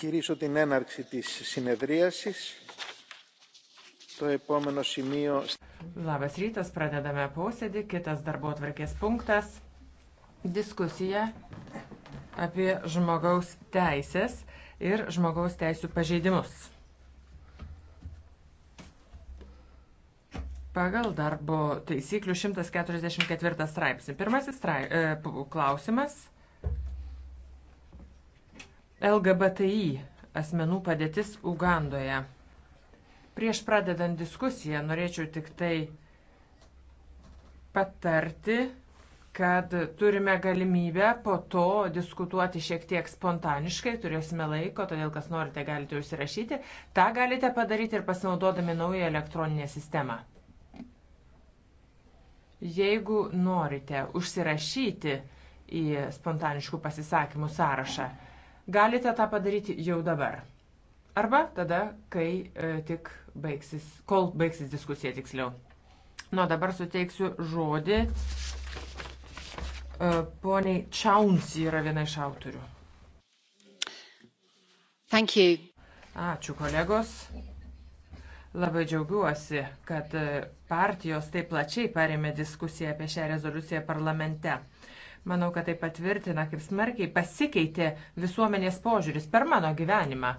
κηρύσω την έναρξη της συνεδρίασης. Το επόμενο σημείο... Labas rytas, pradedame posėdį. Kitas darbo atvarkės punktas - diskusija apie žmogaus teisės ir žmogaus teisų pažeidimus. Pagal darbo taisyklių 144 straipsnį. Pirmasis straip, e, klausimas LGBTI asmenų padėtis Ugandoje. Prieš pradedant diskusiją norėčiau tik tai patarti, kad turime galimybę po to diskutuoti šiek tiek spontaniškai, turėsime laiko, todėl kas norite galite užsirašyti. Ta galite padaryti ir pasinaudodami naują elektroninę sistemą. Jeigu norite užsirašyti į spontaniškų pasisakymų sąrašą, Galite tą padaryti jau dabar. Arba tada, kai e, tik baigsis, kol baigsis diskusija tiksliau. Nu, dabar suteiksiu žodį. E, poniai Čiauns yra viena iš autorių. Thank you. Ačiū kolegos. Labai džiaugiuosi, kad e, partijos taip plačiai parėmė diskusiją apie šią rezoliuciją parlamente. Manau, kad tai patvirtina, kaip smarkiai pasikeitė visuomenės požiūris per mano gyvenimą.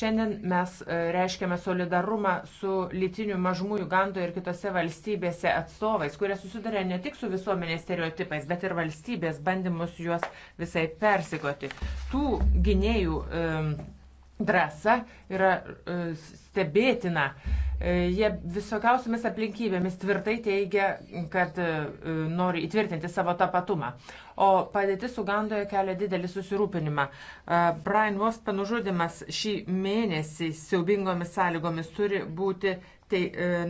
Šiandien mes e, reiškiame solidarumą su litinių mažumų Ugandoje ir kitose valstybėse atstovais, kurie susiduria ne tik su visuomenės stereotipais, bet ir valstybės bandymus juos visai persigoti. Tų gynėjų um, drąsa yra e, stebėtina. E, jie visokiausiamis aplinkybėmis tvirtai teigia, kad e, nori įtvirtinti savo tapatumą. O padėtis Ugandoje kelia didelį susirūpinimą. Brian Wospen nužudimas šį mėnesį siaubingomis sąlygomis turi būti tai,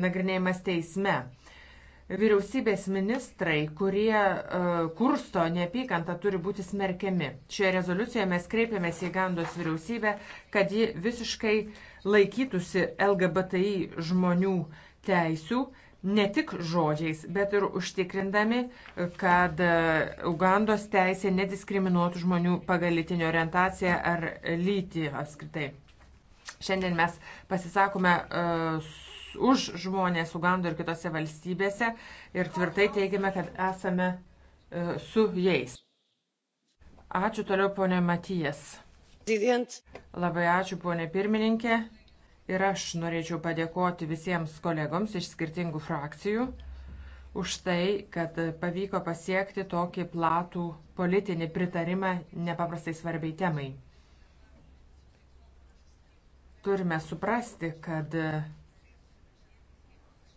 nagrinėjimas teisme. Vyriausybės ministrai, kurie uh, kursto neapykantą, turi būti smerkiami. Šioje rezoliucijoje mes kreipiamės į Gandos vyriausybę, kad ji visiškai laikytųsi LGBTI žmonių teisių ne tik žodžiais, bet ir užtikrindami, kad e, Ugandos teisė nediskriminuotų žmonių pagal lytinį orientaciją ar lytį apskritai. Šiandien mes pasisakome uh, už žmonės Ugando ir kitose valstybėse ir tvirtai teigiame, kad esame e, su jais. Ačiū toliau, ponė Matijas. Labai ačiū, ponė pirmininkė. Ir aš norėčiau padėkoti visiems kolegoms iš skirtingų frakcijų už tai, kad pavyko pasiekti tokį platų politinį pritarimą nepaprastai svarbiai temai. Turime suprasti, kad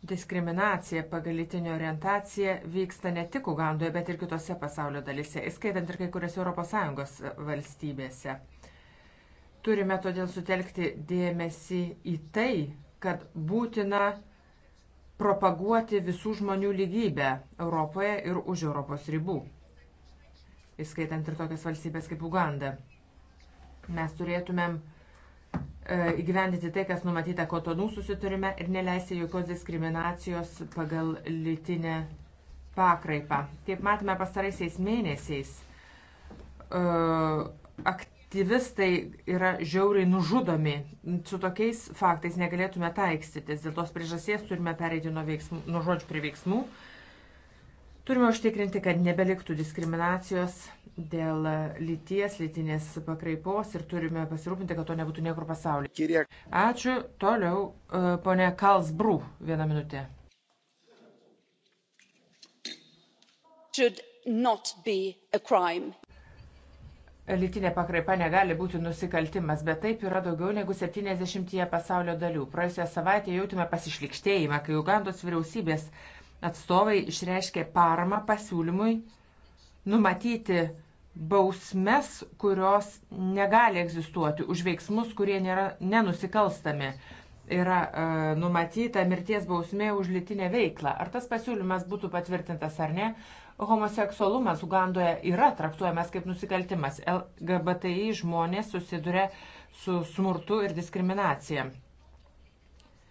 Diskriminacija pagal lytinę orientaciją vyksta ne tik Ugandoje, bet ir kitose pasaulio dalise, įskaitant ir kai kurias ES valstybėse. Turime todėl sutelkti dėmesį į tai, kad būtina propaguoti visų žmonių lygybę Europoje ir už Europos ribų, įskaitant ir tokias valstybės kaip Uganda. Mes turėtumėm uh, E, įgyvendinti tai, kas numatyta kotonų susiturime ir neleisti jokios diskriminacijos pagal lytinę pakraipą. Kaip matome pastaraisiais mėnesiais, e, aktyvistai yra žiauriai nužudomi. Su tokiais faktais negalėtume taikstytis. Dėl tos priežasties turime pereiti nuo, veiksmų, nuo žodžių prie veiksmų. Turime užtikrinti, kad nebeliktų diskriminacijos dėl lyties, lytinės pakraipos ir turime pasirūpinti, kad to nebūtų niekur pasaulyje. Ačiū. Toliau e, ponė Kalsbrų vieną minutę. Lytinė pakraipa negali būti nusikaltimas, bet taip yra daugiau negu 70 pasaulio dalių. Praėjusią savaitę jautime pasišlikštėjimą, kai Ugandos vyriausybės uh, atstovai išreiškė paramą pasiūlymui numatyti bausmes, kurios negali egzistuoti už veiksmus, kurie nėra nenusikalstami. Yra e, numatyta mirties bausmė už litinę veiklą. Ar tas pasiūlymas būtų patvirtintas ar ne, homoseksualumas Ugandoje yra traktuojamas kaip nusikaltimas. LGBTI žmonės susiduria su smurtu ir diskriminacija.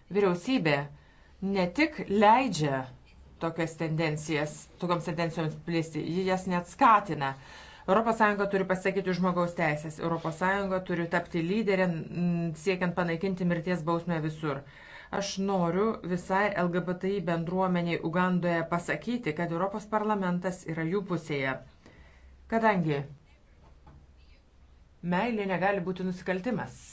Vyriausybė ne tik leidžia tokias tendencijas, tokioms tendencijoms plisti. Ji jas net skatina. ES turi pasakyti žmogaus teisės. ES turi tapti lyderė mm, siekiant panaikinti mirties bausmę visur. Aš noriu visai LGBTI bendruomeniai Ugandoje pasakyti, kad Europos parlamentas yra jų pusėje. Kadangi meilė negali būti nusikaltimas.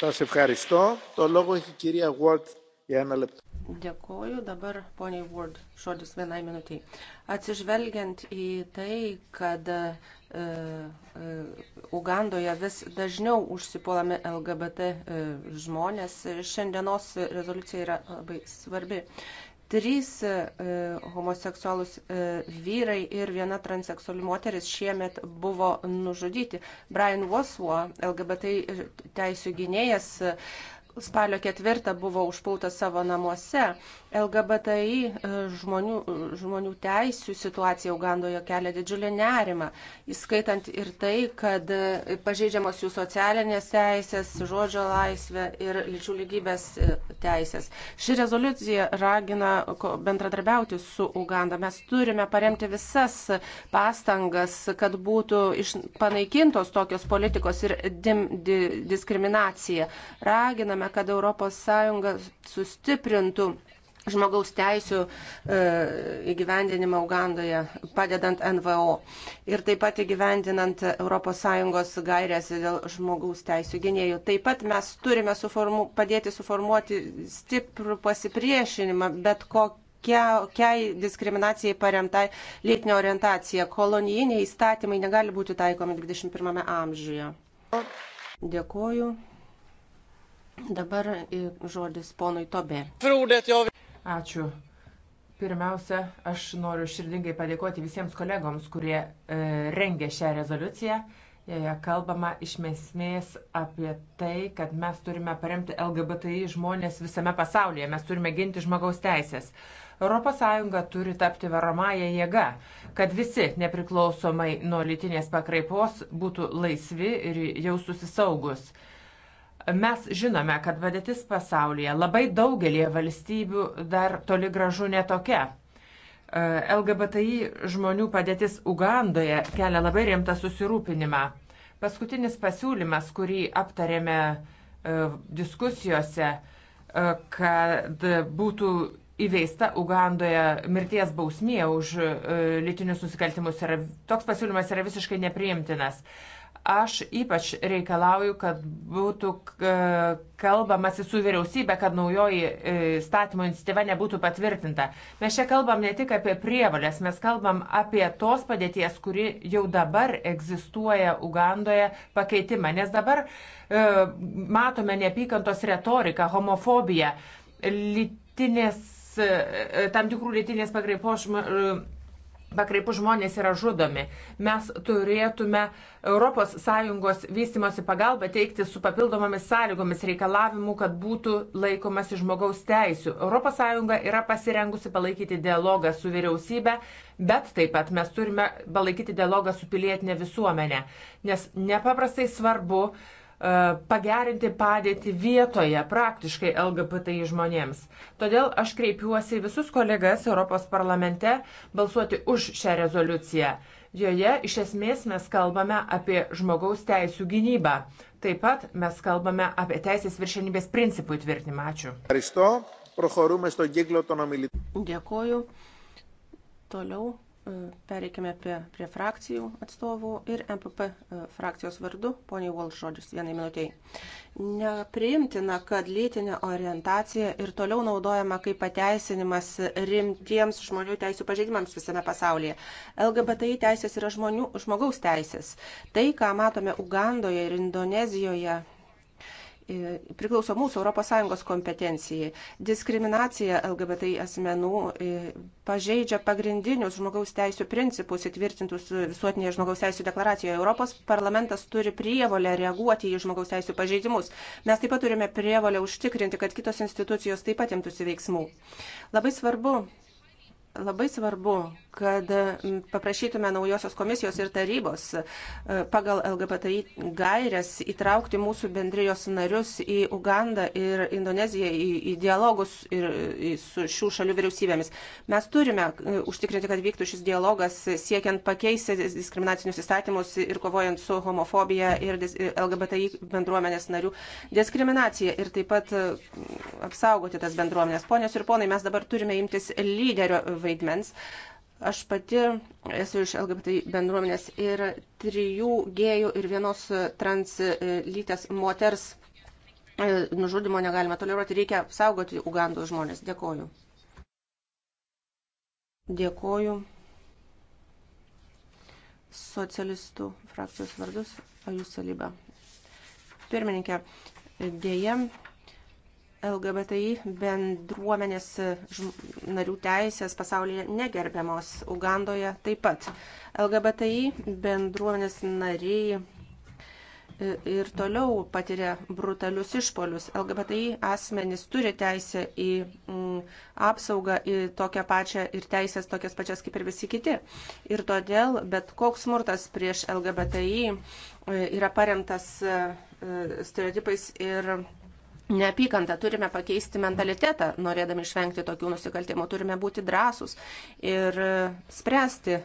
Σας ευχαριστώ. Το λόγο έχει η κυρία Ward για ένα λεπτό. Dėkoju. Dabar poniai Ward žodis vienai minutiai. Atsižvelgiant į tai, kad e, e, Ugandoje vis dažniau užsipuolami LGBT e, žmonės, šiandienos rezoliucija yra labai svarbi. Trys e, homoseksualus e, vyrai ir viena transseksuali moteris šiemet buvo nužudyti. Brian Waswa, LGBT teisų gynėjas, e, spalio ketvirtą buvo užpultas savo namuose. LGBTI e, žmonių, žmonių teisų situacija Ugandoje kelia didžiulį nerimą, įskaitant ir tai, kad e, pažeidžiamos jų socialinės teisės, žodžio laisvė ir lyčių lygybės e, teisės. Ši rezoliucija ragina bendradarbiauti su Uganda. Mes turime paremti visas pastangas, kad būtų panaikintos tokios politikos ir dim, di, diskriminacija. Raginame Norime, kad ES sustiprintų žmogaus teisų e, įgyvendinimą Ugandoje, padedant NVO ir taip pat įgyvendinant ES gairias dėl žmogaus teisų gynėjų. Taip pat mes turime suformu, padėti suformuoti stiprų pasipriešinimą bet kokį kokiai diskriminacijai paremtai lytinė orientacija. Kolonijiniai įstatymai negali būti taikomi 21 amžiuje. Dėkuoju. Dabar e, žodis ponui Tobė. Ačiū. Pirmiausia, aš noriu širdingai padėkoti visiems kolegoms, kurie e, rengė šią rezoliuciją. Joje kalbama iš esmės apie tai, kad mes turime paremti LGBTI žmonės visame pasaulyje, mes turime ginti žmogaus teisės. ES turi tapti varomąją jėgą, kad visi, nepriklausomai nuo lytinės pakraipos, būtų laisvi ir jaustųsi saugus. E, Mes žinome, kad padėtis pasaulyje labai daugelie valstybių dar toli gražu netokia. E, LGBTI žmonių padėtis Ugandoje kelia labai rimtą susirūpinimą. Paskutinis pasiūlymas, kurį aptarėme e, diskusijose, e, kad būtų įveista Ugandoje mirties bausmė už lytinius nusikaltimus. Toks pasiūlymas yra visiškai nepriimtinas. Aš ypač reikalauju, kad būtų e, kalbamasi su vyriausybė, kad naujoji e, statymo iniciatyva nebūtų patvirtinta. Mes čia kalbam ne tik apie prievalės, mes kalbam apie tos padėties, kuri jau dabar egzistuoja Ugandoje pakeitimą. Nes dabar e, matome neapykantos retoriką, homofobiją, lytinės, e, tam tikrų lytinės pagraipos žmonių pakreipų žmonės yra žudomi. Mes turėtume ES vystimosi pagalbą teikti su papildomomis sąlygomis reikalavimu, kad būtų laikomasi žmogaus teisių. ES yra pasirengusi palaikyti dialogą su vyriausybė, bet taip pat mes turime palaikyti dialogą su pilietinė visuomenė, nes nepaprastai svarbu, E, pagerinti padėtį vietoje praktiškai LGBTI žmonėms. Todėl aš kreipiuosi visus kolegas Europos parlamente balsuoti už šią rezoliuciją. Joje iš esmės mes kalbame apie žmogaus teisų gynybą. Taip pat mes kalbame apie teisės viršenybės principų įtvirtinimą. Ačiū. Dėkoju. Toliau Pereikime prie, prie frakcijų atstovų ir MPP e, frakcijos vardu, poniai Walsh žodžius, vienai minutiai. Nepriimtina, kad lytinė orientacija ir toliau naudojama kaip pateisinimas rimtiems žmonių teisų pažeidimams visame pasaulyje. LGBTI teisės yra žmonių, žmogaus teisės. Tai, ką matome Ugandoje ir Indonezijoje, priklauso mūsų ES kompetencijai. Diskriminacija LGBT asmenų e, pažeidžia pagrindinius žmogaus teisų principus įtvirtintus visuotinėje žmogaus teisų deklaracijoje. Europos parlamentas turi prievolę reaguoti į žmogaus teisų pažeidimus. Mes taip pat turime prievolę užtikrinti, kad kitos institucijos taip pat imtųsi veiksmų. Labai svarbu, labai svarbu kad paprašytume naujosios komisijos ir tarybos e, pagal LGBTI gairias įtraukti mūsų bendrijos narius į Ugandą ir Indoneziją į, į dialogus ir, į, e, su šių šalių vyriausybėmis. Mes turime e, užtikrinti, kad vyktų šis dialogas siekiant pakeisti diskriminacinius įstatymus ir kovojant su homofobija ir LGBTI bendruomenės narių diskriminacija ir taip pat apsaugoti tas bendruomenės. Ponios ir ponai, mes dabar turime imtis lyderio vaidmens. Uh, Aš pati esu iš LGBT bendruomenės ir trijų gėjų ir vienos translytės moters e, nužudimo negalime toleruoti. Reikia apsaugoti Ugandos žmonės. Dėkoju. Dėkoju. Socialistų frakcijos vardus Ajus Salyba. Pirmininkė, dėjem. LGBTI bendruomenės e, narių teisės pasaulyje negerbiamos, Ugandoje taip pat. LGBTI bendruomenės nariai e, ir toliau patiria brutalius išpolius. LGBTI asmenys turi teisę į apsaugą, į tokią pačią ir teisės tokias pačias kaip ir visi kiti. Ir todėl bet koks smurtas prieš LGBTI e, yra paremtas stereotipais ir neapykantą, turime pakeisti mentalitetą, norėdami išvengti tokių nusikaltimų, turime būti drąsūs ir spręsti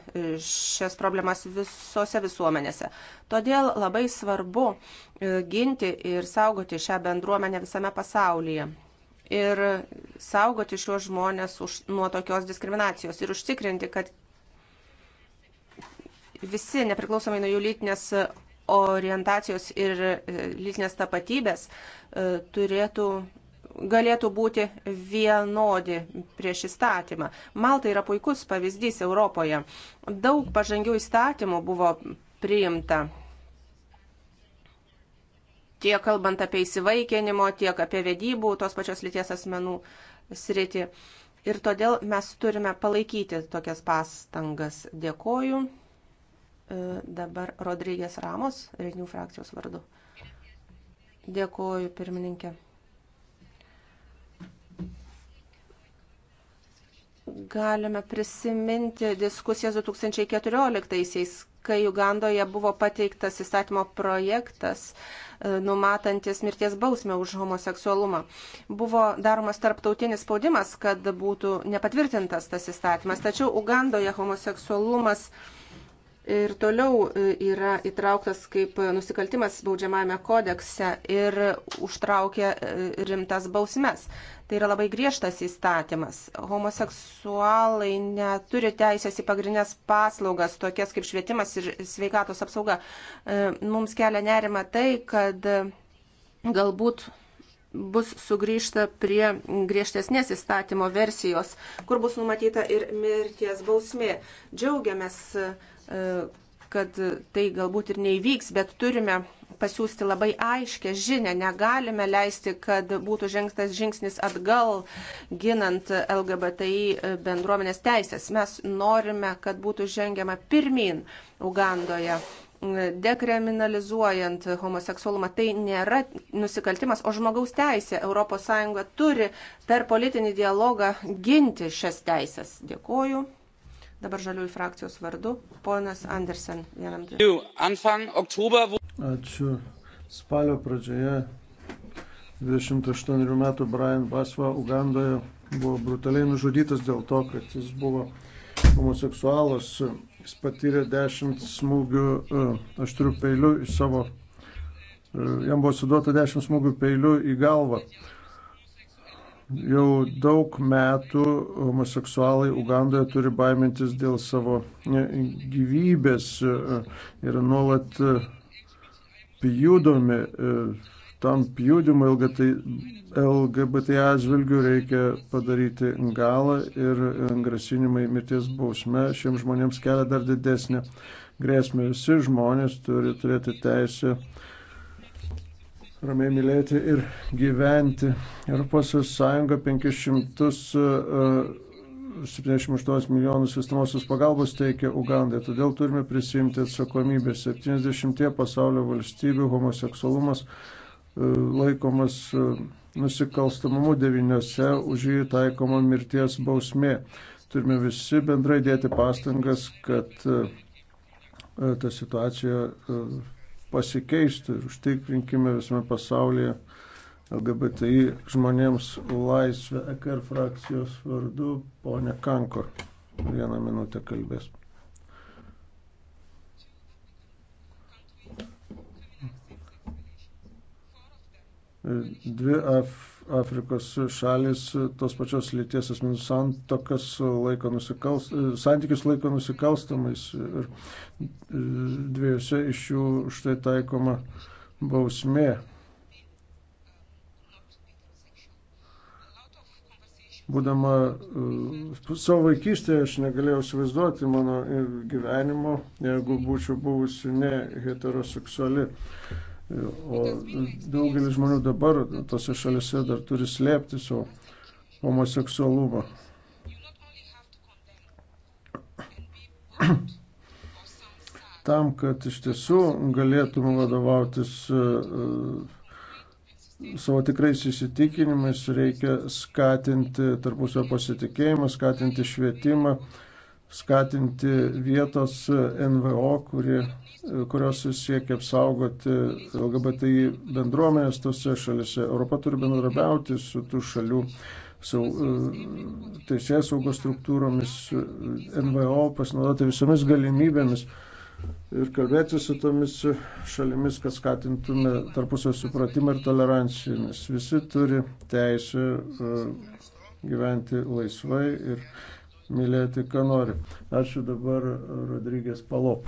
šias problemas visose visuomenėse. Todėl labai svarbu e, ginti ir saugoti šią bendruomenę visame pasaulyje ir saugoti šios žmonės už, nuo tokios diskriminacijos ir užtikrinti, kad visi, nepriklausomai nuo jų lytinės orientacijos ir e, lytinės tapatybės e, turėtų, galėtų būti vienodi prieš įstatymą. Malta yra puikus pavyzdys Europoje. Daug pažangių įstatymų buvo priimta. Tiek kalbant apie įsivaikinimo, tiek apie vedybų tos pačios lyties asmenų sritį. Ir todėl mes turime palaikyti tokias pastangas. Dėkoju. E, dabar Rodrygės Ramos, Reinių frakcijos vardu. Dėkuoju, pirmininkė. Galime prisiminti diskusijas 2014-aisiais, kai Ugandoje buvo pateiktas įstatymo projektas, e, numatantis mirties bausmę už homoseksualumą. Buvo daromas tarptautinis spaudimas, kad būtų nepatvirtintas tas įstatymas, tačiau Ugandoje homoseksualumas uh, ir toliau e, yra įtrauktas kaip nusikaltimas baudžiamajame kodekse ir užtraukia e, rimtas bausmes. Tai yra labai griežtas įstatymas. Homoseksualai neturi teisės į pagrindinės paslaugas, tokias kaip švietimas ir sveikatos apsauga. E, mums kelia nerima tai, kad galbūt bus sugrįžta prie griežtesnės įstatymo versijos, kur bus numatyta ir mirties bausmė. Džiaugiamės, kad tai galbūt ir neįvyks, bet turime pasiūsti labai aiškę žinę. Negalime leisti, kad būtų žengtas žingsnis atgal ginant LGBTI bendruomenės teisės. Mes norime, kad būtų žengiama pirmin Ugandoje dekriminalizuojant homoseksualumą. Tai nėra nusikaltimas, o žmogaus teisė. ES turi per politinį dialogą ginti šias teisės. Dėkuoju. Dabar žaliųjų frakcijos vardu ponas Andersen. Vienam. Ačiū. Spalio pradžioje 28 metų Brian Basva Ugandoje buvo brutaliai nužudytas dėl to, kad jis buvo homoseksualas. Jis patyrė 10 smūgių e, aštrių peilių į savo, e, jam buvo suduota 10 smūgių peilių į galvą. Jau daug metų homoseksualai Ugandoje turi baimintis dėl savo e, gyvybės e, ir nuolat e, pjudomi. Tam pjudimui LGBT atžvilgių reikia padaryti galą ir grasinimai mirties bausme šiems žmonėms kelia dar didesnę grėsmę. Visi žmonės turi turėti teisę ramiai mylėti ir gyventi. Europos Sąjunga 578 e, milijonus vystamosios pagalbos teikia Ugandai, todėl turime prisimti atsakomybę. 70 pasaulio valstybių homoseksualumas e, laikomas e, nusikalstamumu devyniose, už jį taikoma mirties bausmė. Turime visi bendrai dėti pastangas, kad ta situacija pasikeistų ir užtikrinkime visame pasaulyje LGBTI žmonėms laisvę. EKR frakcijos vardu ponė Kanko vieną minutę kalbės. Dvi AF Afrikos šalis tos pačios lyties asmenų santokas laiko nusikalst, santykius laiko nusikalstamais ir dviejose iš jų štai taikoma bausmė. Būdama e, savo vaikystėje aš negalėjau įsivaizduoti mano gyvenimo, jeigu būčiau buvusi ne heteroseksuali. O daugelis žmonių dabar tose šalise dar turi slėpti savo homoseksualumą. Tam, kad iš tiesų galėtume vadovautis e, e, savo tikrais įsitikinimais, reikia skatinti tarpusio pasitikėjimą, skatinti švietimą, skatinti vietos NVO, kuri, kurios siekia apsaugoti LGBTI bendruomenės tose šalise. Europa turi bendrabiauti su tų šalių sau, e, teisės saugos struktūromis, NVO, pasinaudoti visomis galimybėmis ir kalbėti su tomis šalimis, kad skatintume tarpusio supratimą ir toleranciją, nes visi turi teisę e, gyventi laisvai ir mylėti, ką nori. Ačiū dabar Rodrygės Palop.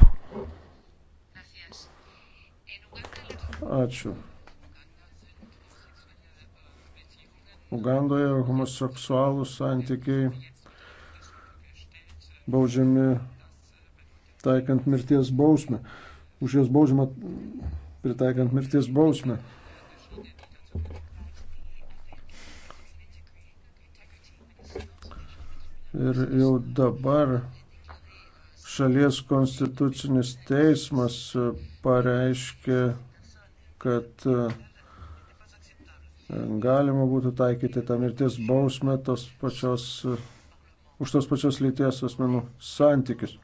Ačiū. Ugandoje homoseksualų santykiai baudžiami taikant mirties bausmę. Už jos baudžiamą pritaikant mirties bausmę. Ir jau dabar šalies konstitucinis teismas pareiškė, kad e, galima būtų taikyti tą mirties bausmę tos pačios, už tos pačios lyties asmenų santykius.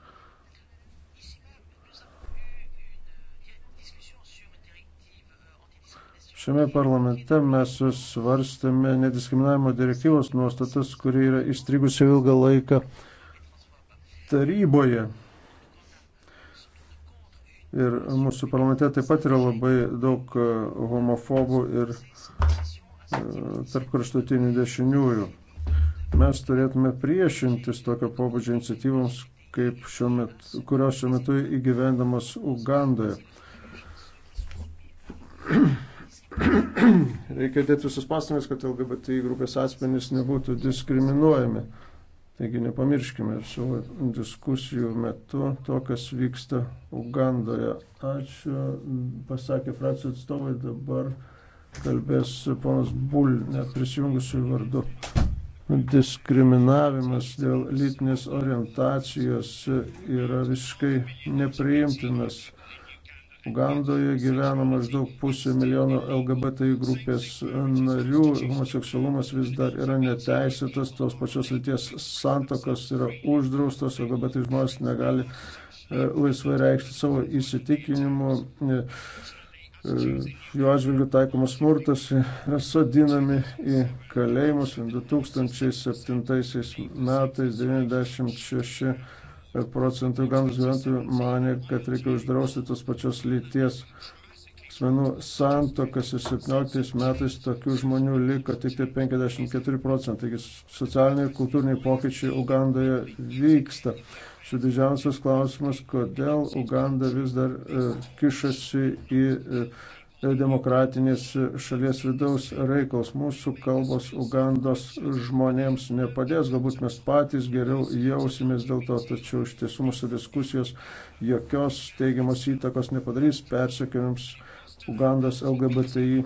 Šiame parlamente mes svarstėme nediskriminavimo direktyvos nuostatas, kuri yra įstrigusi ilgą laiką taryboje. Ir mūsų parlamente taip pat yra labai daug e, homofobų ir e, tarp kraštutinių dešiniųjų. Mes turėtume priešintis tokio pobūdžio iniciatyvoms, šiuo metu, kurios šiuo metu įgyvendamos Ugandoje. Reikia dėti visus pastangas, kad LGBT grupės asmenys nebūtų diskriminuojami. Taigi nepamirškime savo diskusijų metu to, kas vyksta Ugandoje. Ačiū, pasakė frakcijų atstovai, dabar kalbės ponas Bull, neprisijungusiu vardu. Diskriminavimas dėl lytinės orientacijos yra visiškai nepriimtinas Ugandoje gyvena maždaug pusė milijono LGBTI grupės narių, homoseksualumas vis dar yra neteisėtas, tos pačios lyties santokos yra uždraustos, LGBTI žmonės negali e, laisvai reikšti savo įsitikinimu, e, e, jų atžvilgių taikomas smurtas yra sodinami į kalėjimus 2007 metais 96 procentų Ugandos gyventojų mane, kad reikia uždrausti tos pačios lyties asmenų santokas ir 17 metais tokių žmonių liko tik tai 54 procentai. Taigi socialiniai ir kultūriniai pokyčiai Ugandoje vyksta. Šiuo didžiausias klausimas, kodėl Uganda vis dar e, kišasi į e, demokratinės šalies vidaus reikaus. Mūsų kalbos Ugandos žmonėms nepadės, galbūt mes patys geriau jausimės dėl to, tačiau iš tiesų mūsų diskusijos jokios teigiamos įtakos nepadarys persekiojams Ugandos LGBTI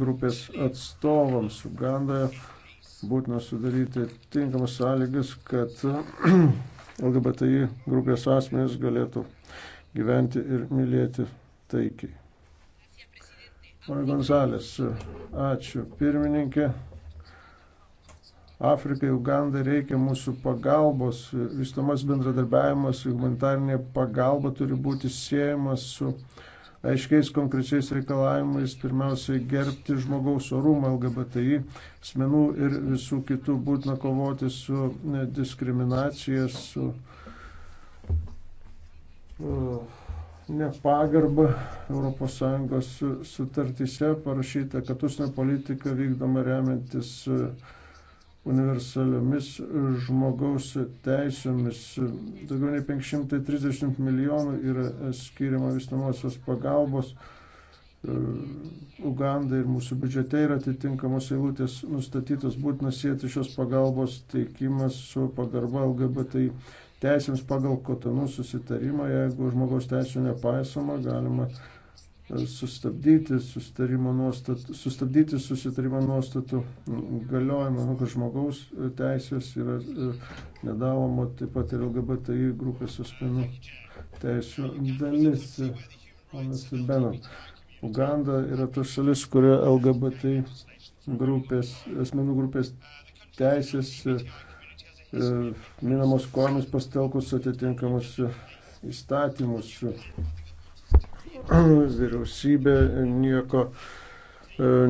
grupės atstovams. Ugandoje būtina sudaryti tinkamas sąlygas, kad LGBTI grupės asmenys galėtų gyventi ir mylėti taikiai. Pane Gonzalės, ačiū pirmininkė. Afrikai, Ugandai reikia mūsų pagalbos, vystomas bendradarbiavimas, humanitarinė pagalba turi būti siejamas su aiškiais konkrečiais reikalavimais, pirmiausiai gerbti žmogaus orumą LGBTI, asmenų ir visų kitų būtina kovoti su diskriminacija, su. Uh, nepagarbą ES sutartyse parašyta, kad užsienio politika vykdoma remiantis e, universaliomis e, žmogaus teisėmis. Daugiau nei 530 milijonų yra e, skiriama vystamosios pagalbos. Uganda ir mūsų biudžete yra atitinkamos eilutės nustatytos būtina sėti šios pagalbos teikimas su pagarba LGBTI teisėms pagal kotonų susitarimą, jeigu žmogaus teisų nepaisoma, galima e, sustabdyti susitarimo nuostatų, sustabdyti susitarimo nuostatų galiojimą, manau, kad žmogaus teisės yra e, nedalomo taip pat ir LGBTI grupės asmenų teisų dalis. Ponas Benon. Uganda yra ta šalis, kurioje LGBTI grupės, asmenų grupės teisės e, E, minamos komis pastelkus atitinkamus įstatymus. Vyriausybė nieko e,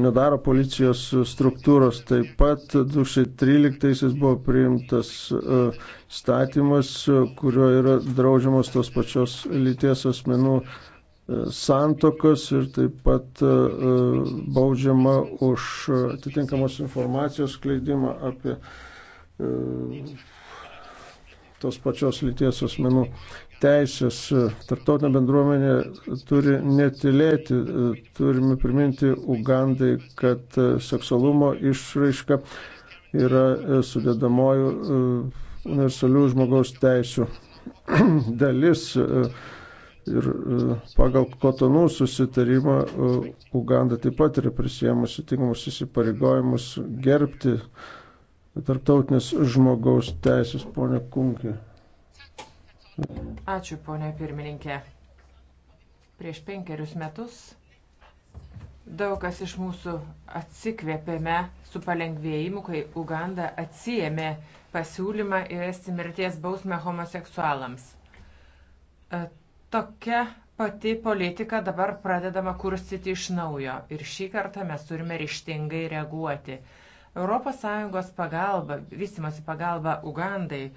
nedaro policijos struktūros. Taip pat 2013 buvo priimtas e, statymas, kurio yra draudžiamos tos pačios lyties asmenų santokos ir taip pat baudžiama už atitinkamos informacijos skleidimą apie E, tos pačios lyties asmenų teisės. Tartautinė bendruomenė turi netilėti, turime priminti Ugandai, kad seksualumo išraiška yra sudėdamoji e, universalių žmogaus teisų dalis. Ir e, pagal kotonų susitarimą Uganda taip pat yra prisėmusi tinkamus įsipareigojimus gerbti tarptautinės žmogaus teisės, ponė Kunkė. Ačiū, ponė pirmininkė. Prieš penkerius metus daug kas iš mūsų atsikvėpėme su palengvėjimu, kai Uganda atsijėmė pasiūlymą įvesti mirties bausmę homoseksualams. E, tokia pati politika dabar pradedama kurstyti iš naujo ir šį kartą mes turime ryštingai reaguoti. ES pagalba, vystimasi pagalba Ugandai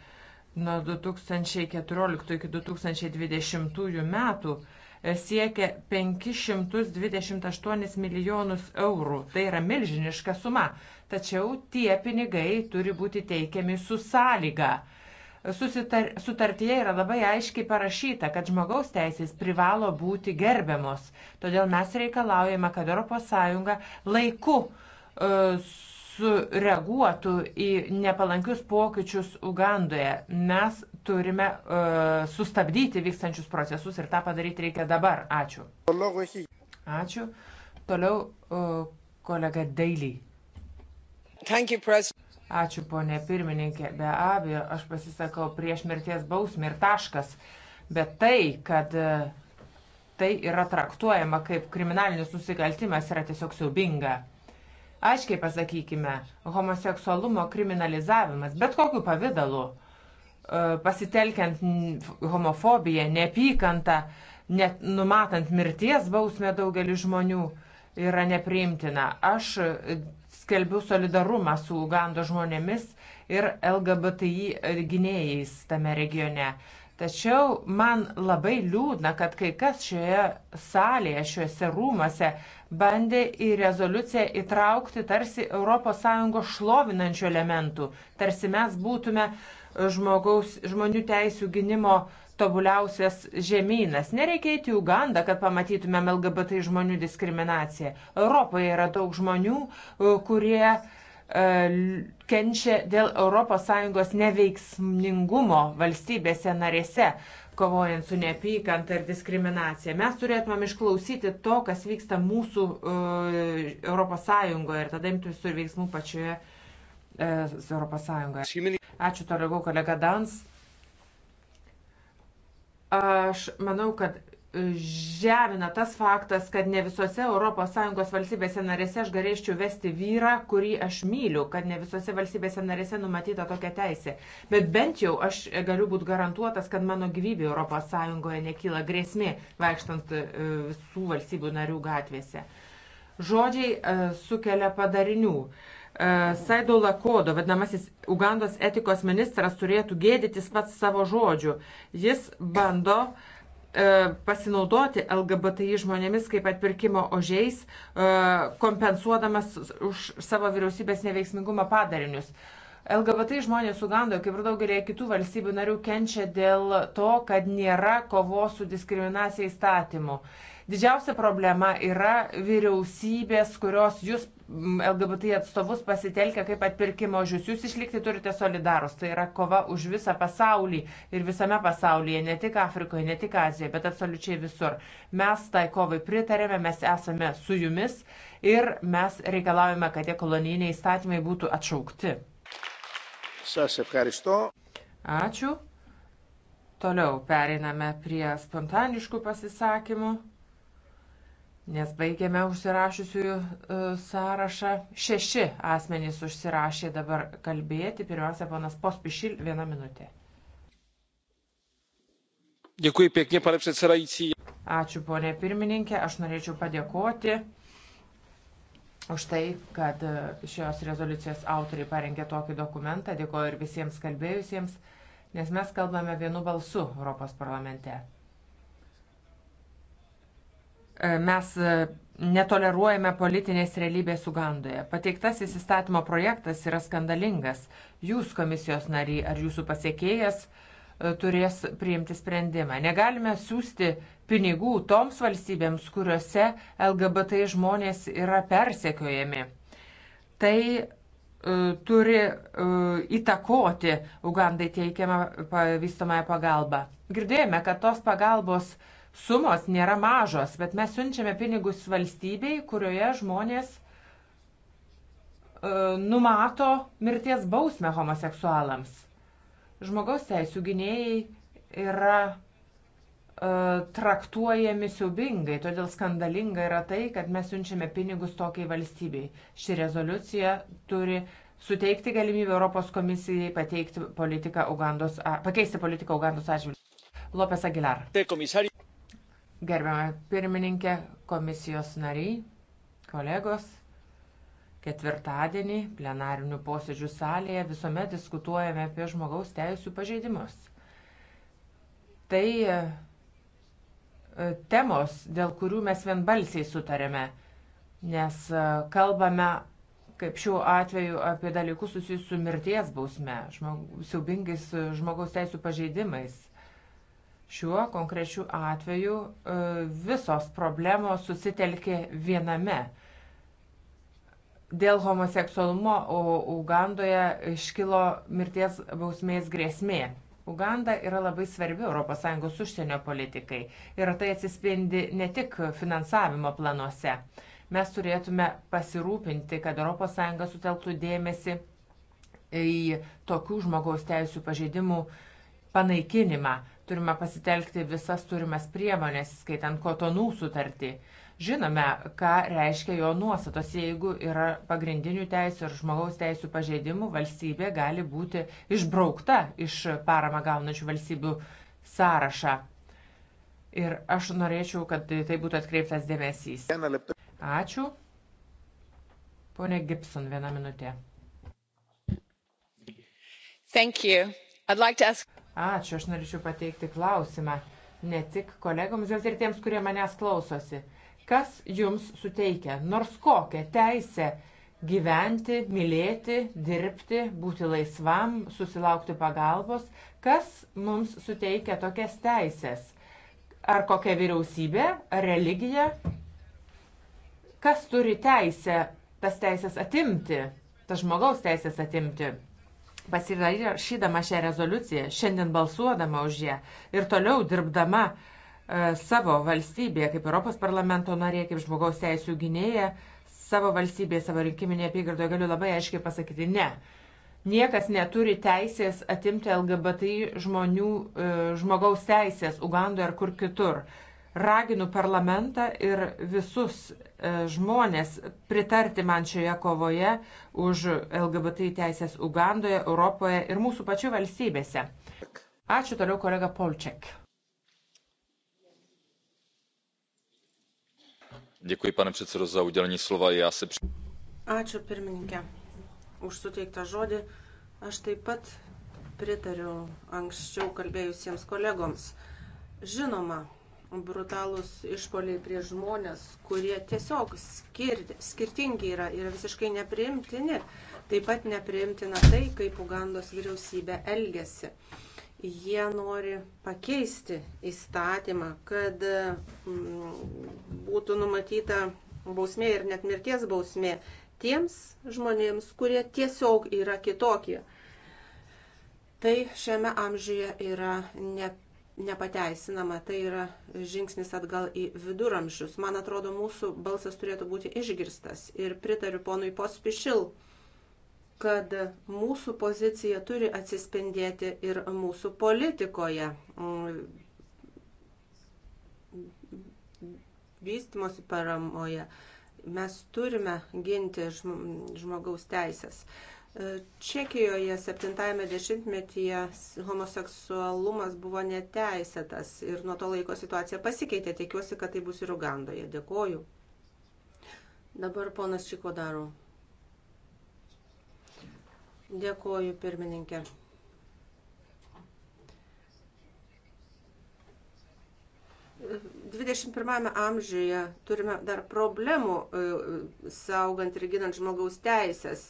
nuo 2014 iki 2020 metų e, siekia 528 milijonus eurų. Tai yra milžiniška suma. Tačiau tie pinigai turi būti teikiami su sąlyga. Susitar, sutartyje yra labai aiškiai parašyta, kad žmogaus teisės privalo būti gerbiamos. Todėl mes reikalaujame, kad ES laiku uh, sureaguotų į nepalankius pokyčius Ugandoje. Mes turime uh, sustabdyti vykstančius procesus ir tą padaryti reikia dabar. Ačiū. Ačiū. Toliau uh, kolega Daily. Ačiū, ponė pirmininkė. Be abejo, aš pasisakau prieš mirties bausmį ir taškas. Bet tai, kad uh, tai yra traktuojama kaip kriminalinis nusikaltimas, yra tiesiog siaubinga. Aiškiai pasakykime, homoseksualumo kriminalizavimas, bet kokiu pavydalu, e, pasitelkiant homofobiją, neapykantą, net numatant mirties bausmę daugelį žmonių, yra nepriimtina. Aš e, skelbiu solidarumą su Ugando žmonėmis ir LGBTI gynėjais tame regione. Tačiau man labai liūdna, kad kai kas šioje salėje, šiuose rūmose bandė į rezoliuciją įtraukti tarsi ES šlovinančių elementų, tarsi mes būtume žmogaus, žmonių teisų gynimo tobuliausias žemynas. Nereikia eiti į Ugandą, kad pamatytumėm LGBT žmonių diskriminaciją. Europoje yra daug žmonių, kurie uh, E, kenčia dėl ES neveiksmingumo valstybėse narėse, kovojant su neapykanta ir diskriminacija. Mes turėtumėm išklausyti to, kas vyksta mūsų uh, e, ES ir tada imti visur veiksmų pačioje e, uh, ES. Ačiū toliau, kolega Dans. Aš manau, kad žemina tas faktas, kad ne visose ES valstybėse narėse aš galėčiau vesti vyrą, kurį aš myliu, kad ne visose valstybėse narėse numatyta tokia teisė. Bet bent jau aš galiu būti garantuotas, kad mano gyvybė ES nekyla grėsmė, vaikštant e, visų valstybių narių gatvėse. Žodžiai e, sukelia padarinių. E, Saido Lakodo, vadinamasis Ugandos etikos ministras, turėtų gėdytis pats savo žodžių. Jis bando uh, E, pasinaudoti LGBTI žmonėmis kaip atpirkimo ožiais, e, kompensuodamas už savo vyriausybės neveiksmingumą padarinius. LGBT žmonės Ugandoje, kaip ir daugelėje kitų valstybių narių, kenčia dėl to, kad nėra kovos su diskriminacija įstatymų. Didžiausia problema yra vyriausybės, kurios jūs LGBT atstovus pasitelkia kaip atpirkimo žius. Jūs išlikti turite solidarus. Tai yra kova už visą pasaulį ir visame pasaulyje, ne tik Afrikoje, ne tik Azijoje, bet absoliučiai visur. Mes tai kovai pritarėme, mes esame su jumis ir mes reikalavome, kad tie kolonijiniai įstatymai būtų atšaukti. Ačiū. Toliau pereiname prie spontaniškų pasisakymų. Nes baigėme užsirašysiųjų e, sąrašą. Šeši asmenys užsirašė dabar kalbėti. Pirmiausia, ponas Pospišil, vieną minutę. Dėkui, pėknie, pane předsedající. Ačiū, ponė pirmininkė. Aš norėčiau padėkoti už tai, kad e, šios rezoliucijos autoriai parengė tokį dokumentą. Dėkoju ir visiems kalbėjusiems, nes mes kalbame vienu balsu Europos parlamente. E, mes e, netoleruojame politinės realybės Ugandoje. Pateiktasis įstatymo projektas yra skandalingas. Jūs, komisijos nariai, ar jūsų pasiekėjas e, turės priimti sprendimą. Negalime siūsti pinigų toms valstybėms, kuriuose LGBT žmonės yra persekiojami. Tai uh, turi uh, įtakoti Ugandai teikiamą vystomąją pagalbą. Girdėjome, kad tos pagalbos uh, Sumos nėra mažos, bet mes siunčiame pinigus valstybei, kurioje žmonės e, numato mirties bausmę homoseksualams. Žmogaus teisų gynėjai yra e, traktuojami siubingai, todėl skandalinga yra tai, kad mes siunčiame pinigus tokiai valstybei. Ši rezoliucija turi suteikti galimybę Europos komisijai pateikti politiką Ugandos, pakeisti politiką Ugandos atžvilgiu. Lopes Aguilar. Gerbiamą pirmininkę, komisijos nariai, kolegos, ketvirtadienį plenarinių posėdžių salėje visuomet diskutuojame apie žmogaus teisų pažeidimus. Tai e, temos, dėl kurių mes vienbalsiai sutarėme, nes e, kalbame, kaip šiuo atveju, apie dalykus susijusius su mirties bausme, žmog, siaubingais e, žmogaus teisų pažeidimais, Šiuo konkrečiu atveju e, visos problemos susitelkė viename. Dėl homoseksualumo Ugandoje iškilo mirties bausmės grėsmė. Uganda yra labai svarbi ES užsienio politikai ir tai atsispindi ne tik finansavimo planuose. Mes turėtume pasirūpinti, kad ES sutelktų dėmesį į tokių žmogaus teisų pažeidimų panaikinimą, Turime pasitelkti visas turimas priemonės, skaitant kotonų sutartį. Žinome, ką reiškia jo nuostatos. Jeigu yra pagrindinių teisų ir žmogaus teisų pažeidimų, valstybė gali būti išbraukta iš paramą gaunančių valstybių sąrašą. Ir aš norėčiau, kad tai būtų atkreiptas dėmesys. Ačiū. Pone Gibson, vieną minutę. Thank you. I'd like to ask... Ačiū, aš norėčiau pateikti klausimą ne tik kolegoms, bet ir tiems, kurie manęs klausosi. Kas jums suteikia nors kokią teisę gyventi, mylėti, dirbti, būti laisvam, susilaukti pagalbos? Kas mums suteikia tokias teisės? Ar kokia vyriausybė, ar religija? Kas turi teisę tas teisės atimti, tas žmogaus teisės atimti? pasirašydama šią rezoliuciją, šiandien balsuodama už ją ir toliau dirbdama e, savo valstybėje, kaip Europos parlamento narė, kaip žmogaus teisų gynėja, savo valstybėje, savo rinkiminėje apygardoje galiu labai aiškiai pasakyti ne. Niekas neturi teisės atimti LGBTI žmonių, e, žmogaus teisės Ugandoje ar kur kitur. Raginu parlamentą ir visus E, žmonės pritarti man šioje kovoje už LGBT teisės Ugandoje, Europoje ir mūsų pačių valstybėse. Ačiū toliau kolega Polček. Dėkui, pane předsedo, za udělení slova. Já se... Ačiū pirmininkė už suteiktą žodį. Aš taip pat pritariu anksčiau kalbėjusiems kolegoms. Žinoma, brutalūs išpoliai prie žmonės, kurie tiesiog skir, skirtingi yra ir visiškai nepriimtini. Taip pat nepriimtina tai, kaip Ugandos vyriausybė elgesi. Jie nori pakeisti įstatymą, kad mm, būtų numatyta bausmė ir net mirties bausmė tiems žmonėms, kurie tiesiog yra kitokie. Tai šiame amžiuje yra neprimtina nepateisinama, tai yra žingsnis atgal į viduramžius. Man atrodo, mūsų balsas turėtų būti išgirstas ir pritariu ponui Pospišil, kad mūsų pozicija turi atsispindėti ir mūsų politikoje vystimosi paramoje. Mes turime ginti žmogaus teisės. Čekijoje 70-ame dešimtmetyje homoseksualumas buvo neteisėtas ir nuo to laiko situacija pasikeitė. Tikiuosi, kad tai bus ir Ugandoje. Dėkoju. Dabar ponas Čiko daro. Dėkoju, pirmininkė. 21 amžiuje turime dar problemų e, e, saugant ir ginant žmogaus teisės,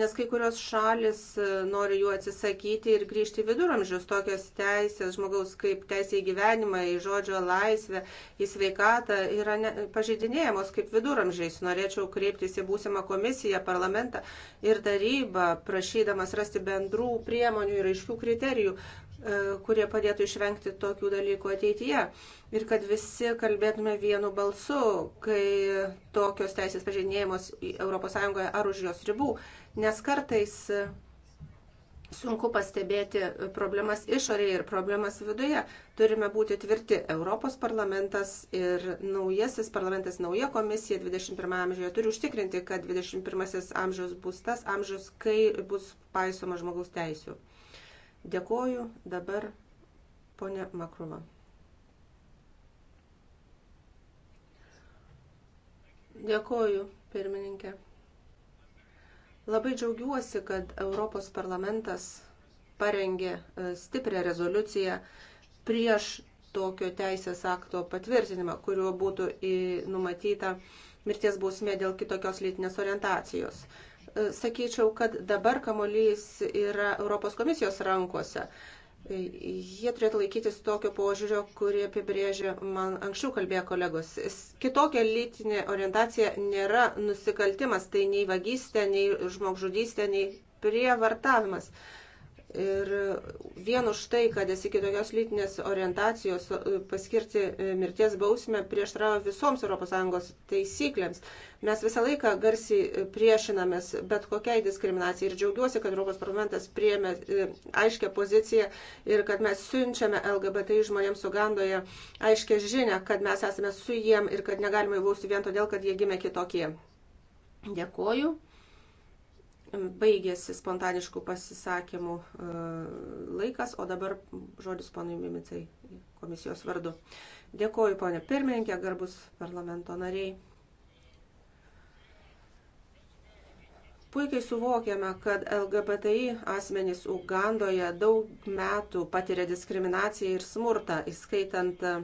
nes kai kurios šalis e, nori jų atsisakyti ir grįžti į viduramžius. Tokios teisės žmogaus kaip teisė į gyvenimą, į žodžio laisvę, į sveikatą yra ne, pažeidinėjamos kaip viduramžiais. Norėčiau kreiptis į būsimą komisiją, parlamentą ir tarybą, prašydamas rasti bendrų priemonių ir aiškių kriterijų, E, kurie padėtų išvengti tokių dalykų ateityje. Ir kad visi kalbėtume vienu balsu, kai tokios teisės pažeidinėjimos ES ar už jos ribų, nes kartais sunku pastebėti problemas išorėje ir problemas viduje. Turime būti tvirti. Europos parlamentas ir naujasis parlamentas, nauja komisija 21 amžiuje turi užtikrinti, kad 21 amžius bus tas amžius, kai bus paisoma žmogaus teisų. Dėkoju dabar ponė Makrova. Dėkoju, pirmininkė. Labai džiaugiuosi, kad Europos parlamentas parengė e, stiprią rezoliuciją prieš tokio teisės akto patvirtinimą, kuriuo būtų numatyta mirties bausmė dėl kitokios lytinės orientacijos sakyčiau, kad dabar kamuolys yra Europos komisijos rankose. Jie turėtų laikytis tokio požiūrio, kurį apibrėžė man anksčiau kalbėję kolegos. Kitokia lytinė orientacija nėra nusikaltimas, tai nei vagystė, nei žmogžudystė, nei prievartavimas. Ir vien už tai, kad esi kitokios lytinės orientacijos e, paskirti e, mirties bausmę prieštravo visoms ES taisyklėms. Mes visą laiką garsiai e, priešinamės bet kokiai diskriminacijai ir džiaugiuosi, kad Europos parlamentas priėmė aiškę poziciją ir kad mes siunčiame LGBT žmonėms Ugandoje aiškę žinę, kad mes esame su jiem ir kad negalime įvausti vien todėl, kad jie gimė kitokie. Dėkoju. Baigėsi spontaniškų pasisakymų e, laikas, o dabar žodis ponui Mimicai komisijos vardu. Dėkuoju, ponė pirmininkė, garbus parlamento nariai. Puikiai suvokiame, kad LGBTI asmenys Ugandoje daug metų patiria diskriminaciją ir smurtą, įskaitant e,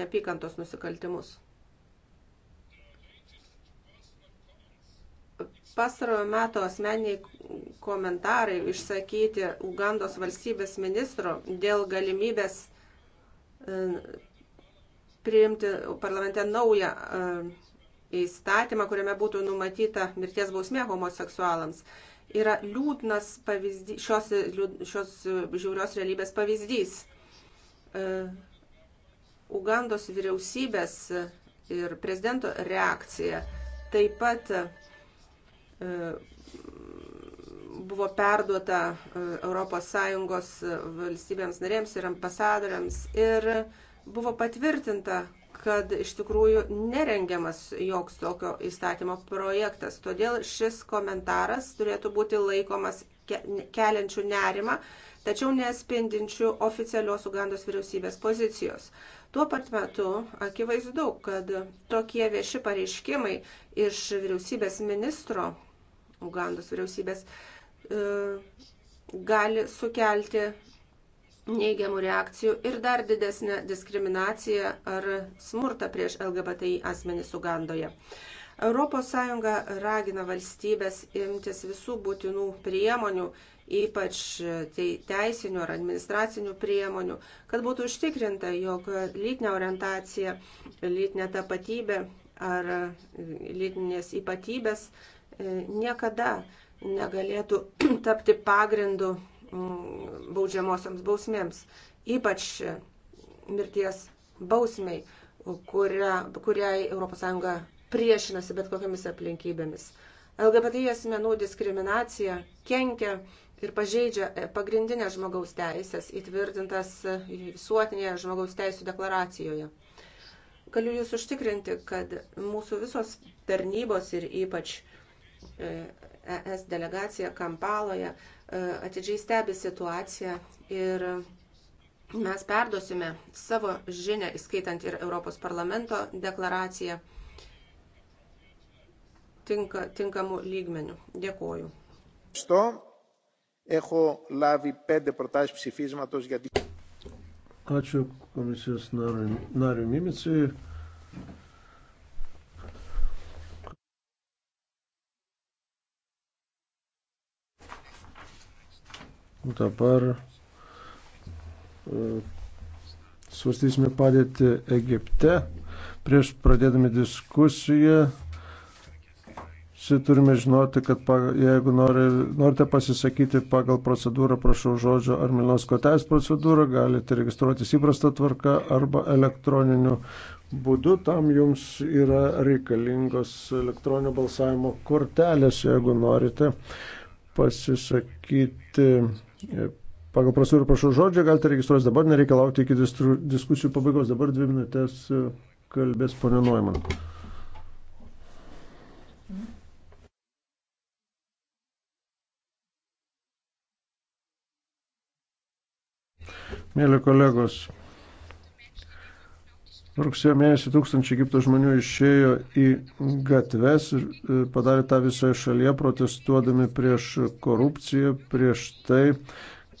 neapykantos nusikaltimus. pastarojo meto asmeniniai komentarai išsakyti Ugandos valstybės ministro dėl galimybės e, priimti parlamente naują e, įstatymą, kuriame būtų numatyta mirties bausmė homoseksualams, yra liūdnas pavyzdys, šios, šios žiaurios realybės pavyzdys. E, Ugandos vyriausybės ir prezidento reakcija taip pat buvo perduota ES valstybėms narėms ir ambasadoriams ir buvo patvirtinta, kad iš tikrųjų nerengiamas joks tokio įstatymo projektas. Todėl šis komentaras turėtų būti laikomas keliančių nerimą, tačiau nespindinčių oficialios Ugandos vyriausybės pozicijos. Tuo pat metu akivaizdu, kad tokie vieši pareiškimai iš vyriausybės ministro Ugandos vyriausybės e, gali sukelti neigiamų reakcijų ir dar didesnę diskriminaciją ar smurtą prieš LGBTI asmenys Ugandoje. ES ragina valstybės imtis visų būtinų priemonių, ypač e, tai teisinių ar administracinių priemonių, kad būtų užtikrinta, jog lytinė orientacija, lytinė tapatybė ar e, lytinės ypatybės E, niekada negalėtų tapti pagrindu mm, baudžiamosioms bausmėms, ypač mirties bausmiai, kuria, kuriai ES priešinasi bet kokiamis aplinkybėmis. LGBT asmenų diskriminacija kenkia ir pažeidžia e, pagrindinės žmogaus teisės įtvirtintas e, visuotinėje žmogaus teisų deklaracijoje. Galiu Jūs užtikrinti, kad mūsų visos tarnybos ir ypač uh, ES e delegacija Kampaloje e, atidžiai stebi situaciją ir mes perdosime savo žinę, įskaitant ir Europos parlamento deklaraciją, tinka, tinkamų lygmenių. Dėkoju. Što? Έχω λάβει πέντε προτάσεις ψηφίσματος για την... Ačiū komisijos nariui Mimicui. Dabar e, svarstysime padėti Egipte. Prieš pradėdami diskusiją, visi turime žinoti, kad pagal, jeigu nori, norite pasisakyti pagal procedūrą, prašau žodžio ar Milnos kotės procedūrą, galite registruotis įprasta tvarka arba elektroniniu būdu. Tam jums yra reikalingos elektroninio balsavimo kortelės, jeigu norite pasisakyti E, pagal prasūrį prašau žodžio, galite registruotis dabar, nereikia laukti iki diskusijų pabaigos. Dabar dvi minutės e, kalbės ponė Noiman. Mėly kolegos, Rugsėjo mėnesį tūkstančiai Egipto žmonių išėjo į gatves ir e, padarė tą visoje šalyje, protestuodami prieš korupciją, prieš tai,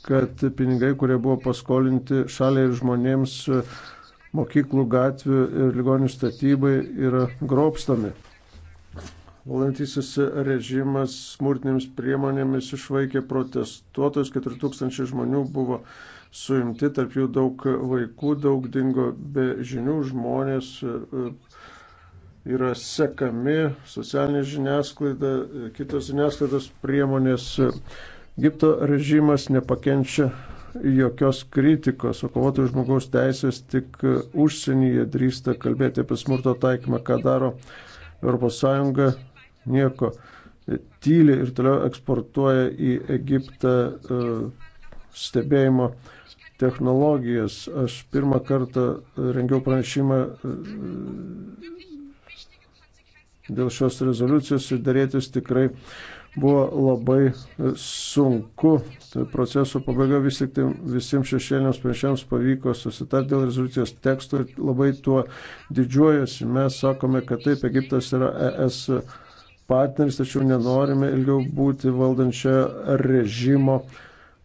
kad pinigai, kurie buvo paskolinti šaliai ir žmonėms e, mokyklų, gatvių ir ligonių statybai, yra grobstami. Valantysis režimas smurtinėmis priemonėmis išvaikė protestuotojus, 4000 žmonių buvo suimti, tarp jų daug vaikų, daug dingo be žinių, žmonės e, e, yra sekami, socialinė žiniasklaida, e, kitos žiniasklaidos priemonės. Egipto režimas nepakenčia jokios kritikos, o kovotojų žmogaus teisės tik užsienyje drįsta kalbėti apie smurto taikymą, ką daro ES, nieko tyli ir toliau eksportuoja į Egiptą stebėjimo technologijas. Aš pirmą kartą rengiau pranešimą e, dėl šios rezoliucijos ir dėrėtis tikrai buvo labai sunku. Tai proceso pabaiga vis tik tai visiems šešėliniams priešiams pavyko susitarti dėl rezoliucijos teksto ir labai tuo didžiuojasi. Mes sakome, kad taip, Egiptas yra ES partneris, tačiau nenorime ilgiau būti valdančio režimo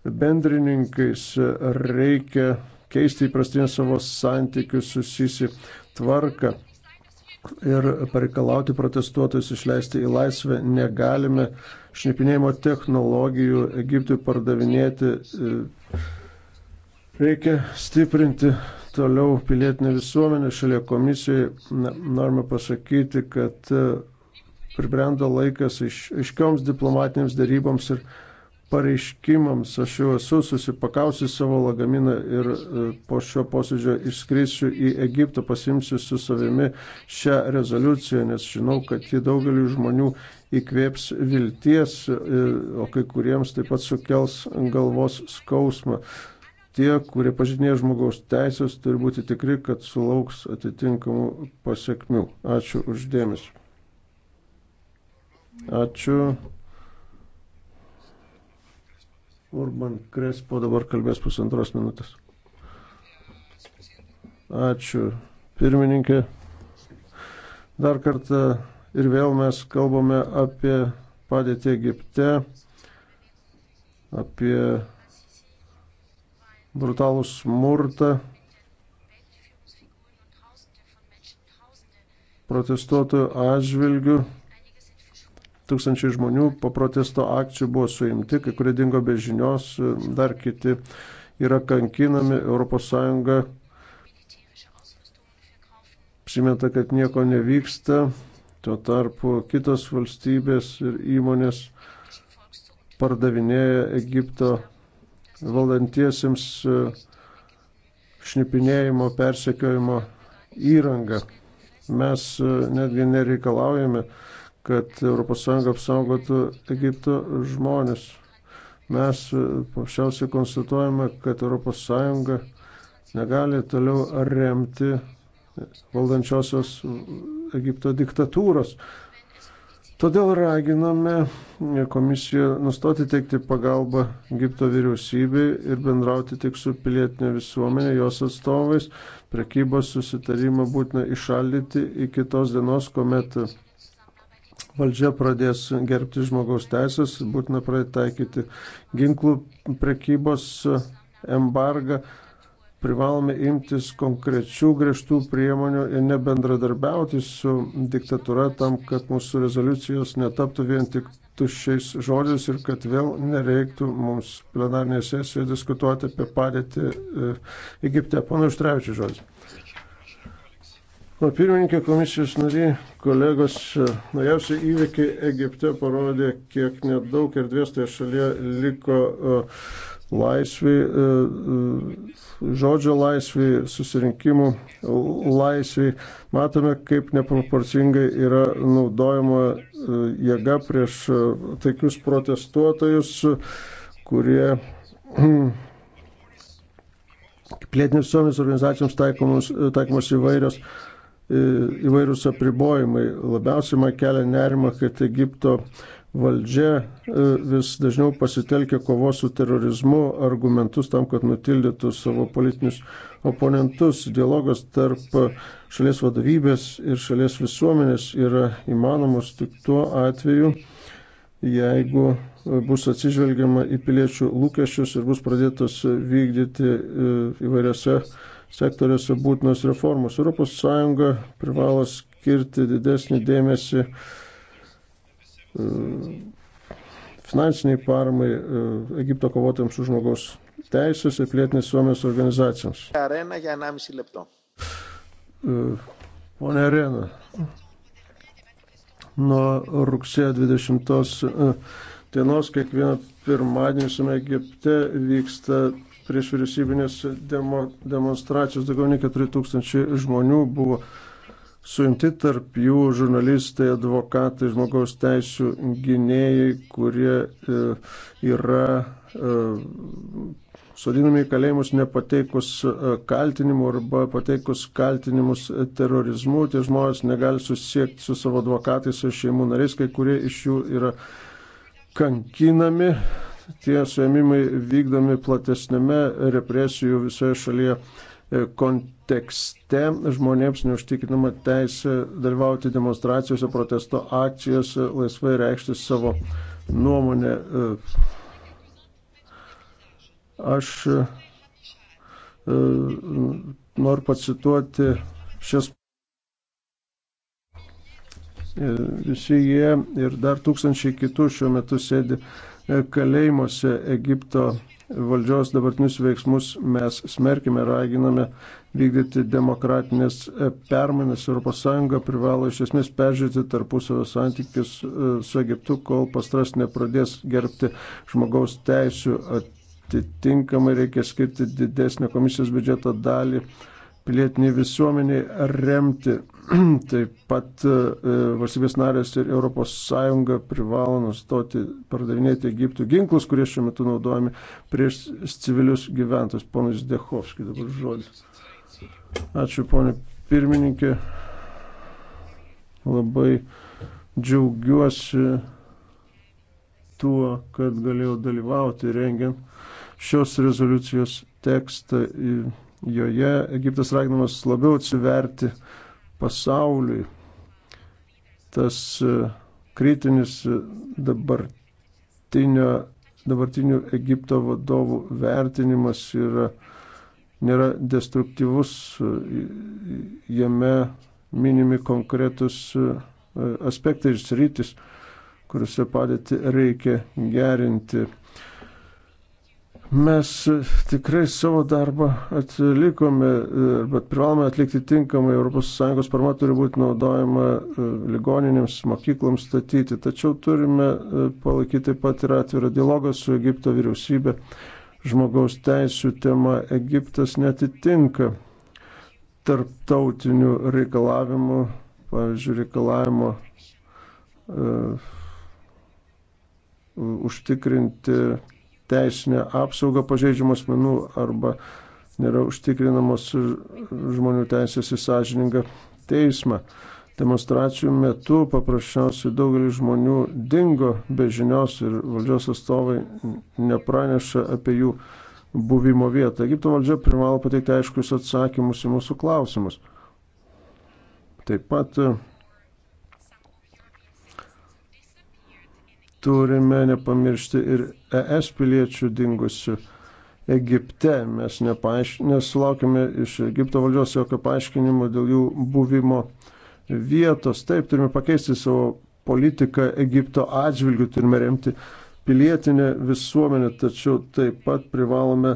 bendrininkais reikia keisti įprastinę savo santykių susijusi tvarką ir pareikalauti protestuotojus išleisti į laisvę. Negalime šnipinėjimo technologijų Egiptui pardavinėti. Reikia stiprinti toliau pilietinę visuomenę šalia komisijai. Norime pasakyti, kad pribrendo laikas aiškioms diplomatinėms daryboms ir pareiškimams. Aš jau esu susipakausi savo lagaminą ir e, po šio posėdžio išskrisiu į Egiptą, pasimsiu su savimi šią rezoliuciją, nes žinau, kad ji daugeliu žmonių įkvėps vilties, e, o kai kuriems taip pat sukels galvos skausmą. Tie, kurie pažinėja žmogaus teisės, turi būti tikri, kad sulauks atitinkamų pasiekmių. Ačiū uždėmesi. Ačiū. Urban Krespo dabar kalbės pusantros minutės. Ačiū, pirmininkė. Dar kartą ir vėl mes kalbame apie padėtį Egipte, apie brutalų smurtą, protestuotojų atžvilgių. Tūkstančiai žmonių po protesto akcijų buvo suimti, kai kurie dingo be žinios, dar kiti yra kankinami. ES apsimeta, kad nieko nevyksta, tuo tarpu kitos valstybės ir įmonės pardavinėja Egipto valdantiesiems e, šnipinėjimo, persekiojimo įrangą. Mes e, netgi nereikalaujame kad ES apsaugotų Egipto žmonės. Mes e, paprasčiausiai konstatuojame, kad ES negali toliau remti valdančiosios Egipto diktatūros. Todėl raginame komisiją nustoti teikti pagalbą Egipto vyriausybei ir bendrauti tik su pilietinė visuomenė, jos atstovais. Prekybos susitarimą būtina išaldyti iki tos dienos, kuomet valdžia pradės gerbti žmogaus teisės, būtina pradėti taikyti ginklų prekybos embargą, privalome imtis konkrečių griežtų priemonių ir nebendradarbiauti su diktatūra tam, kad mūsų rezoliucijos netaptų vien tik tuščiais žodžiais ir kad vėl nereiktų mums plenarnėje sesijoje diskutuoti apie padėtį e, Egipte. Pana Užtrevičių žodžiai. Na, pirmininkė komisijos nariai, kolegos, naujausiai įvykiai Egipte parodė, kiek nedaug erdvės toje šalyje liko uh, e, laisvį, uh, e, žodžio laisvį, susirinkimų laisvį. Matome, kaip neproporcingai yra naudojama uh, jėga prieš taikius protestuotojus, kurie plėtinės visuomenės organizacijoms taikomos, taikomos įvairios E, įvairūs apribojimai. Labiausiai man kelia nerima, kad Egipto valdžia e, vis dažniau pasitelkia kovos su terorizmu argumentus tam, kad nutildytų savo politinius oponentus. Dialogas tarp šalies vadovybės ir šalies visuomenės yra įmanomas tik tuo atveju, jeigu bus atsižvelgiama į piliečių lūkesčius ir bus pradėtos vykdyti e, įvairiose sektoriuose būtinos reformos. ES privalo skirti didesnį dėmesį e, finansiniai paramai e, Egipto kovotojams už žmogaus teisės ir plėtinės suomės organizacijoms. Arena, ja, e, Pone Arena, nuo rugsėjo 20 dienos kiekvieną pirmadienį visame Egipte vyksta prieš vyriausybinės demo, demonstracijos. Daugiau nei 4000 žmonių buvo suimti, tarp jų žurnalistai, advokatai, žmogaus teisų gynėjai, kurie e, yra e, sodinami į kalėjimus nepateikus e, kaltinimų arba pateikus kaltinimus terorizmu. Tie žmonės negali susiekti su savo advokatais ir šeimų nariais, kai kurie iš jų yra kankinami tie suėmimai vykdomi platesnėme represijų visoje šalyje e, kontekste žmonėms neužtikrinama teisė dalyvauti demonstracijose, protesto akcijose, laisvai reikšti savo nuomonę. E. Aš e, noriu pacituoti šias visi jie ir dar tūkstančiai kitų šiuo metu sėdi E, kalėjimuose Egipto valdžios dabartinius veiksmus mes smerkime, raginame vykdyti demokratinės e, permainas. ES privalo iš esmės peržiūrėti tarpusavio santykius e, su Egiptu, kol pastras nepradės gerbti žmogaus teisų. Atitinkamai reikia skirti didesnę komisijos biudžeto dalį pilietiniai visuomeniai remti. Taip pat e, valstybės narės ir ES privalo nustoti pardavinėti Egiptų ginklus, kurie šiuo metu naudojami prieš civilius gyventojus. Ponas Dehovskis dabar žodis. Ačiū, ponė pirmininkė. Labai džiaugiuosi tuo, kad galėjau dalyvauti rengiant šios rezoliucijos tekstą. Į Joje Egiptas raginamas labiau atsiverti pasauliui. Tas e, kritinis e, dabartinio, dabartinių Egipto vadovų vertinimas yra, nėra destruktyvus, e, jame minimi konkretus aspektai ir sritis, kuriuose padėti reikia gerinti. Mes e, tikrai savo darbą atlikome, e, bet privalome atlikti tinkamai. ES parama turi būti naudojama e, ligoninėms, mokykloms statyti. Tačiau turime palaikyti taip pat ir atvirą dialogą su Egipto vyriausybė. Žmogaus teisų tema Egiptas netitinka tarptautinių reikalavimų, pavyzdžiui, reikalavimo uh, užtikrinti teisinę apsaugą pažeidžiamų asmenų arba nėra užtikrinamos žmonių teisės į sąžiningą teismą. Demonstracijų metu paprasčiausiai daugelis žmonių dingo be žinios ir valdžios atstovai nepraneša apie jų buvimo vietą. Egipto valdžia privalo pateikti aiškius atsakymus į mūsų klausimus. Taip pat turime nepamiršti ir ES piliečių dingusių Egipte. Mes nepaaiš... nesulaukime iš Egipto valdžios jokio paaiškinimo dėl jų buvimo vietos. Taip, turime pakeisti savo politiką Egipto atžvilgių, turime remti pilietinę visuomenę, tačiau taip pat privalome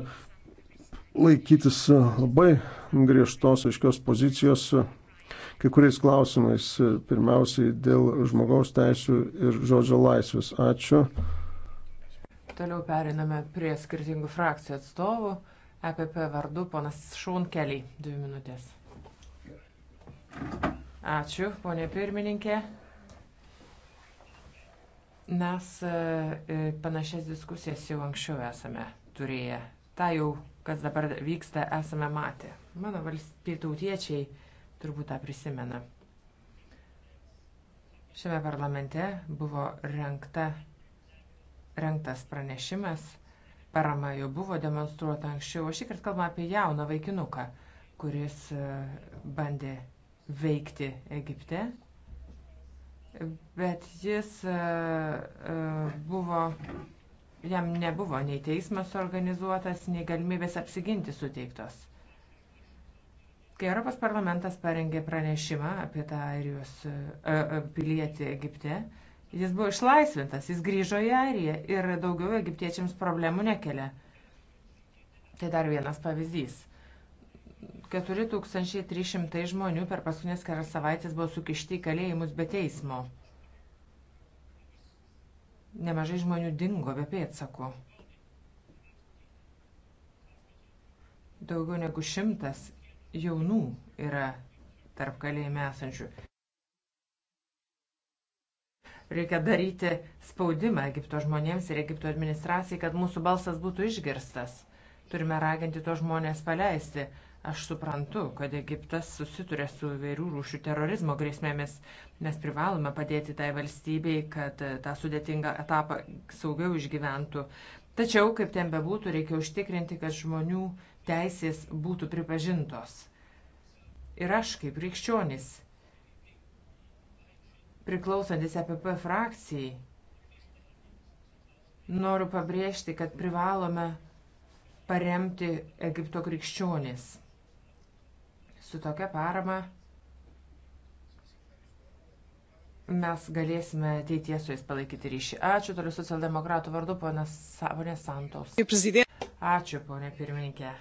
laikytis labai griežtos aiškios pozicijos kai kuriais klausimais, pirmiausiai dėl žmogaus teisų ir žodžio laisvės. Ačiū. Toliau periname prie skirtingų frakcijų atstovų. EPP vardu ponas Šaunkeliai, dvi minutės. Ačiū, ponė pirmininkė. Mes e, e, panašias diskusijas jau anksčiau esame turėję. Ta jau, kas dabar vyksta, esame matę. Mano valstybė tautiečiai turbūt tą prisimena. Šiame parlamente buvo renkta, renktas pranešimas, parama jau buvo demonstruota anksčiau, o šį kartą kalbame apie jauną vaikinuką, kuris e, bandė veikti Egipte, bet jis e, e, buvo, jam nebuvo nei teismas organizuotas, nei galimybės apsiginti suteiktos. Kai Europos parlamentas parengė pranešimą apie tą airijos e, e, pilietį Egipte, jis buvo išlaisvintas, jis grįžo į Airiją ir daugiau egiptiečiams problemų nekelia. Tai dar vienas pavyzdys. 4300 žmonių per paskutinės kelias savaitės buvo sukišti į kalėjimus be teismo. Nemažai žmonių dingo be pėdsakų. Daugiau negu šimtas jaunų yra tarp kalėjime esančių. Reikia daryti spaudimą Egipto žmonėms ir Egipto administracijai, kad mūsų balsas būtų išgirstas. Turime raginti tos žmonės paleisti. Aš suprantu, kad Egiptas susituria su vairių rūšių terorizmo grėsmėmis. Mes privalome padėti tai valstybei, kad tą sudėtingą etapą saugiau išgyventų. Tačiau, kaip ten bebūtų, reikia užtikrinti, kad žmonių uh, teisės būtų pripažintos. Ir aš kaip krikščionis, priklausantis EPP frakcijai, noriu pabrėžti, kad privalome paremti Egipto krikščionis. Su tokia parama mes galėsime ateitie su jais palaikyti ryšį. Ačiū toliau socialdemokratų vardu, ponė Santos. Ačiū, ponė pirmininkė.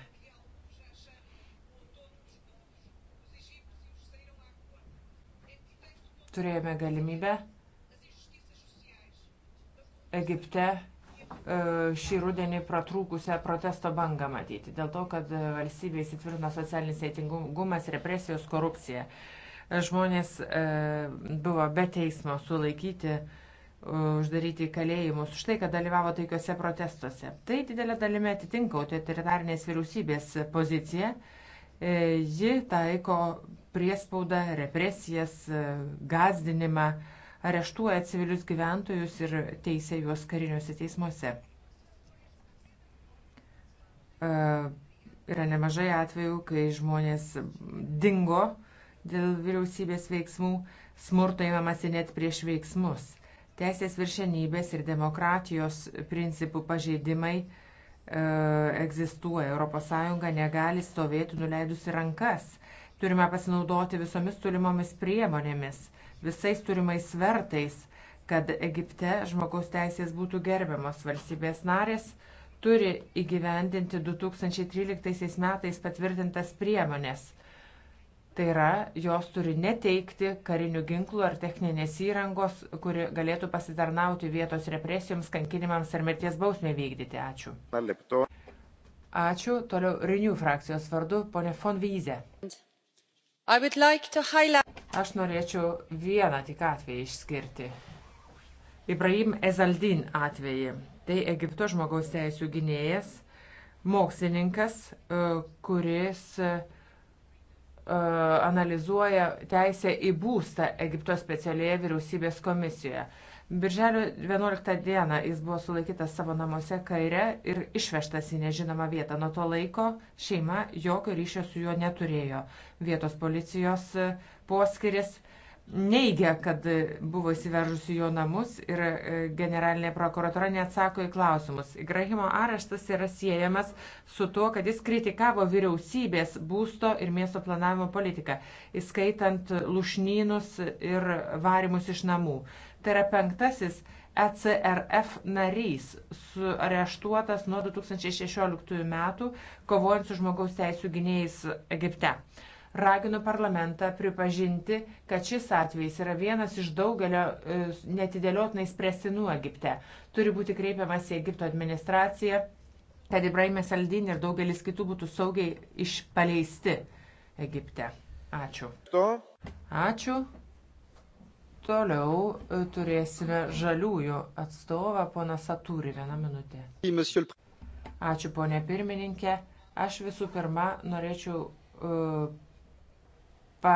turėjome galimybę Egipte e, šį rudenį pratrūkusią protesto bangą matyti. Dėl to, kad valstybė įsitvirtino socialinis teisingumas, represijos, korupcija. Žmonės e, buvo be teismo sulaikyti, e, uždaryti į kalėjimus už tai, kad dalyvavo taikiuose protestuose. Tai didelė dalimi atitinka autoritarnės vyriausybės poziciją. Ji taiko priespaudą, represijas, e, gazdinimą, areštuoja civilius gyventojus ir teisė juos kariniuose teismuose. E, yra nemažai atvejų, kai žmonės dingo dėl vyriausybės veiksmų, smurto įmamasi net prieš veiksmus. Teisės viršenybės ir demokratijos principų pažeidimai e, egzistuoja. ES negali stovėti nuleidusi rankas. Turime pasinaudoti visomis turimomis priemonėmis, visais turimais svertais, kad Egipte žmogaus teisės būtų gerbiamos valstybės narės turi įgyvendinti 2013 metais patvirtintas priemonės. Tai yra, jos turi neteikti karinių ginklų ar techninės įrangos, kuri galėtų pasitarnauti vietos represijoms, kankinimams ar mirties bausmė vykdyti. Ačiū. Ačiū. Toliau Renew frakcijos vardu, ponė Fon Vyze. Like highlight... Aš norėčiau vieną tik atvejį išskirti. Ibrahim Ezaldin atvejį. Tai Egipto žmogaus teisų gynėjas, mokslininkas, e, kuris e, analizuoja teisę į būstą Egipto specialėje vyriausybės komisijoje. Birželio 11 dieną jis buvo sulaikytas savo namuose kaire ir išvežtas į nežinomą vietą. Nuo to laiko šeima jokio ryšio su juo neturėjo. Vietos policijos e, poskiris neigia, kad e, buvo įsiveržusi jo namus ir e, generalinė prokuratura neatsako į klausimus. Ibrahimo areštas yra siejamas su tuo, kad jis kritikavo vyriausybės būsto ir miesto planavimo politiką, įskaitant lušnynus ir varimus iš namų. Tai yra penktasis ECRF narys, areštuotas nuo 2016 metų, kovojant su žmogaus teisų gynėjais Egipte. Raginu parlamentą pripažinti, kad šis atvejis yra vienas iš daugelio e, netidėliotinai spręstinų Egipte. Turi būti kreipiamas į Egipto administraciją, kad Ibrahimas Aldin ir daugelis kitų būtų saugiai išpaleisti Egipte. Ačiū. Ačiū. Toliau e, turėsime žaliųjų atstovą, pona Satūri, vieną minutę. Ačiū, ponė pirmininkė. Aš visų pirma norėčiau uh, pa,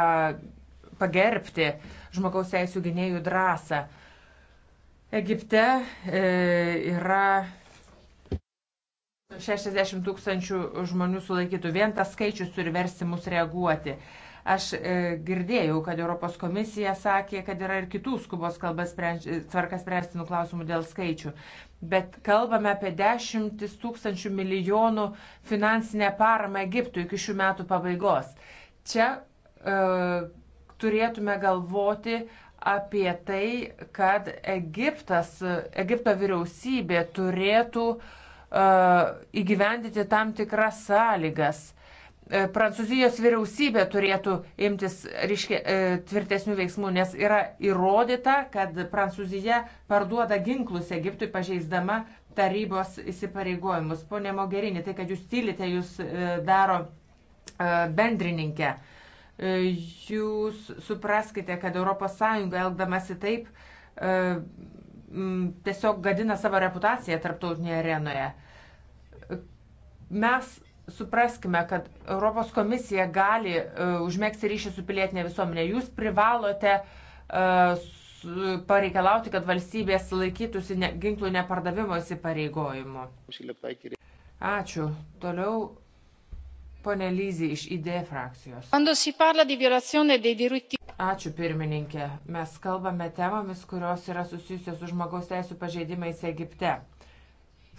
pagerbti žmogaus teisų gynėjų drąsą. Egipte e, yra 60 tūkstančių žmonių sulaikytų. Vien tas skaičius turi versti mus reaguoti. E, Aš e, girdėjau, kad Europos komisija sakė, kad yra ir kitų skubos sprendž... tvarkas spręstinų klausimų dėl skaičių. Bet kalbame apie dešimtis tūkstančių milijonų finansinę paramą Egiptui iki šių metų pabaigos. Čia e, turėtume galvoti apie tai, kad Egiptas, Egipto vyriausybė turėtų e, įgyvendyti tam tikras sąlygas E, Prancūzijos vyriausybė turėtų imtis ryškia, e, tvirtesnių veiksmų, nes yra įrodyta, kad Prancūzija parduoda ginklus Egiptui pažeisdama tarybos įsipareigojimus. Pone Mogherini, tai, kad jūs tylite, jūs e, daro bendrininkę. Jūs supraskite, kad ES elgdamasi taip tiesiog gadina savo reputaciją tarptautinėje arenoje. Mes supraskime, kad Europos komisija gali uh, užmėgsti ryšį su pilietinė visuomenė. Jūs privalote uh, pareikalauti, kad valstybės laikytųsi ne, ginklų nepardavimo įsipareigojimo. Ačiū. Toliau ponė Lyzį iš ID frakcijos. Ačiū pirmininkė. Mes kalbame temomis, kurios yra susijusios su žmogaus teisų pažeidimais Egipte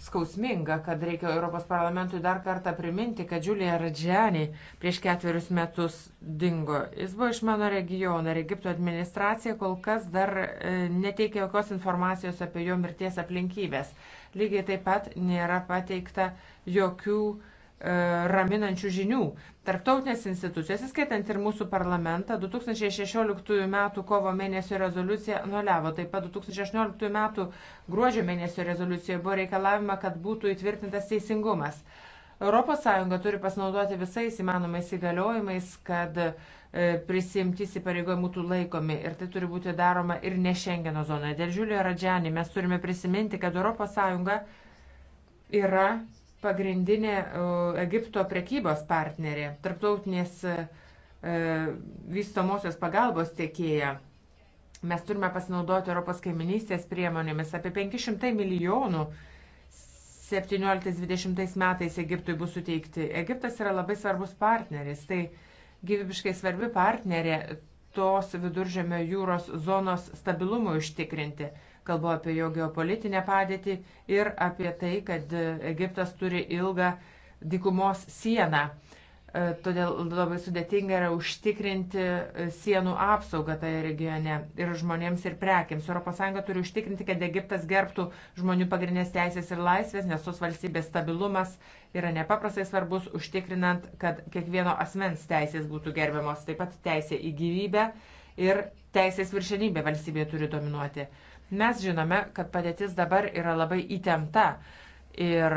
skausminga, kad reikia Europos parlamentui dar kartą priminti, kad Džiulija Radžianė prieš ketverius metus dingo. Jis buvo iš mano regiono ir Egipto administracija kol kas dar e, neteikia jokios informacijos apie jo mirties aplinkybės. Lygiai taip pat nėra pateikta jokių uh, E, raminančių žinių. Tarptautinės institucijos, įskaitant ir mūsų parlamentą, 2016 m. kovo mėnesio rezoliucija nuliavo. Taip pat 2018 m. gruodžio mėnesio rezoliucijoje buvo reikalavima, kad būtų įtvirtintas teisingumas. ES turi pasinaudoti visais įmanomais įgaliojimais, kad e, prisimti įsipareigojimų būtų laikomi ir tai turi būti daroma ir ne Šengeno zonoje. Dėl Žiulio Radžianį mes turime prisiminti, kad ES yra pagrindinė e, Egipto prekybos partnerė, tarptautinės e, vystomosios pagalbos tiekėja. Mes turime pasinaudoti Europos kaiminystės priemonėmis. Apie 500 milijonų 17-20 metais Egiptui bus suteikti. Egiptas yra labai svarbus partneris. Tai gyvybiškai svarbi partnerė tos viduržėmio jūros zonos stabilumui užtikrinti kalbu apie jo geopolitinę padėtį ir apie tai, kad Egiptas turi ilgą dykumos sieną. E, todėl labai sudėtinga yra užtikrinti sienų apsaugą toje regione ir žmonėms ir prekiams. ES turi užtikrinti, kad Egiptas gerbtų žmonių pagrindinės teisės ir laisvės, nes tos valstybės stabilumas yra nepaprastai svarbus, užtikrinant, kad kiekvieno asmens teisės būtų gerbiamos, taip pat teisė į gyvybę ir teisės viršenybė valstybėje turi dominuoti. Mes žinome, kad padėtis dabar yra labai įtempta ir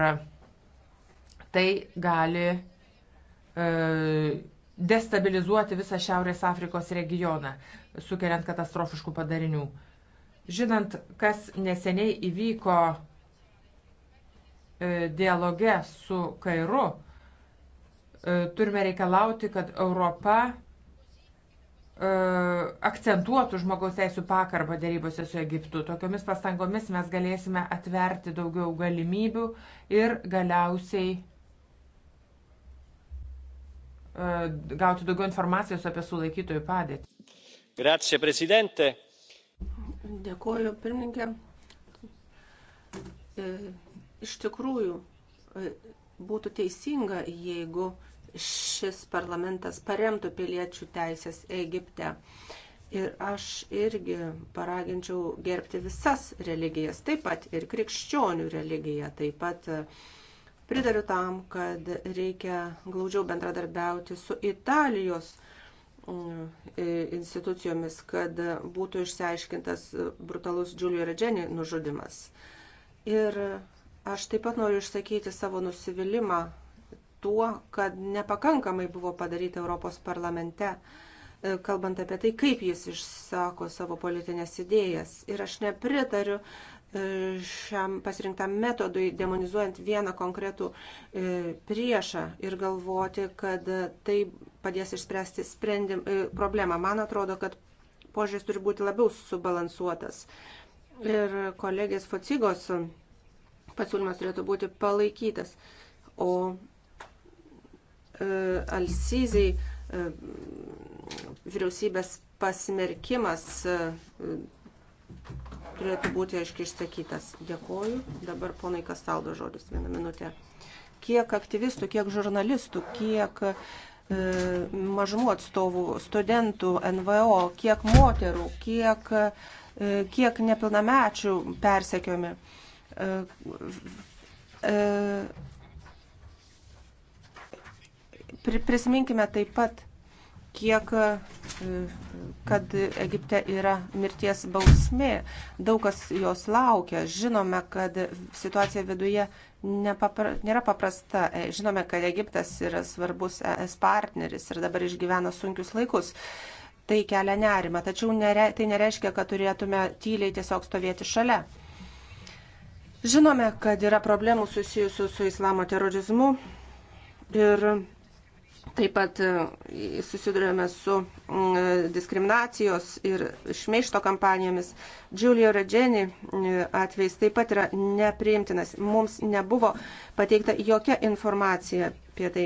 tai gali e, destabilizuoti visą Šiaurės Afrikos regioną, sukeliant katastrofiškų padarinių. Žinant, kas neseniai įvyko e, dialoge su Kairu, e, turime reikalauti, kad Europa E, akcentuotų žmogaus teisų pakarbą dėrybose su Egiptu. Tokiomis pastangomis mes galėsime atverti daugiau galimybių ir galiausiai e, gauti daugiau informacijos apie sulaikytojų padėtį. Grazie, prezidente. Dėkuoju, pirmininkė. E, iš tikrųjų, būtų teisinga, jeigu šis parlamentas paremtų piliečių teisės Egipte. Ir aš irgi paraginčiau gerbti visas religijas, taip pat ir krikščionių religiją, taip pat e, pritariu tam, kad reikia glaudžiau bendradarbiauti su Italijos e, institucijomis, kad būtų išsiaiškintas brutalus Giulio Regeni nužudimas. Ir aš taip pat noriu išsakyti savo nusivylimą tuo, kad nepakankamai buvo padaryta Europos parlamente, e, kalbant apie tai, kaip jis išsako savo politinės idėjas. Ir aš nepritariu e, šiam pasirinktam metodui, demonizuojant vieną konkretų e, priešą ir galvoti, kad tai padės išspręsti sprendim, problemą. Man atrodo, kad požiūris turi būti labiau subalansuotas. Ir kolegės Focigos pasiūlymas turėtų būti palaikytas. O Alsizai e, vyriausybės pasmerkimas e, turėtų būti aiškiai išsakytas. Dėkoju. Dabar ponai Kastaldo žodis vieną minutę. Kiek aktyvistų, kiek žurnalistų, kiek e, mažumų atstovų, studentų, NVO, kiek moterų, kiek, e, kiek nepilnamečių persekiojami. E, e, pri, prisiminkime taip pat, kiek, e, kad Egipte yra mirties bausmė, daug kas jos laukia, žinome, kad situacija viduje nepapra, nėra paprasta, e, žinome, kad Egiptas yra svarbus ES partneris ir dabar išgyvena sunkius laikus. Tai kelia nerima, tačiau nere, tai nereiškia, kad turėtume tyliai tiesiog stovėti šalia. Žinome, kad yra problemų susijusių su islamo terorizmu ir Taip pat e, susidurėme su mm, diskriminacijos ir šmeišto kampanijomis. Giulio Regeni e, atvejs taip pat yra nepriimtinas. Mums nebuvo pateikta jokia informacija apie tai.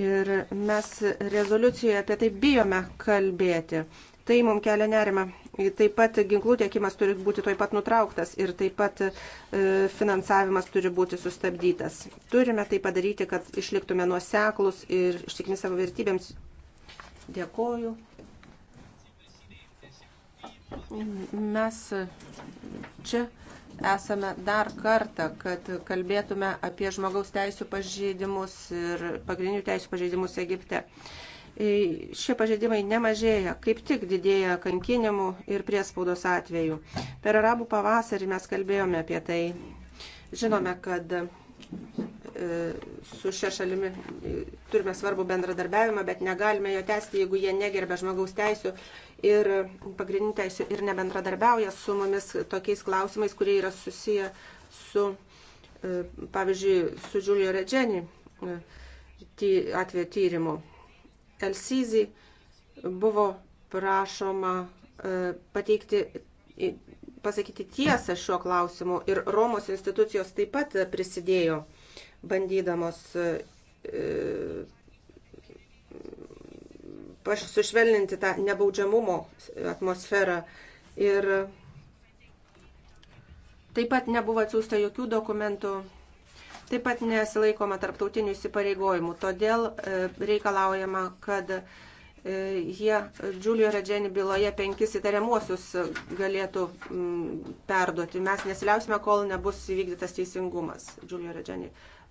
Ir mes rezoliucijoje apie tai bijome kalbėti. Tai mums kelia nerima. Taip pat ginklų tiekimas turi būti toj pat nutrauktas ir taip pat e, finansavimas turi būti sustabdytas. Turime tai padaryti, kad išliktume nuoseklus ir ištikimi savo vertybėms. Dėkoju. Mes čia esame dar kartą, kad kalbėtume apie žmogaus teisų pažeidimus ir pagrindinių teisų pažeidimus Egipte šie pažeidimai nemažėja, kaip tik didėja kankinimų ir priespaudos atveju. Per arabų pavasarį mes kalbėjome apie tai. Žinome, kad e, su šia šalimi e, turime svarbų bendradarbiavimą, bet negalime jo tęsti, jeigu jie negerbė žmogaus teisų ir pagrindinių teisų ir nebendradarbiauja su mumis tokiais klausimais, kurie yra susiję su, e, pavyzdžiui, su Giulio Redženi atveju tyrimu. Elsizi buvo prašoma e, pateikti, pasakyti tiesą šiuo klausimu ir Romos institucijos taip pat prisidėjo bandydamos e, sušvelninti tą nebaudžiamumo atmosferą. Ir taip pat nebuvo atsiųsta jokių dokumentų Taip pat nesilaikoma tarptautinių įsipareigojimų, todėl e, reikalaujama, kad e, jie Giulio Redženi byloje penkis įtariamuosius galėtų mm, perduoti. Mes nesiliausime, kol nebus įvykdytas teisingumas Giulio Redženi.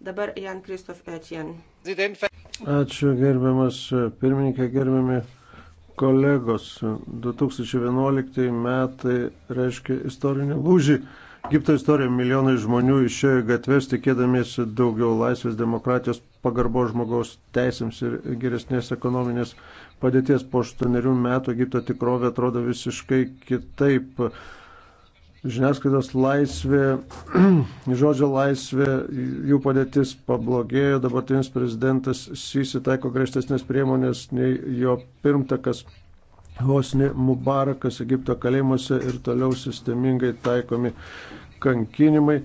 Dabar Jan Kristof Etjen. Ačiū gerbiamas pirmininkė, gerbiami kolegos. 2011 metai reiškia istorinį lūžį Egipto istorija milijonai žmonių išėjo į gatves tikėdamiesi daugiau laisvės, demokratijos, pagarbo žmogaus teisėms ir geresnės ekonominės padėties. Po aštuonerių metų Egipto tikrovė atrodo visiškai kitaip. Žiniasklaidos laisvė, žodžio laisvė, jų padėtis pablogėjo, dabartinis prezidentas susitaiko griežtesnės priemonės nei jo pirmtakas Hosni Mubarakas Egipto kalėjimuose ir toliau sistemingai taikomi kankinimai.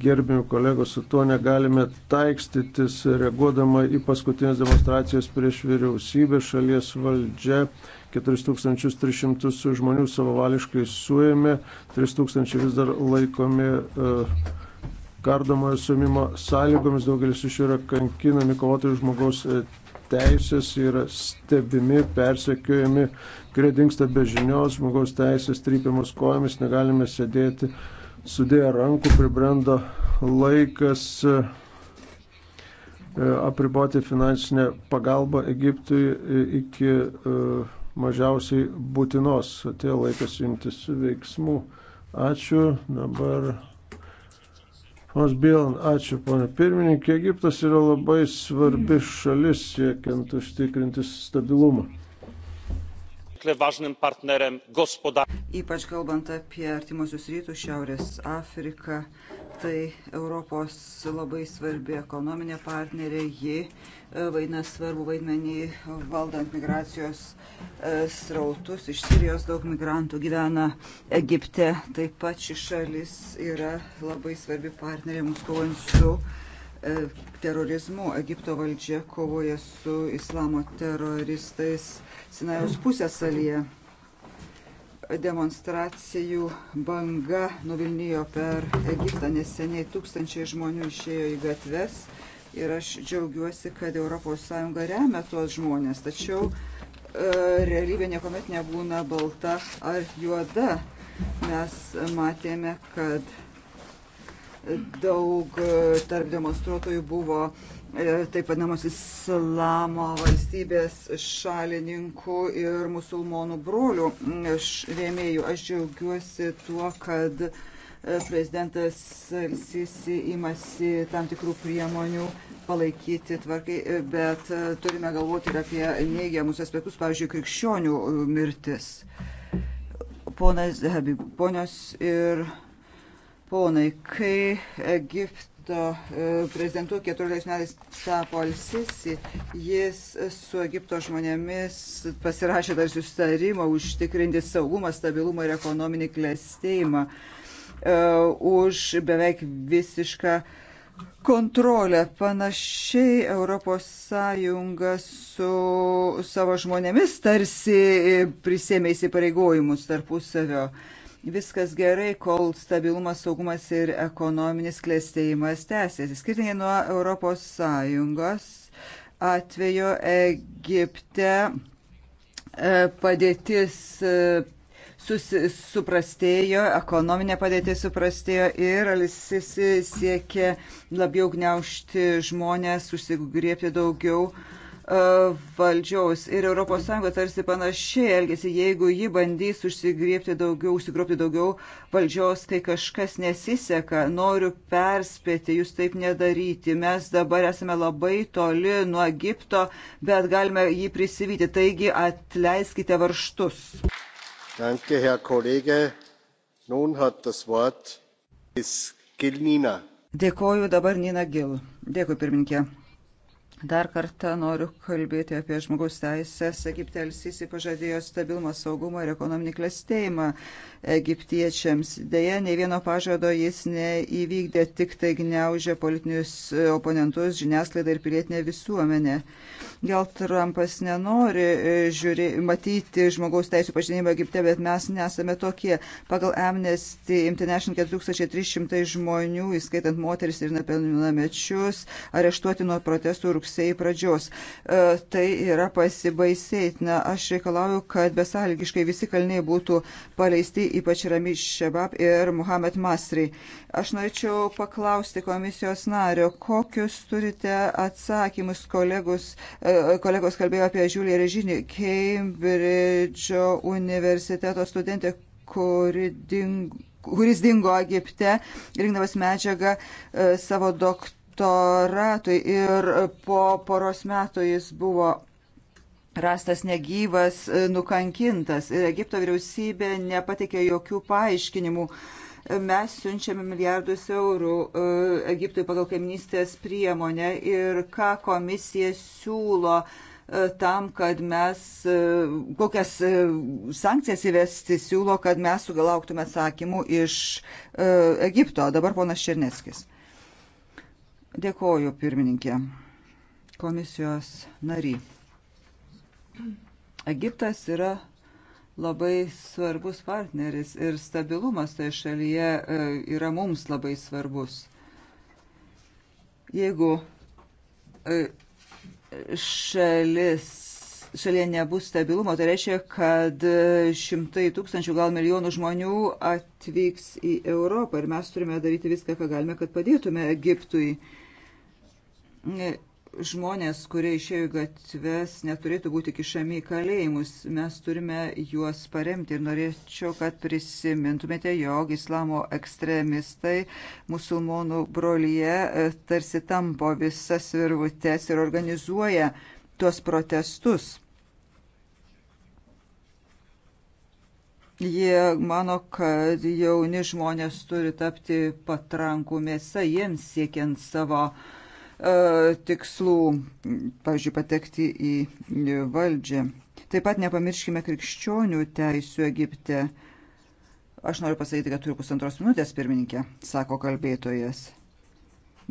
Gerbimi kolegos, su tuo negalime taikstytis, reaguodama į paskutinės demonstracijas prieš vyriausybę šalies valdžia. 4300 žmonių savavališkai suėmė, 3000 vis dar laikomi uh, kardomojo suėmimo sąlygomis, daugelis iš jų yra kankinami, kovotojų žmogaus e, teisės yra stebimi, persekiojami kurie dinksta be žinios, žmogaus teisės trypiamas kojomis, negalime sėdėti sudėję rankų, pribrendo laikas e, apriboti finansinę pagalbą Egiptui e, iki e, mažiausiai būtinos. Atėjo laikas imtis veiksmų. Ačiū. Dabar Ponas Bielan, ačiū, ponė pirmininkė. Egiptas yra labai svarbi šalis siekiant užtikrinti stabilumą niezwykle ważnym partnerem gospodarczym. Ypač kalbant apie artimuosius rytus, Šiaurės Afriką, tai Europos labai svarbi ekonominė partnerė, ji e, vaidina svarbu vaidmenį valdant migracijos e, srautus. Iš Sirijos daug migrantų gyvena Egipte, taip pat ši šalis yra labai svarbi partnerė mums kovojant su e, terorizmu. Egipto valdžia kovoja su islamo teroristais Sinajaus pusėsalyje. Demonstracijų banga nuvilnijo per Egiptą neseniai. Tūkstančiai žmonių išėjo į gatves ir aš džiaugiuosi, kad ES remia tuos žmonės. Tačiau e, realybė niekuomet nebūna balta ar juoda. Mes matėme, kad daug e, tarp demonstruotojų buvo e, E, taip vadinamos islamo valstybės šalininkų ir musulmonų brolių e, rėmėjų. Aš džiaugiuosi tuo, kad e, prezidentas Sisi imasi tam tikrų priemonių palaikyti tvarkai, bet turime galvoti ir apie neigiamus aspektus, pavyzdžiui, krikščionių mirtis. Ponas Habib, ponios ir ponai, kai Egipt Egipto e, prezidentu 14 metais tapo Al-Sisi. Jis su Egipto žmonėmis pasirašė dar susitarimą užtikrinti saugumą, stabilumą ir ekonominį klėstėjimą e, už beveik visišką kontrolę. Panašiai ES su savo žmonėmis tarsi prisėmė įsipareigojimus tarpusavio. savio viskas gerai, kol stabilumas, saugumas ir ekonominis klėstėjimas tęsiasi. Skirtingai nuo ES atvejo Egipte e, padėtis e, suprastėjo, ekonominė padėtis suprastėjo ir Alisisi siekė labiau gniaužti žmonės, užsigriepti daugiau uh, E, valdžios ir ES tarsi panašiai elgesi, jeigu ji bandys užsigriepti daugiau, užsigriepti daugiau valdžios, kai kažkas nesiseka, noriu perspėti, jūs taip nedaryti, mes dabar esame labai toli nuo Egipto, bet galime jį prisivyti, taigi atleiskite varštus. Danke, Herr Kollege. Nun hat das Wort Gil Nina. Dėkoju dabar Nina Gil. Dėkui, pirminkė. Dar kartą noriu kalbėti apie žmogaus teisės. Egipte Elsisi pažadėjo stabilumą, saugumą ir ekonominį klestėjimą egiptiečiams. Deja, nei vieno pažado jis neįvykdė, tik tai gniaužė politinius oponentus, žiniasklaidą ir pilietinę visuomenę. Gal Trumpas nenori e, žiūri, matyti žmogaus teisų pažinimą Egipte, bet mes nesame tokie. Pagal Amnesty International 4300 žmonių, įskaitant moteris ir nepilnamečius, areštuoti nuo protestų rugsėjo rugsėjai pradžios. E, tai yra pasibaisėtina. Aš reikalauju, kad besalgiškai visi kalniai būtų paleisti, ypač Rami Šebab ir Muhammad Masri. Aš norėčiau paklausti komisijos nario, kokius turite atsakymus kolegus, e, kolegos kalbėjo apie Žiulį Režinį, Cambridge'o universiteto studentė, kuri dingo kuris dingo Egipte, rinkdamas medžiagą e, savo doktorą direktoratui ir po poros metų jis buvo rastas negyvas, nukankintas ir Egipto vyriausybė nepatikė jokių paaiškinimų. Mes siunčiame milijardus eurų e, Egiptui pagal kaiminystės priemonę ir ką komisija siūlo e, tam, kad mes, e, kokias sankcijas įvesti siūlo, kad mes sugalauktume atsakymų iš Egipto. Dabar ponas Černeskis. Dėkoju, pirmininkė. Komisijos nary. Egiptas yra labai svarbus partneris ir stabilumas toje šalyje e, yra mums labai svarbus. Jeigu e, šalis šalyje nebus stabilumo, tai reiškia, kad e, šimtai tūkstančių, gal milijonų žmonių atvyks į Europą ir mes turime daryti viską, ką galime, kad padėtume Egiptui žmonės, kurie išėjo į gatves, neturėtų būti kišami į kalėjimus. Mes turime juos paremti ir norėčiau, kad prisimintumėte, jog islamo ekstremistai musulmonų brolyje e, tarsi tampo visas virvutes ir organizuoja tuos protestus. Jie mano, kad jauni žmonės turi tapti patrankų mėsa jiems siekiant savo uh, E, tikslų, pavyzdžiui, patekti į valdžią. Taip pat nepamirškime krikščionių teisų Egipte. Aš noriu pasakyti, kad turiu pusantros minutės pirmininkė, sako kalbėtojas.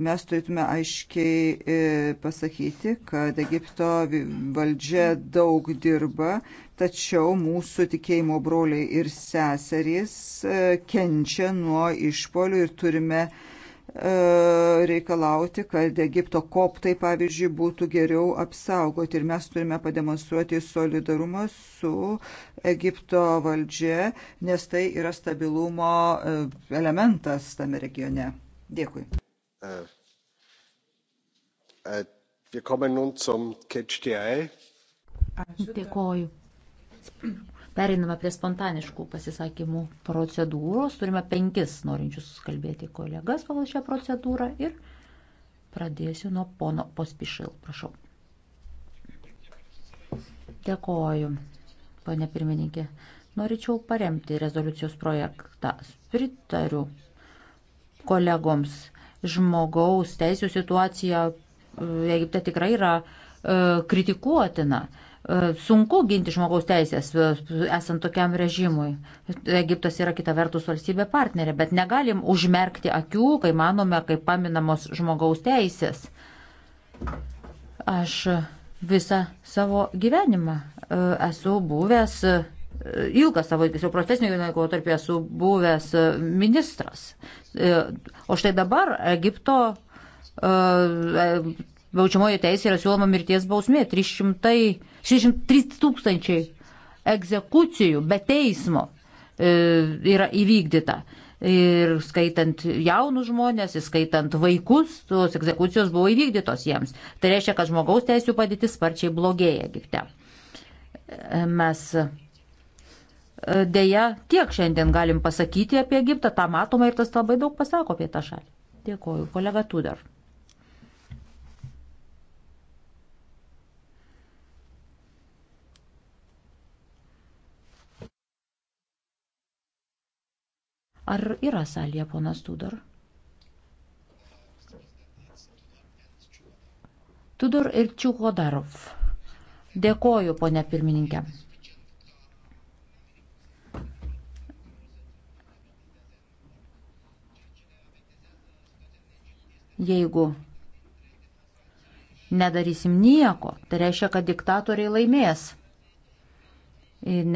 Mes turėtume aiškiai e, pasakyti, kad Egipto valdžia daug dirba, tačiau mūsų tikėjimo broliai ir seserys e, kenčia nuo išpolių ir turime uh, E, reikalauti, kad Egipto koptai, pavyzdžiui, būtų geriau apsaugoti. Ir mes turime pademonstruoti solidarumą su Egipto valdžia, nes tai yra stabilumo e, elementas tame regione. Dėkui. E, Dėkoju. Periname prie spontaniškų pasisakymų procedūros. Turime penkis norinčius kalbėti kolegas pagal šią procedūrą ir pradėsiu nuo pono Pospišil. Prašau. Dėkoju, pane pirmininkė. Norėčiau paremti rezoliucijos projektą. Pritariu kolegoms. Žmogaus teisų situacija Egipte tikrai yra e, kritikuotina. E, E, sunku ginti žmogaus teisės, e, esant tokiam režimui. Egiptas yra kita vertus valstybė partnerė, bet negalim užmerkti akių, kai manome, kaip paminamos žmogaus teisės. Aš visą savo gyvenimą e, esu buvęs, ilgą savo jau profesinio gyvenimo tarp esu buvęs ministras. O štai dabar Egipto baudžiamojo teisė yra siūloma mirties bausmė 300, 603 tūkstančiai egzekucijų be teismo e, yra įvykdyta. Ir skaitant jaunus žmonės, įskaitant vaikus, tos egzekucijos buvo įvykdytos jiems. Tai reiškia, kad žmogaus teisų padėtis sparčiai blogėja Egipte. E, mes e, dėja tiek šiandien galim pasakyti apie Egiptą, tą matome ir tas labai daug pasako apie tą šalį. Dėkoju, kolega Tudar. Ar yra salėje ponas Tudor? Tudor ir Čiuhodarov. Dėkoju, ponė pirmininkė. Jeigu nedarysim nieko, tai reiškia, kad diktatoriai laimės.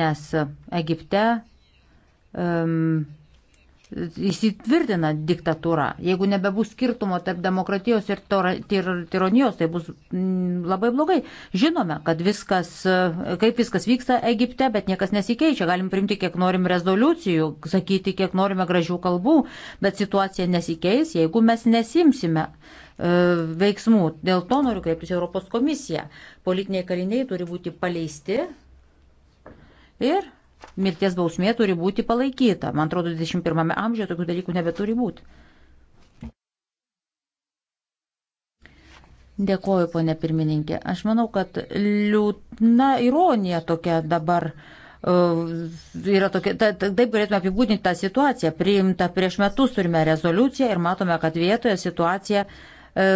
Nes Egipte um, įsitvirtina diktatūra. Jeigu nebebus skirtumo tarp demokratijos ir tironijos, tai bus mm, labai blogai. Žinome, kad viskas, kaip viskas vyksta Egipte, bet niekas nesikeičia. Galim primti, kiek norim rezoliucijų, sakyti, kiek norime gražių kalbų, bet situacija nesikeis, jeigu mes nesimsime e, veiksmų. Dėl to noriu kreiptis Europos komisiją. Politiniai kaliniai turi būti paleisti ir mirties bausmė turi būti palaikyta. Man atrodo, 21 amžiuje tokių dalykų nebeturi būti. Dėkoju, ponė pirmininkė. Aš manau, kad liūdna ironija tokia dabar uh, yra tokia, ta, ta, taip galėtume apibūdinti tą situaciją. Priimta prieš metus turime rezoliuciją ir matome, kad vietoje situacija e,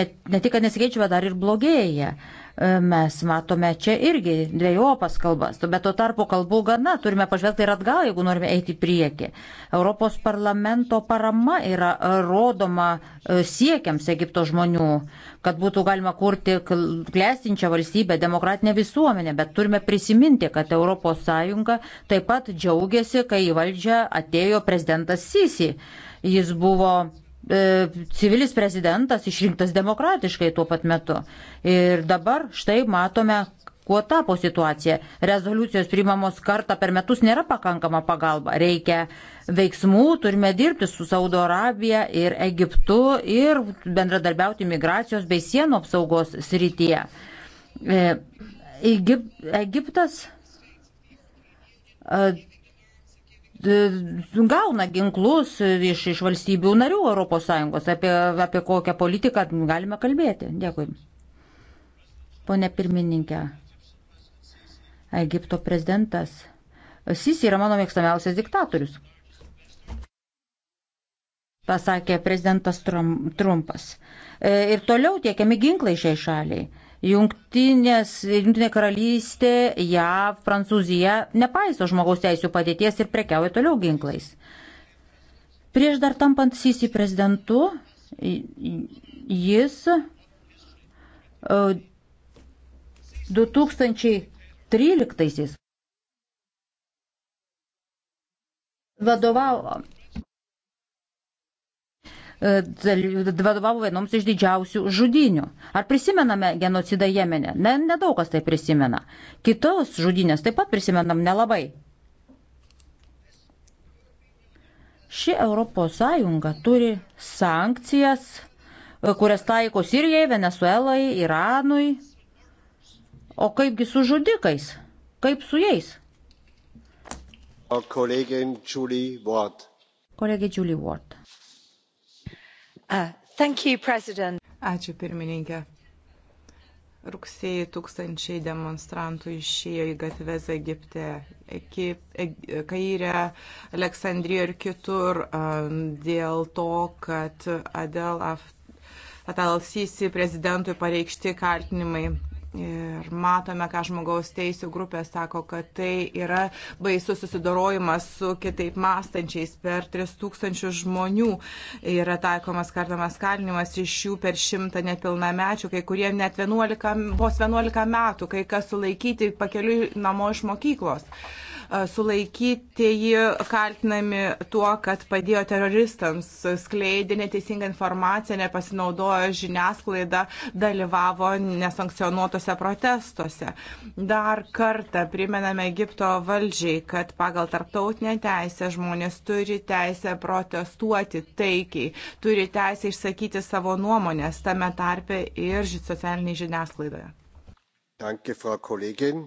ne, ne tik nesikeičia, bet dar ir blogėja. E, E, mes matome čia irgi dviejopas kalbas, bet tuo tarpu kalbų gana, turime pažvelgti ir atgal, jeigu norime eiti į priekį. Europos parlamento parama yra rodoma e, siekiams Egipto žmonių, kad būtų galima kurti klestinčią valstybę, demokratinę visuomenę, bet turime prisiminti, kad ES taip pat džiaugiasi, kai į valdžią atėjo prezidentas Sisi. Jis buvo E, civilis prezidentas išrinktas demokratiškai tuo pat metu. Ir dabar štai matome, kuo tapo situacija. Rezoliucijos priimamos kartą per metus nėra pakankama pagalba. Reikia veiksmų, turime dirbti su Saudo Arabija ir Egiptu ir bendradarbiauti migracijos bei sienų apsaugos srityje. E, Egip, Egiptas e, E, gauna ginklus iš, iš valstybių narių ES. Apie, apie kokią politiką galime kalbėti. Dėkui. Pone pirmininkė, Egipto prezidentas Sisi yra mano mėgstamiausias diktatorius. Pasakė prezidentas Trumpas. E, ir toliau tiekiami ginklai šiai šaliai. Jungtinės, Jungtinė karalystė, JAV, Prancūzija nepaiso žmogaus teisų padėties ir prekiauja toliau ginklais. Prieš dar tampant Sisi prezidentu, jis 2013 e, vadovavo E, vadovavo vienoms iš didžiausių žudinių. Ar prisimename genocidą Jemenė? Ne, nedaug kas tai prisimena. Kitos žudinės taip pat prisimenam nelabai. Ši ES turi sankcijas, e, kurias taiko Sirijai, Venezuelai, Iranui. O kaipgi su žudikais? Kaip su jais? Kolegė Julie Ward. Kolegė Julie Ward. Uh, you, Ačiū pirmininkė. Rugsėjai tūkstančiai demonstrantų išėjo į gatves Egipte, Kairė, Aleksandrijoje ir kitur uh, dėl to, kad Adel Aftalalsysi prezidentui pareikšti kaltinimai Ir matome, ką žmogaus teisų grupė sako, kad tai yra baisus susidorojimas su kitaip mąstančiais. Per 3000 žmonių yra taikomas kardamas kalinimas, iš jų per 100 nepilnamečių, kai kurie net 11, vos 11 metų, kai kas sulaikyti pakeliui namo iš mokyklos. Uh, Sulaikytieji kaltinami tuo, kad padėjo teroristams, skleidė neteisingą informaciją, nepasinaudojo žiniasklaida, dalyvavo nesankcionuotose protestuose. Dar kartą primename Egipto valdžiai, kad pagal tarptautinę teisę žmonės turi teisę protestuoti taikiai, turi teisę išsakyti savo nuomonės, tame tarpe ir socialiniai žiniasklaidoje. Danke, Frau Kollegin.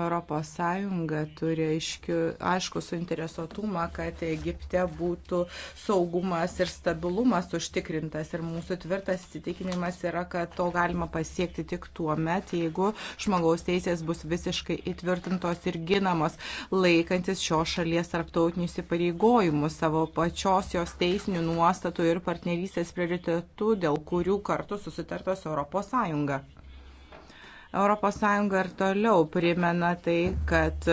Europos Sąjunga turi aiškių, aišku suinteresuotumą, kad Egipte būtų saugumas ir stabilumas užtikrintas. Ir mūsų tvirtas įsitikinimas yra, kad to galima pasiekti tik tuo met, jeigu žmogaus teisės bus visiškai įtvirtintos ir ginamos, laikantis šios šalies tarptautinių įsipareigojimų, savo pačios jos teisinių nuostatų ir partnerystės prioritetų, dėl kurių kartu susitartos Europos Sąjunga. ES ir toliau primena tai, kad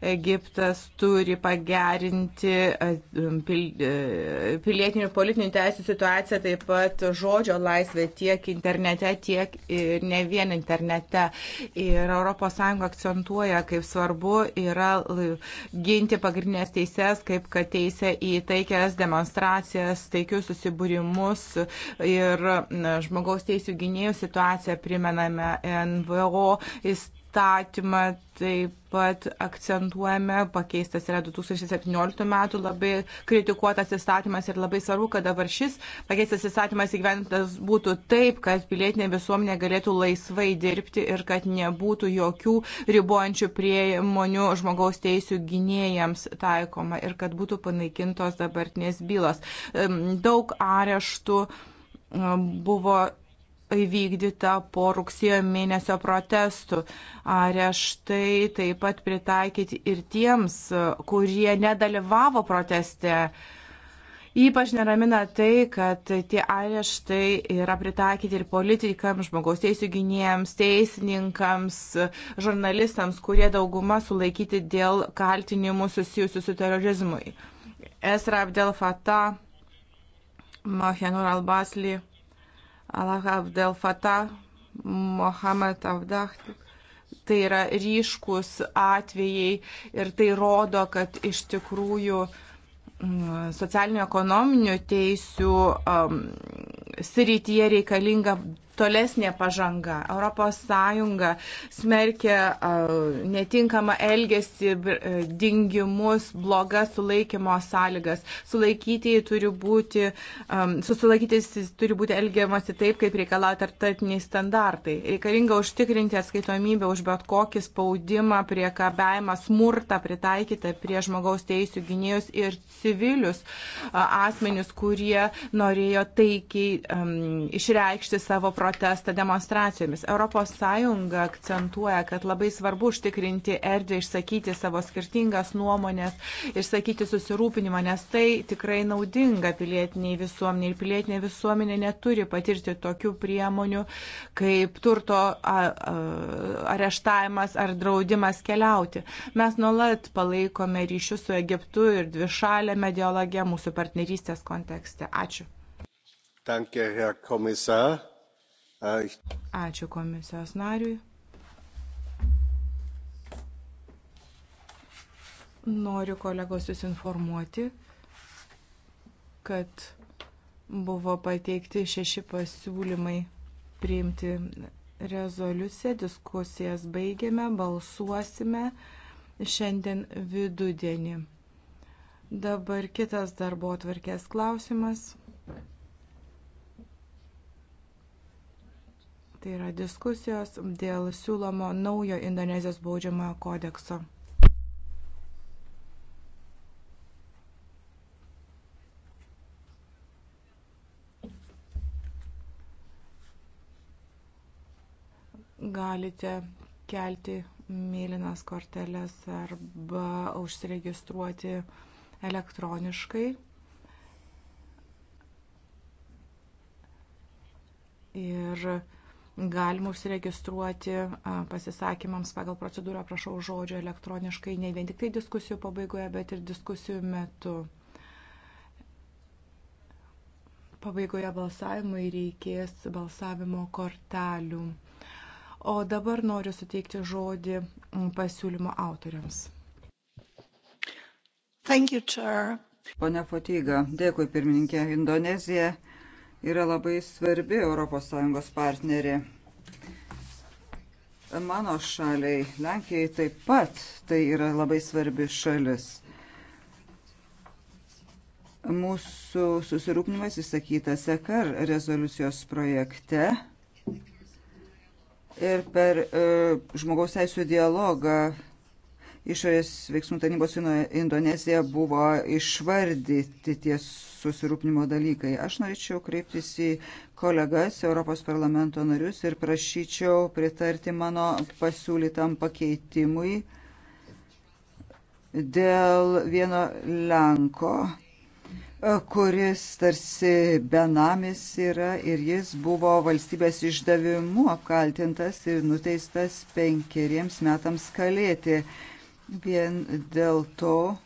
Egiptas turi pagerinti e, e, pilietinių ir politinių teisų situaciją, taip pat žodžio laisvę tiek internete, tiek ir ne vien internete. Ir ES akcentuoja, kaip svarbu yra ginti pagrindinės teises, kaip kad teisė į taikias demonstracijas, taikius susibūrimus ir žmogaus teisų gynėjų situaciją primename NVO PPO įstatymą, taip pat akcentuojame, pakeistas yra 2017 metų labai kritikuotas įstatymas ir labai svarbu, kad dabar šis pakeistas įstatymas įgyventas būtų taip, kad pilietinė visuomenė galėtų laisvai dirbti ir kad nebūtų jokių ribojančių priemonių žmogaus teisų gynėjams taikoma ir kad būtų panaikintos dabartinės bylos. Daug areštų buvo įvykdyta po rugsėjo mėnesio protestų. Areštai taip pat pritaikyti ir tiems, kurie nedalyvavo proteste. Ypač neramina tai, kad tie areštai yra pritaikyti ir politikams, žmogaus teisų gynėjams, teisininkams, žurnalistams, kurie dauguma sulaikyti dėl kaltinimų susijusių su terorizmui. Esra Abdel Fatah, Mahenur Albasli, Allah Abdel Fatah, Mohamed Abdah. Tai yra ryškus atvejai ir tai rodo, kad iš tikrųjų mm, socialinių ekonominių teisių um, srityje reikalinga tolesnė pažanga. ES smerkia netinkamą elgesį, e, dingimus, blogas sulaikymo sąlygas. Sulaikyti turi būti, susilaikytis turi būti elgiamasi taip, kaip reikalauja tartatiniai standartai. Reikalinga užtikrinti atskaitomybę už bet kokį spaudimą, priekabiavimą, smurtą pritaikytą prie žmogaus teisų gynėjus ir civilius asmenius, kurie norėjo taikiai um, išreikšti savo problemą protestą demonstracijomis. ES akcentuoja, kad labai svarbu užtikrinti erdvę išsakyti savo skirtingas nuomonės, išsakyti susirūpinimą, nes tai tikrai naudinga pilietiniai visuomeniai. Ir pilietinė visuomenė neturi patirti tokių priemonių kaip turto areštavimas ar draudimas keliauti. Mes nuolat palaikome ryšius su Egiptu ir dvišalėme dialoge mūsų partnerystės kontekste. Ačiū. Danke, Herr Kommissar. Ačiū komisijos nariui. Noriu kolegos jūs informuoti, kad buvo pateikti šeši pasiūlymai priimti rezoliuciją, diskusijas baigėme, balsuosime šiandien vidudienį. Dabar kitas darbo atvarkės klausimas. Tai yra diskusijos dėl siūlomo naujo Indonezijos baudžiamojo kodekso. Galite kelti mėlynas korteles arba užsiregistruoti elektroniškai. Ir galima užsiregistruoti pasisakymams pagal procedūrą, prašau žodžio elektroniškai, ne vien tik tai diskusijų pabaigoje, bet ir diskusijų metu. Pabaigoje balsavimui reikės balsavimo kortelių. O dabar noriu suteikti žodį pasiūlymo autoriams. Thank you, Chair. Pone Fotyga, dėkui pirmininkė. Indonezija yra labai svarbi ES partnerė. Mano šaliai, Lenkijai taip pat tai yra labai svarbi šalis. Mūsų susirūpinimas įsakytas EKR rezoliucijos projekte ir per e, žmogaus teisų dialogą išorės veiksmų tarnybos Indonezija buvo išvardyti tie susirūpnimo dalykai. Aš norėčiau kreiptis į kolegas, Europos parlamento narius ir prašyčiau pritarti mano pasiūlytam pakeitimui dėl vieno Lenko kuris tarsi benamis yra ir jis buvo valstybės išdavimu apkaltintas ir nuteistas penkeriems metams kalėti. Vien dėl to,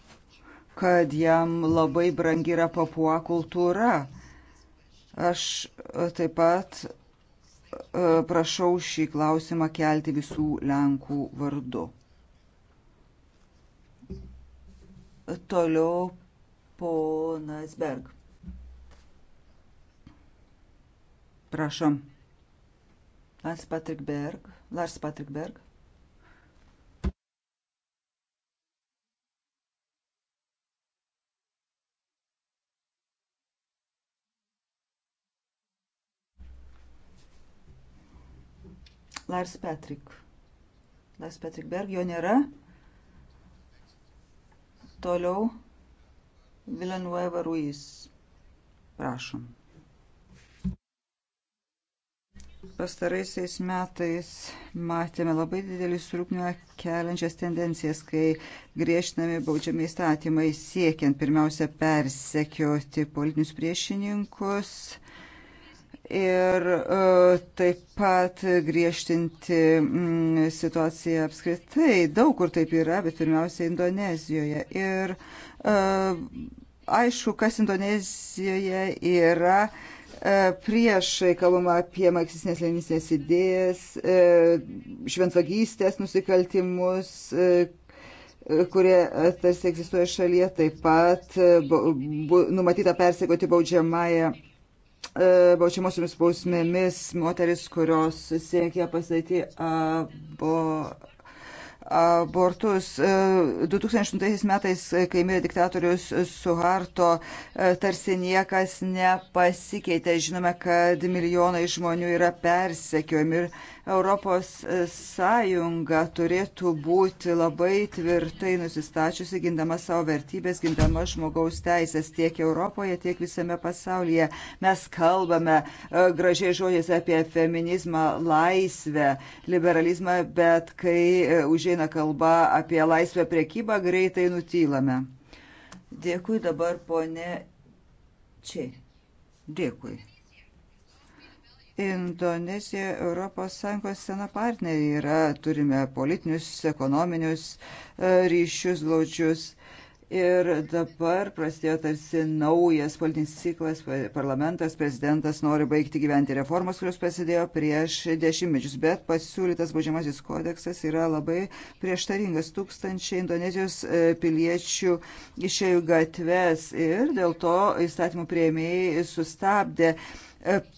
kad jam labai brangi yra papua kultūra. Aš e, taip pat e, prašau šį klausimą kelti visų Lenkų vardu. Toliau ponas Berg. Prašom. Lars Patrick Berg. Lars Patrick Berg. Lars Patrick. Lars Patrick Berg, jo nėra. Toliau Villanueva Ruiz. Prašom. Pastaraisiais metais matėme labai didelį surūpnimą keliančias tendencijas, kai griežtinami baudžiami įstatymai siekiant pirmiausia persekioti politinius priešininkus ir e, taip pat griežtinti mm, situaciją apskritai. Daug kur taip yra, bet pirmiausia Indonezijoje. Ir e, aišku, kas Indonezijoje yra e, priešai, kalbama apie marksistinės leninės idėjas, šventvagystės nusikaltimus, kurie tarsi egzistuoja šalyje, taip pat bu, bu, numatyta persiekoti baudžiamąją E, baudžiamosiomis bausmėmis moteris, kurios siekia pasakyti abo, abortus. 2008 e, metais, kai mirė diktatorius Suharto, e, tarsi niekas nepasikeitė. Žinome, kad milijonai žmonių yra persekiojami ir Europos Sąjunga turėtų būti labai tvirtai nusistačiusi, gindama savo vertybės, gindama žmogaus teisės tiek Europoje, tiek visame pasaulyje. Mes kalbame e, gražiai žodžiais apie feminizmą, laisvę, liberalizmą, bet kai e, užeina kalba apie laisvę priekybą, greitai nutylame. Dėkui dabar, ponė Čiai. Dėkui. Indonezija ES sena partneriai yra, turime politinius, ekonominius e, ryšius glaučius. Ir dabar prasidėjo tarsi naujas politinis ciklas, parlamentas, prezidentas nori baigti gyventi reformas, kurios prasidėjo prieš dešimtmečius, bet pasiūlytas baudžiamasis kodeksas yra labai prieštaringas. Tūkstančiai Indonezijos e, piliečių išėjo gatves ir dėl to įstatymų prieimėjai sustabdė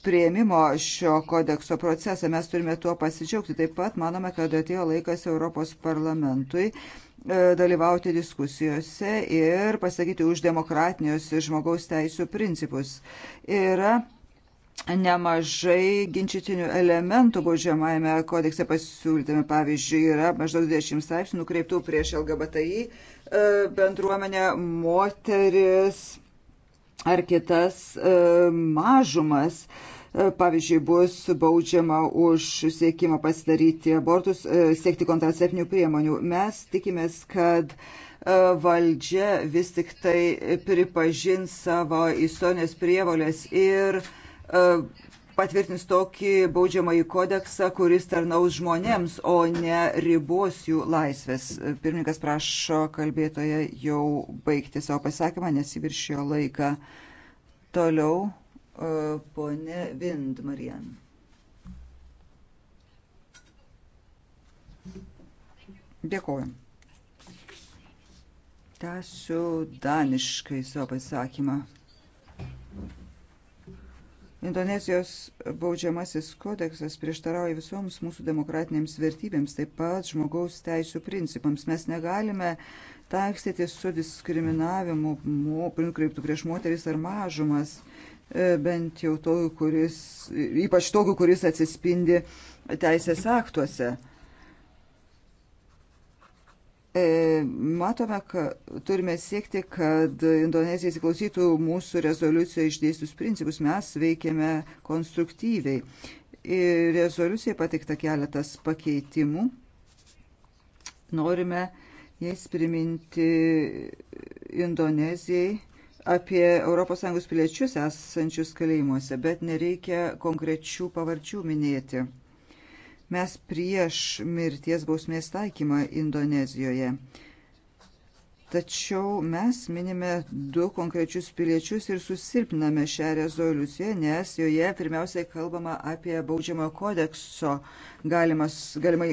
prieimimo šio kodekso procesą. Mes turime tuo pasidžiaugti. Taip pat manome, kad atėjo laikas Europos parlamentui e, dalyvauti diskusijose ir pasakyti už demokratinius žmogaus teisų principus. Yra nemažai ginčytinių elementų baudžiamajame kodekse pasiūlytame. Pavyzdžiui, yra maždaug 20 straipsnių nukreiptų prieš LGBTI e, bendruomenę, moteris, ar kitas e, mažumas. E, pavyzdžiui, bus baudžiama už siekimą pasidaryti abortus, e, siekti kontraceptinių priemonių. Mes tikimės, kad valdžia vis tik tai pripažins savo įsonės prievolės ir patvirtins tokį baudžiamąjį kodeksą, kuris tarnaus žmonėms, o ne ribos jų laisvės. Pirmininkas prašo kalbėtoje jau baigti savo pasakymą, nes įviršijo laiką. Toliau e, ponė Vind Marijan. Dėkuoju. Tęsiu daniškai savo pasakymą. Indonezijos baudžiamasis kodeksas prieštarauja visoms mūsų demokratinėms vertybėms, taip pat žmogaus teisų principams. Mes negalime taikstytis su diskriminavimu, nukreiptų prieš moteris ar mažumas, e, bent jau tokiu, kuris, ypač tokiu, kuris atsispindi teisės aktuose. E, matome, kad turime siekti, kad Indonezija įsiklausytų mūsų rezoliucijoje išdėstus principus. Mes veikiame konstruktyviai. E, rezoliucijai pateikta keletas pakeitimų. Norime jais priminti Indonezijai apie ES piliečius esančius kalėjimuose, bet nereikia konkrečių pavardžių minėti. Mes prieš mirties bausmės taikymą Indonezijoje. Tačiau mes minime du konkrečius piliečius ir susilpname šią rezoliuciją, nes joje pirmiausiai kalbama apie baudžiamojo kodekso galimas, galimai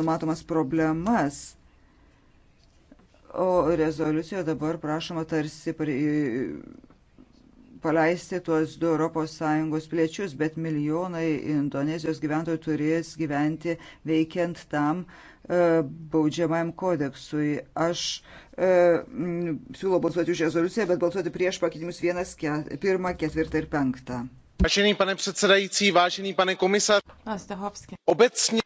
numatomas problemas. O rezoliucijoje dabar prašoma tarsi paleisti tuos du ES piliečius, bet milijonai Indonezijos gyventojų turės gyventi veikiant tam e, baudžiamajam kodeksui. Aš e, siūlau balsuoti už rezoliuciją, bet balsuoti prieš pakeitimus 1, 4 ir 5. Vážený pane předsedající, vážený pane komisař, obecně.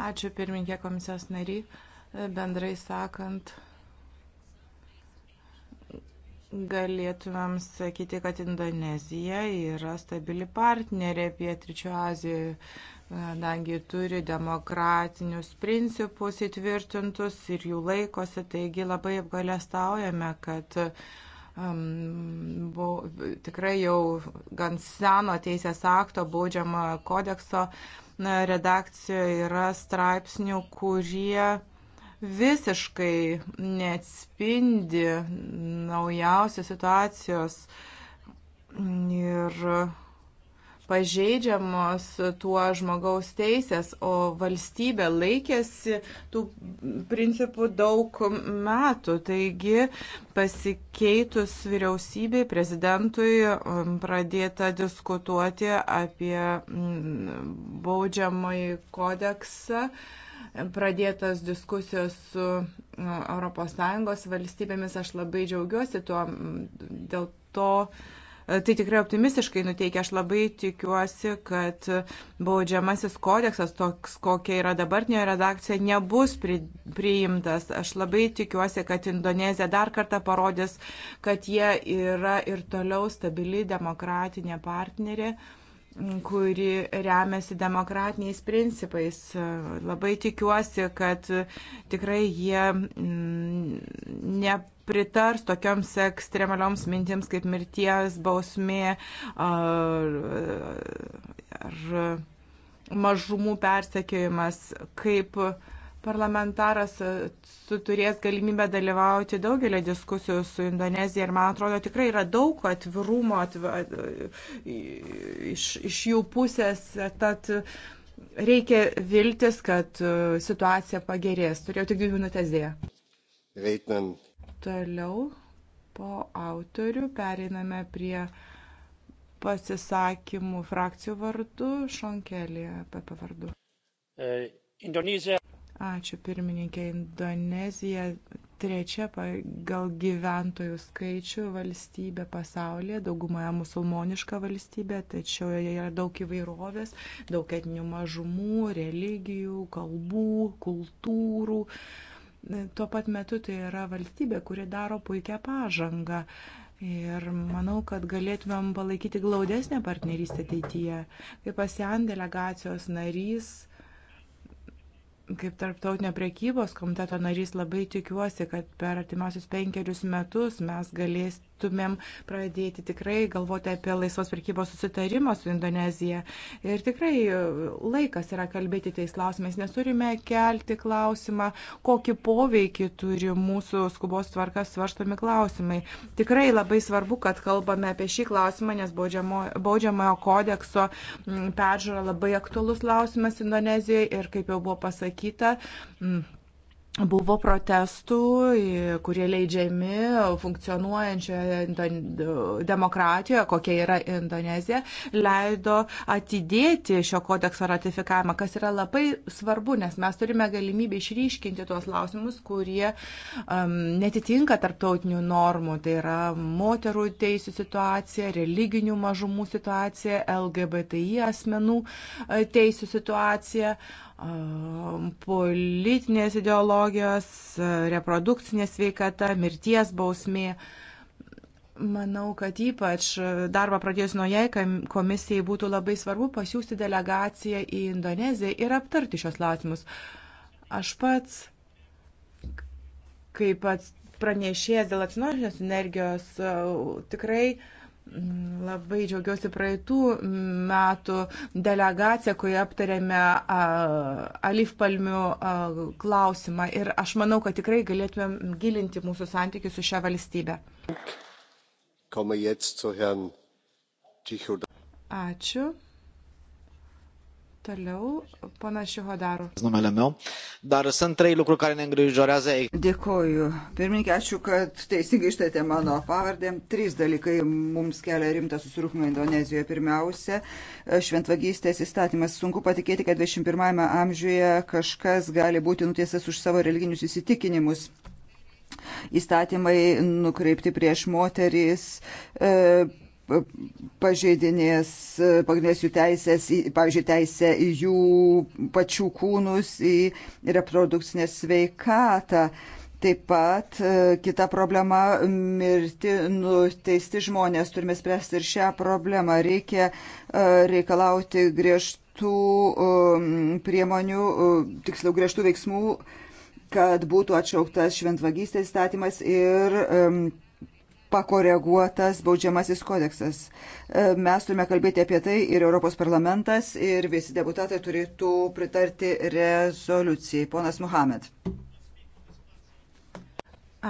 Ačiū pirmininkė komisijos nary, bendrai sakant, galėtumėm sakyti, kad Indonezija yra stabili partnerė Pietričio Azijoje, kadangi turi demokratinius principus įtvirtintus ir jų laikosi, taigi labai apgalėstaujame, kad um, buvo, tikrai jau gan seno teisės akto baudžiamo kodekso redakcijoje yra straipsnių, kurie visiškai neatspindi naujausios situacijos ir pažeidžiamos tuo žmogaus teisės, o valstybė laikėsi tų principų daug metų. Taigi pasikeitus vyriausybei, prezidentui pradėta diskutuoti apie baudžiamąjį kodeksą pradėtos diskusijos su nu, ES valstybėmis. Aš labai džiaugiuosi tuo, dėl to e, tai tikrai optimistiškai nuteikia. Aš labai tikiuosi, kad baudžiamasis kodeksas, toks kokia yra dabartinė redakcija, nebus pri, priimtas. Aš labai tikiuosi, kad Indonezija dar kartą parodys, kad jie yra ir toliau stabili demokratinė partnerė. Uh, kuri remiasi demokratiniais principais. Labai tikiuosi, kad tikrai jie mm, nepritars tokioms ekstremalioms mintims kaip mirties bausmė ar, ar mažumų persekiojimas, kaip uh, parlamentaras e, turės galimybę dalyvauti daugelio diskusijų su Indonezija ir man atrodo tikrai yra daug atvirumo atv... E, iš, iš jų pusės, tad reikia viltis, kad e, situacija pagerės. Turėjau tik dvi minutės dėję. Veitnam. Toliau po autorių pereiname prie pasisakymų frakcijų vardu, Šonkelį apie pavardų. Indonezija. Ačiū pirmininkė. Indonezija trečia pagal gyventojų skaičių valstybė pasaulyje, daugumoje musulmoniška valstybė, tačiau joje yra daug įvairovės, daug etinių mažumų, religijų, kalbų, kultūrų. Tuo pat metu tai yra valstybė, kuri daro puikią pažangą. Ir manau, kad galėtumėm palaikyti glaudesnę partnerystę ateityje. Kaip ASEAN delegacijos narys, kaip tarptautinio priekybos komiteto narys labai tikiuosi, kad per artimiausius penkerius metus mes galės, turėtumėm pradėti tikrai galvoti apie laisvos prekybos susitarimą su Indonezija. Ir tikrai e, laikas yra kalbėti tais klausimais, nes turime kelti klausimą, kokį poveikį turi mūsų skubos tvarkas svarstomi klausimai. Tikrai labai svarbu, kad kalbame apie šį klausimą, nes baudžiamo, baudžiamojo kodekso peržiūra labai aktuolus klausimas Indonezijoje ir kaip jau buvo pasakyta. Mm buvo protestų, kurie leidžiami funkcionuojančioje demokratijoje, kokia yra Indonezija, leido atidėti šio kodekso ratifikavimą, kas yra labai svarbu, nes mes turime galimybę išryškinti tuos klausimus, kurie um, netitinka tarptautinių normų. Tai yra moterų teisų situacija, religinių mažumų situacija, LGBTI asmenų e, teisų situacija. Um, politinės ideologijos, reprodukcinė sveikata, mirties bausmė. Manau, kad ypač darbą pradėjus naujai komisijai būtų labai svarbu pasiūsti delegaciją į Indoneziją ir aptarti šios lausimus. Aš pats, kaip pats pranešėjas dėl atsinaujinančios energijos, tikrai uh, Labai džiaugiausi praeitų metų delegaciją, kurioje aptarėme alifpalmių klausimą ir aš manau, kad tikrai galėtumėm gilinti mūsų santykius su šią valstybę. Ačiū. Toliau, panašių hodarų. Dar sunt trei lucruri care ne îngrijorează. Dėkoju. Pirmininkė, ačiū, kad teisingai ištatė mano pavardę. Trys dalykai mums kelia rimtą susirūpinimą Indonezijoje. Pirmiausia, šventvagystės įstatymas. Sunku patikėti, kad 21-ame amžiuje kažkas gali būti nutiesęs už savo religinius įsitikinimus. Įstatymai nukreipti prieš moteris. E, pažeidinės e, pagrindinės jų teisės, pavyzdžiui, teisę į jų pačių kūnus, į reprodukcinę sveikatą. Taip pat e, kita problema - mirti nuteisti žmonės. Turime spręsti ir šią problemą. Reikia e, reikalauti griežtų priemonių, tiksliau griežtų veiksmų, kad būtų atšauktas šventvagystės statymas ir pakoreguotas baudžiamasis kodeksas. E, mes turime kalbėti apie tai ir Europos parlamentas, ir visi deputatai turėtų pritarti rezoliucijai. Ponas Muhamed.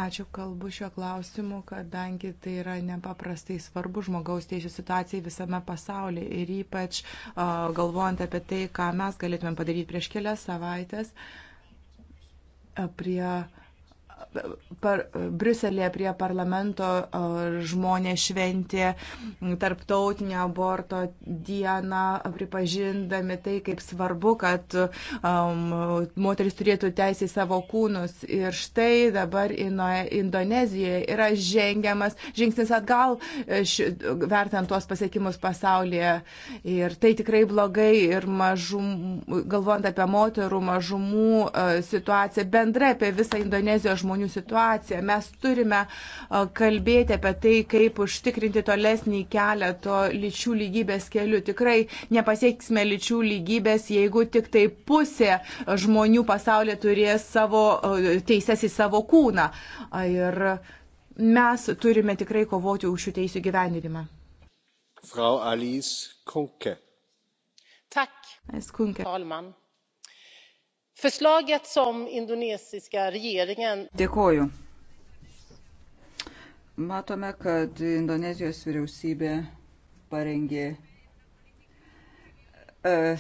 Ačiū kalbu šiuo klausimu, kadangi tai yra nepaprastai svarbu žmogaus teisų situacijai visame pasaulyje ir ypač uh, galvojant apie tai, ką mes galėtume padaryti prieš kelias savaitės prie uh, par, Briuselėje prie parlamento žmonės šventė tarptautinę aborto dieną, pripažindami tai, kaip svarbu, kad um, moteris turėtų teisę į savo kūnus. Ir štai dabar ino, Indonezijoje yra žengiamas žingsnis atgal, e, š, vertant tuos pasiekimus pasaulyje. Ir tai tikrai blogai ir mažum, galvojant apie moterų mažumų situaciją, bendrai apie visą Indonezijos žmonių žmonių situaciją. Mes turime kalbėti apie tai, kaip užtikrinti tolesnį kelią to lyčių lygybės keliu. Tikrai nepasieksime lyčių lygybės, jeigu tik tai pusė žmonių pasaulyje turės savo teises į savo kūną. Ir mes turime tikrai kovoti už šių teisų gyvendinimą. Frau Alice Kunke. Tak. Kunke. Talman Förslaget som indonesiska regeringen. Dėkoju. Matome, kad Indonezijos vyriausybė parengė e,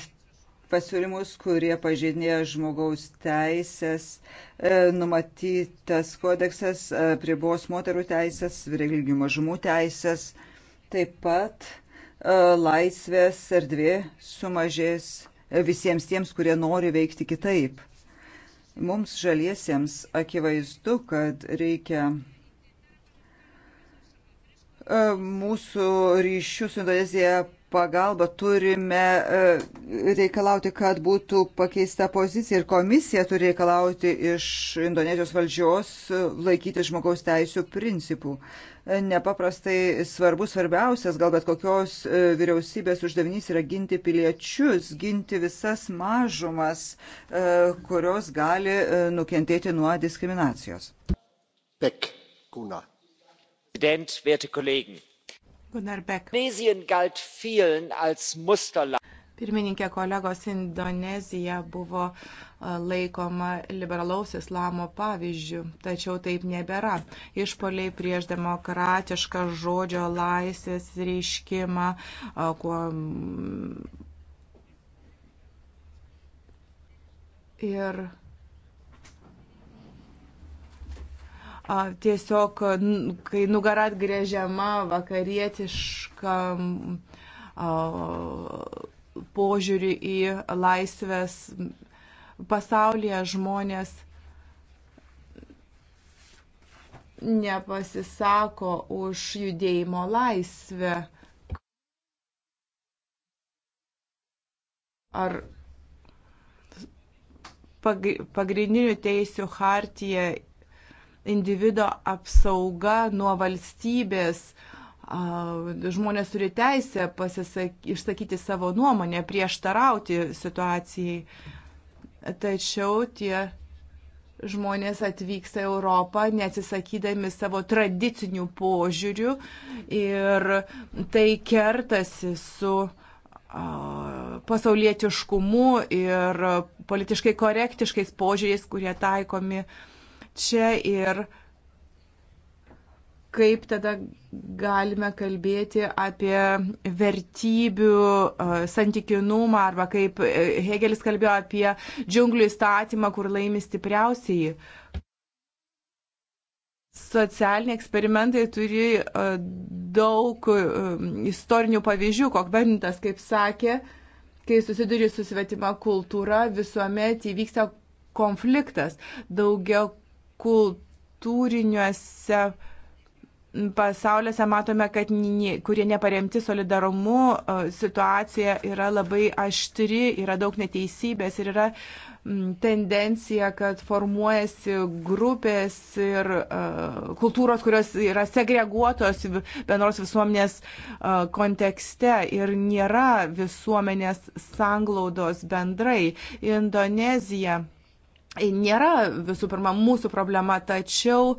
pasiūlymus, kurie pažydinėja žmogaus teisės, e, numatytas kodeksas pribos moterų teisės, religijų mažumų teisės, taip pat e, laisvės erdvė sumažės visiems tiems, kurie nori veikti kitaip. Mums žaliesiems akivaizdu, kad reikia e, mūsų ryšių su Indonezija pagalba turime e, reikalauti, kad būtų pakeista pozicija ir komisija turi reikalauti iš Indonezijos valdžios e, laikyti žmogaus teisų principų. E, nepaprastai svarbus, svarbiausias gal bet kokios vyriausybės uždavinys yra ginti piliečius, ginti visas mažumas, kurios gali nukentėti nuo diskriminacijos. Beck, Guna. Präsident, werte Kollegen! Gunnar Beck. Pirmininkė kolegos Indonezija buvo e, laikoma liberalaus islamo pavyzdžių, tačiau taip nebėra. Išpoliai prieš demokratišką žodžio laisvės reiškimą, e, kuo ir tiesiog, kai nugarą atgrėžiama vakarietiškam požiūrį į laisvės pasaulyje žmonės nepasisako už judėjimo laisvę. Ar pagrindinių teisių hartija individo apsauga nuo valstybės. Žmonės turi teisę pasisak, išsakyti savo nuomonę, prieštarauti situacijai. Tačiau tie žmonės atvyksta į Europą, neatsisakydami savo tradicinių požiūrių ir tai kertasi su pasaulietiškumu ir politiškai korektiškais požiūriais, kurie taikomi uh, čia ir kaip tada galime kalbėti apie vertybių e, santykinumą arba kaip e, Hegelis kalbėjo apie džiunglių įstatymą, kur laimi stipriausiai. Socialiniai eksperimentai turi e, daug istorinių pavyzdžių, kokbentas, kaip sakė, kai susiduri su svetima kultūra, visuomet įvyksta konfliktas. Daugia kultūriniuose pasauliuose matome, kad kurie neparemti solidarumu, situacija yra labai aštri, yra daug neteisybės ir yra tendencija, kad formuojasi grupės ir uh, kultūros, kurios yra segreguotos bendros visuomenės uh, kontekste ir nėra visuomenės sanglaudos bendrai. Indonezija nėra visų pirma mūsų problema, tačiau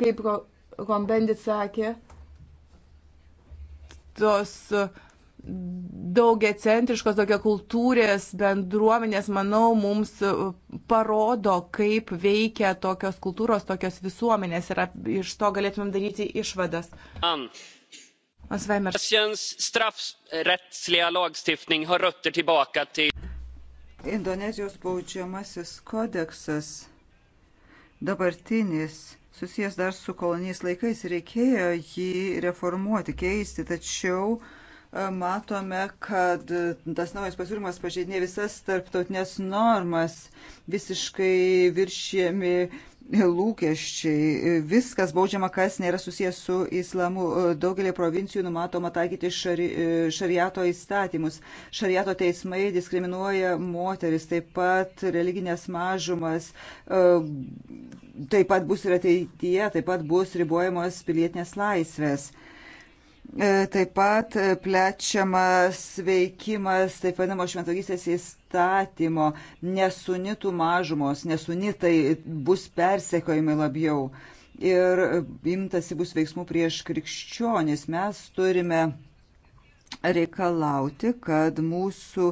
kaip Gombendit sakė, tos daugia centriškos, daugia kultūrės bendruomenės, manau, mums parodo, kaip veikia tokios kultūros, tokios visuomenės ir iš to galėtumėm daryti išvadas. Um, Indonezijos baudžiamasis kodeksas dabartinis susijęs dar su kolonijais laikais reikėjo jį reformuoti, keisti, tačiau e, matome, kad tas naujas pasiūlymas pažeidinė visas tarptautinės normas, visiškai viršėmi lūkesčiai, viskas baudžiama, kas nėra susijęs su islamu. Daugelį provincijų numatoma taikyti šari, šariato įstatymus. Šariato teismai diskriminuoja moteris, taip pat religinės mažumas, taip pat bus ir ateityje, taip pat bus ribojamos pilietinės laisvės. E, taip pat e, plečiamas veikimas taip vadinamo šventogystės įstatymo, nesunitų mažumos, nesunitai bus persekojimai labiau ir e, imtasi bus veiksmų prieš krikščionis. Mes turime reikalauti, kad mūsų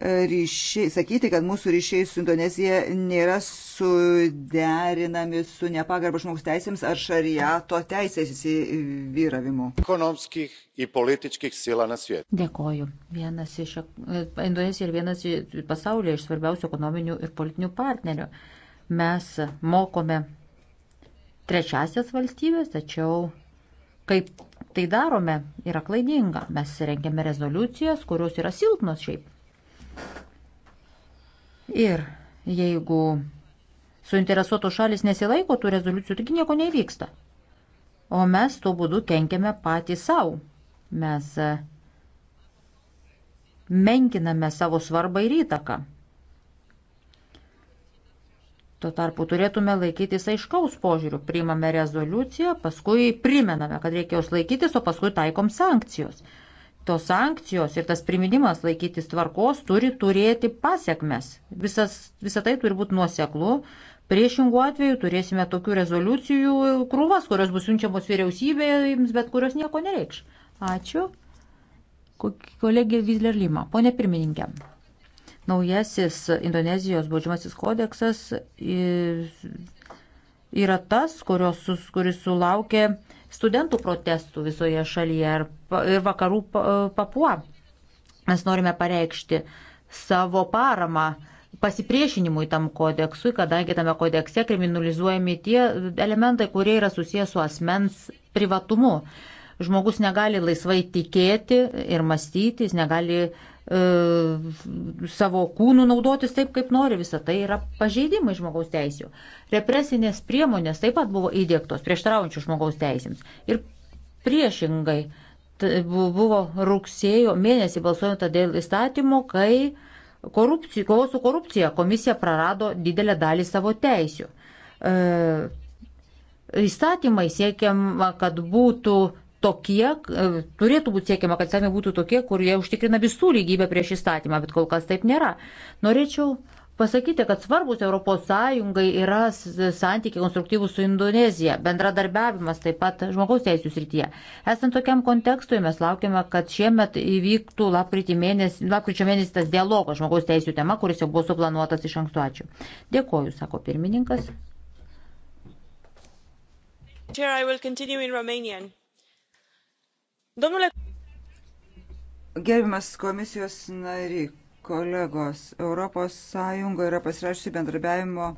e, ryšiai, sakyti, kad mūsų ryšiai su Indonezija nėra suderinami su nepagarba žmogaus teisėms ar šariato teisės įsivyravimu. Dėkoju. Vienas iš, e, Indonezija ir vienas iš pasaulyje iš svarbiausių ekonominių ir politinių partnerių. Mes mokome trečiasias valstybės, tačiau kaip tai darome, yra klaidinga. Mes rengiame rezoliucijas, kurios yra silpnos šiaip. Ir jeigu suinteresuotos šalis nesilaiko tų rezoliucijų, taigi nieko nevyksta. O mes tuo būdu kenkiame patį savo. Mes e, menkiname savo svarbą ir įtaką. Tuo tarpu turėtume laikytis aiškaus požiūrių. Priimame rezoliuciją, paskui primename, kad reikia jos laikytis, o paskui taikom sankcijos. Tos sankcijos ir tas priminimas laikytis tvarkos turi turėti pasiekmes. Visas, visa tai turi būti nuoseklu. Priešingų atveju turėsime tokių rezoliucijų krūvas, kurios bus siunčiamos vyriausybėms, bet kurios nieko nereikš. Ačiū. Kolegė Vizler Lima. Pone pirmininkė. Naujasis Indonezijos baudžiamasis kodeksas yra tas, kurios, kuris sulaukė studentų protestų visoje šalyje ir vakarų papua. Mes norime pareikšti savo paramą pasipriešinimui tam kodeksui, kadangi tame kodekse kriminalizuojami tie elementai, kurie yra susijęs su asmens privatumu. Žmogus negali laisvai tikėti ir mąstyti, jis negali E, savo kūnų naudotis taip, kaip nori. Visą tai yra pažeidimai žmogaus teisėjų. Represinės priemonės taip pat buvo įdėktos prieštraujančių žmogaus teisėms. Ir priešingai buvo rugsėjo mėnesį balsuojant dėl įstatymo, kai kovos su korupcija komisija prarado didelę dalį savo teisių. E, įstatymai siekiama, kad būtų tokie, e, turėtų būti siekiama, kad įstatymai būtų tokie, kurie užtikrina visų lygybę prieš įstatymą, bet kol kas taip nėra. Norėčiau pasakyti, kad svarbus ES yra santykiai konstruktyvūs su Indonezija, bendradarbiavimas taip pat žmogaus teisų srityje. Esant tokiam kontekstui, mes laukiame, kad šiemet įvyktų lapkričio mėnesį, lapkričio mėnesį tas dialogas žmogaus teisų tema, kuris jau buvo suplanuotas iš anksto. Ačiū. Dėkoju, sako pirmininkas. Chair, I will continue in Romanian. Domnule... Gerbimas komisijos nariai, kolegos, ES yra pasirašusi bendrabiavimo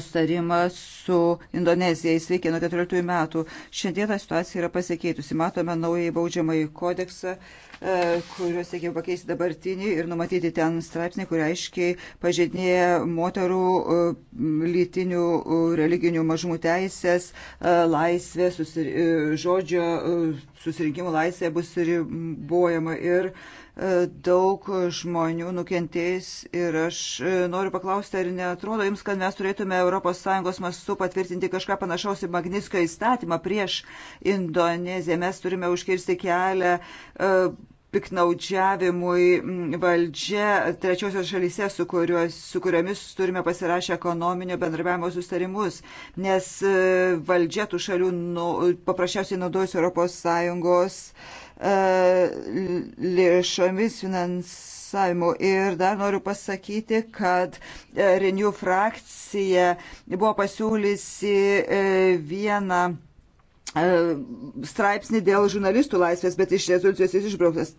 sutarimą su Indonezija. Jis veikia nuo 14 metų. Šiandieną situacija yra pasikeitusi. Matome naują baudžiamąjį kodeksą, e, kuriuos reikėjo pakeisti dabartinį ir numatyti ten straipsnį, kur aiškiai pažeidinėja moterų e, lytinių, e, religinių mažumų teisės, laisvė, susir... žodžio susirinkimų laisvė bus ribojama. Ir daug žmonių nukentėjęs ir aš e, noriu paklausti, ar netrodo jums, kad mes turėtume ES mastu patvirtinti kažką panašaus į Magniskio įstatymą prieš Indoneziją. Mes turime užkirsti kelią e, piknaudžiavimui valdžia trečiosios šalyse, su, kurios, su kuriomis turime pasirašę ekonominio bendrabiavimo sustarimus, nes e, valdžia tų šalių nu, paprasčiausiai naudojasi ES E, lėšomis finansavimu. Ir dar noriu pasakyti, kad e, Renew frakcija buvo pasiūlysi e, vieną straipsnį dėl žurnalistų laisvės, bet iš rezoliucijos jis išbrauktas.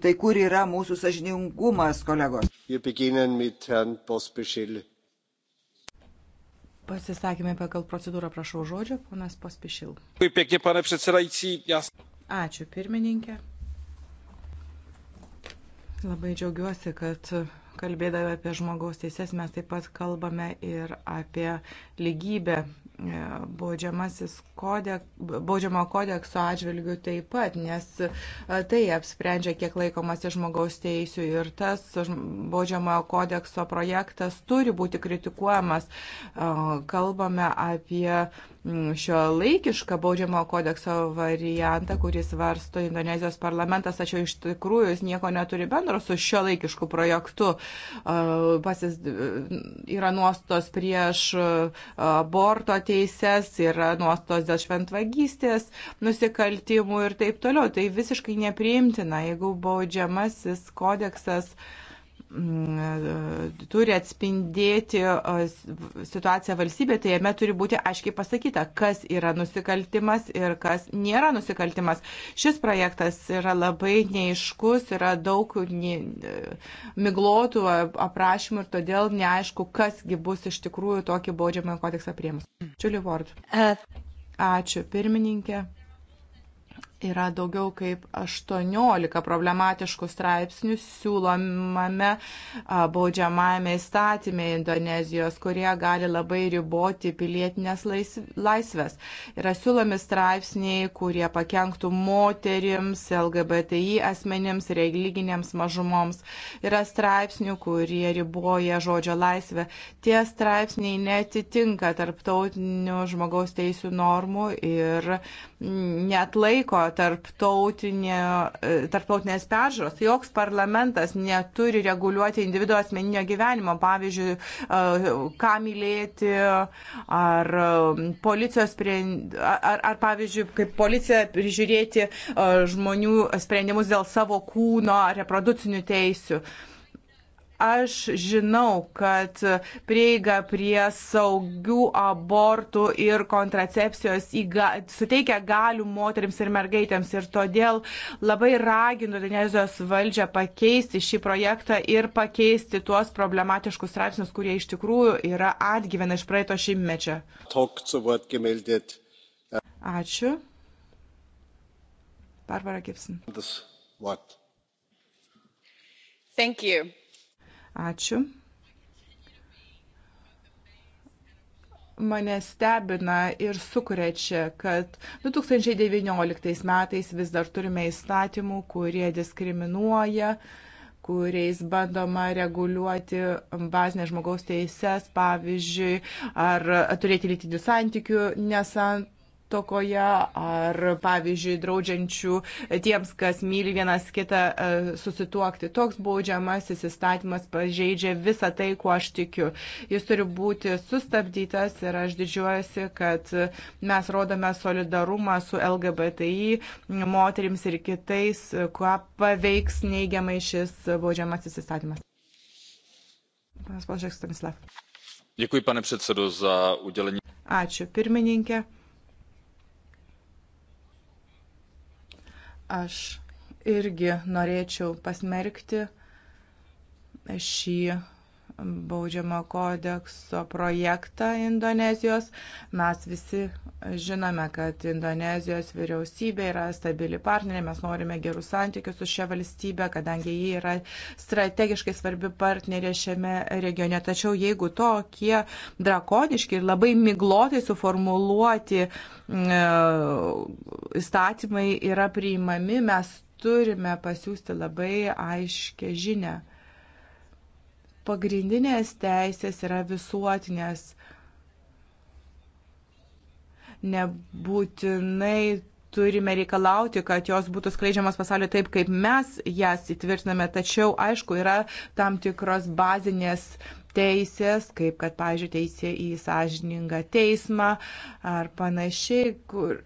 Tai kur yra mūsų sažiningumas, kolegos? Pasisakymai pagal procedūrą, prašau žodžio, ponas Pospišil. Ačiū pirmininkė. Labai džiaugiuosi, kad kalbėdami apie žmogaus teises mes taip pat kalbame ir apie lygybę e, baudžiamasis kodek, baudžiamo kodekso atžvilgių taip pat, nes e, tai apsprendžia, kiek laikomasi žmogaus teisų ir tas baudžiamojo kodekso projektas turi būti kritikuojamas. E, kalbame apie šio laikišką baudžiamo kodekso variantą, kuris varsto Indonezijos parlamentas, tačiau iš tikrųjų jis nieko neturi bendro su šio laikišku projektu. Pasis, yra nuostos prieš aborto teises, yra nuostos dėl šventvagystės, nusikaltimų ir taip toliau. Tai visiškai nepriimtina, jeigu baudžiamasis kodeksas uh, Mm, turi atspindėti situaciją valstybė, tai jame turi būti aiškiai pasakyta, kas yra nusikaltimas ir kas nėra nusikaltimas. Šis projektas yra labai neiškus, yra daug miglotų aprašymų ir todėl neaišku, kasgi bus iš tikrųjų tokį baudžiamąjį kodeksą priemus. Čiuli Vord. Uh, Ačiū, pirmininkė yra daugiau kaip 18 problematiškų straipsnių siūlomame baudžiamajame įstatymė Indonezijos, kurie gali labai riboti pilietinės laisvės. Yra siūlomi straipsniai, kurie pakenktų moterims, LGBTI asmenims, religinėms mažumoms. Yra straipsnių, kurie riboja žodžio laisvę. Tie straipsniai netitinka tarptautinių žmogaus teisų normų ir net laiko E, tarptautinės peržiūros. Joks parlamentas neturi reguliuoti individuo asmeninio gyvenimo, pavyzdžiui, e, ką mylėti, ar e, policijos, ar, ar pavyzdžiui, kaip policija prižiūrėti žmonių sprendimus dėl savo kūno, reprodukcinių teisių. Uh, Aš žinau, kad prieiga prie saugių abortų ir kontracepcijos įga, suteikia galių moteriams ir mergaitėms ir todėl labai raginu Indonezijos valdžią pakeisti šį projektą ir pakeisti tuos problematiškus straipsnius, kurie iš tikrųjų yra atgyvena iš praeito šimtmečio. Ačiū. Barbara Gibson. Thank you. Ačiū. mane stebina ir sukrečia, kad 2019 metais vis dar turime įstatymų, kurie diskriminuoja, kuriais bandoma reguliuoti bazinės žmogaus teises, pavyzdžiui, ar turėti lytinių santykių nesant tokoje ar, pavyzdžiui, draudžiančių tiems, kas myli vienas kitą e, susituokti. Toks baudžiamasis įstatymas pažeidžia visą tai, kuo aš tikiu. Jis turi būti sustabdytas ir aš didžiuojasi, kad mes rodome solidarumą su LGBTI moterims ir kitais, kuo paveiks neigiamai šis baudžiamasis įstatymas. Panas Palšek Stanislav. Děkuji, pane předsedo, za udělení. Ačiū, pirmininkė. Aš irgi norėčiau pasmerkti šį baudžiamo kodekso projektą Indonezijos. Mes visi žinome, kad Indonezijos vyriausybė yra stabili partnerė, mes norime gerų santykių su šia valstybė, kadangi ji yra strategiškai svarbi partnerė šiame regione. Tačiau jeigu tokie drakoniški ir labai miglotai suformuluoti mm, e, įstatymai yra priimami, mes turime pasiūsti labai aiškę žinę pagrindinės teisės yra visuotinės. Nebūtinai turime reikalauti, kad jos būtų skleidžiamas pasaulyje taip, kaip mes jas įtvirtiname, tačiau, aišku, yra tam tikros bazinės teisės, kaip kad, pavyzdžiui, teisė į sąžiningą teismą ar panašiai, kur,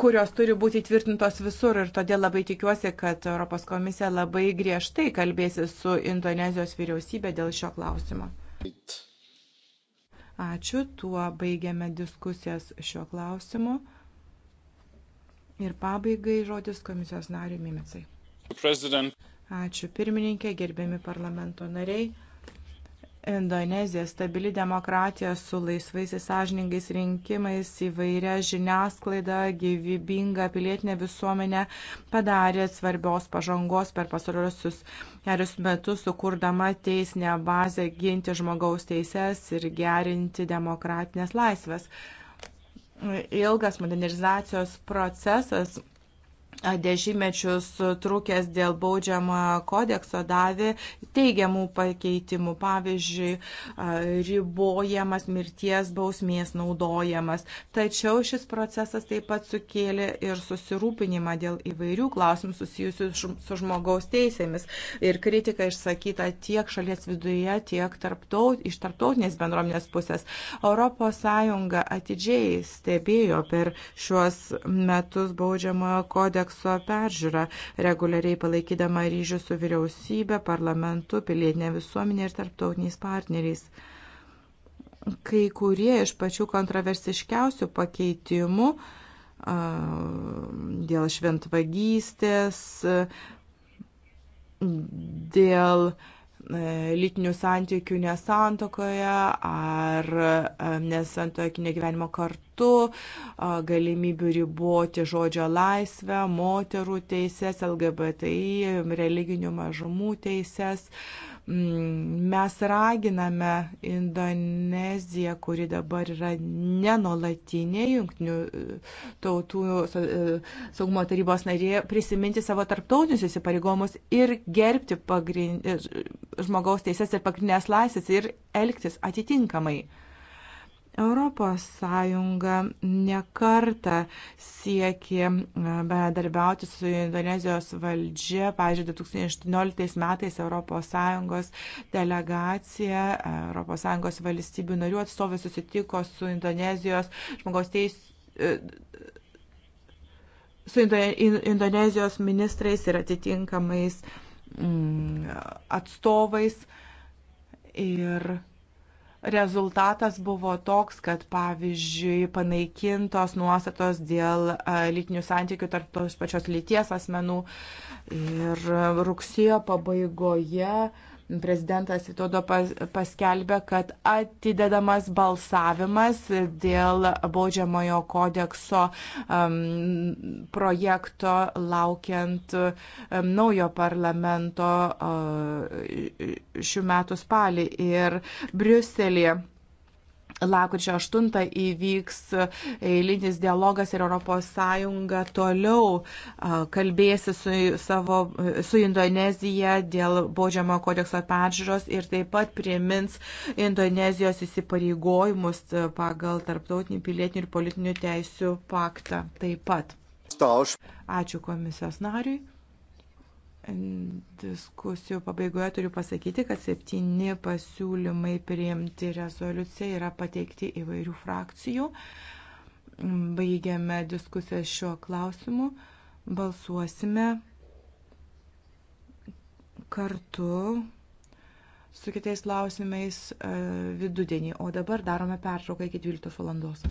kurios turi būti tvirtintos visur ir todėl labai tikiuosi, kad Europos komisija labai griežtai kalbėsi su Indonezijos vyriausybė dėl šio klausimo. Ačiū, tuo baigiame diskusijas šio klausimu. Ir pabaigai žodis komisijos nariui Mimicai. Ačiū pirmininkė, gerbiami parlamento nariai. Indonezija stabili demokratija su laisvais ir sąžiningais rinkimais, įvairia žiniasklaida, gyvybinga pilietinė visuomenė padarė svarbios pažangos per pasarosius kelius metus, sukurdama teisinę bazę ginti žmogaus teises ir gerinti demokratinės laisvės. Ilgas modernizacijos procesas dešimtmečius trukęs dėl baudžiamojo kodekso davė teigiamų pakeitimų, pavyzdžiui, ribojamas mirties bausmės naudojamas. Tačiau šis procesas taip pat sukėlė ir susirūpinimą dėl įvairių klausimų susijusių su žmogaus teisėmis ir kritika išsakyta tiek šalies viduje, tiek tarptaut, iš tarptautinės bendruomenės pusės. ES atidžiai stebėjo per šiuos metus baudžiamojo kodekso kodekso peržiūrą, reguliariai palaikydama ryžių su vyriausybė, parlamentu, pilietinė visuomenė ir tarptautiniais partneriais. Kai kurie iš pačių kontroversiškiausių pakeitimų dėl šventvagystės, dėl uh, E, lytinių santykių nesantokoje ar e, nesantokinio gyvenimo kartu, galimybių riboti žodžio laisvę, moterų teises, LGBTI, religinių mažumų teises. Mm, mes raginame Indoneziją, kuri dabar yra nenolatinė jungtinių e, tautų e, saugumo tarybos narė, prisiminti savo tarptautinius įsipareigomus ir gerbti pagrind... E, žmogaus teises ir pagrindinės laisvės ir elgtis atitinkamai. Europos Sąjunga nekarta siekė e, bendarbiauti su Indonezijos valdžia. Pavyzdžiui, 2018 metais Europos Sąjungos delegacija, e, Europos Sąjungos valstybių narių atstovai susitiko su Indonezijos žmogaus teis e, su Indonezijos ministrais ir atitinkamais mm, atstovais. Ir Rezultatas buvo toks, kad pavyzdžiui panaikintos nuostatos dėl lytinių santykių tarp tos pačios lyties asmenų ir rugsėjo pabaigoje prezidentas Itodo paskelbė, kad atidedamas balsavimas dėl baudžiamojo kodekso um, projekto laukiant um, naujo parlamento uh, šių metų spalį ir Briuselėje. Lakučio 8 įvyks eilinis dialogas ir ES toliau kalbėsi su, savo, su Indonezija dėl baudžiamo kodekso peržiūros ir taip pat primins Indonezijos įsipareigojimus pagal tarptautinį pilietinių ir politinių teisių paktą. Taip pat. Ačiū komisijos nariui diskusijų pabaigoje turiu pasakyti, kad septyni pasiūlymai priimti rezoliuciją yra pateikti įvairių frakcijų. Baigiame diskusiją šiuo klausimu. Balsuosime kartu su kitais klausimais e, vidudienį, o dabar darome pertrauką iki 12 valandos.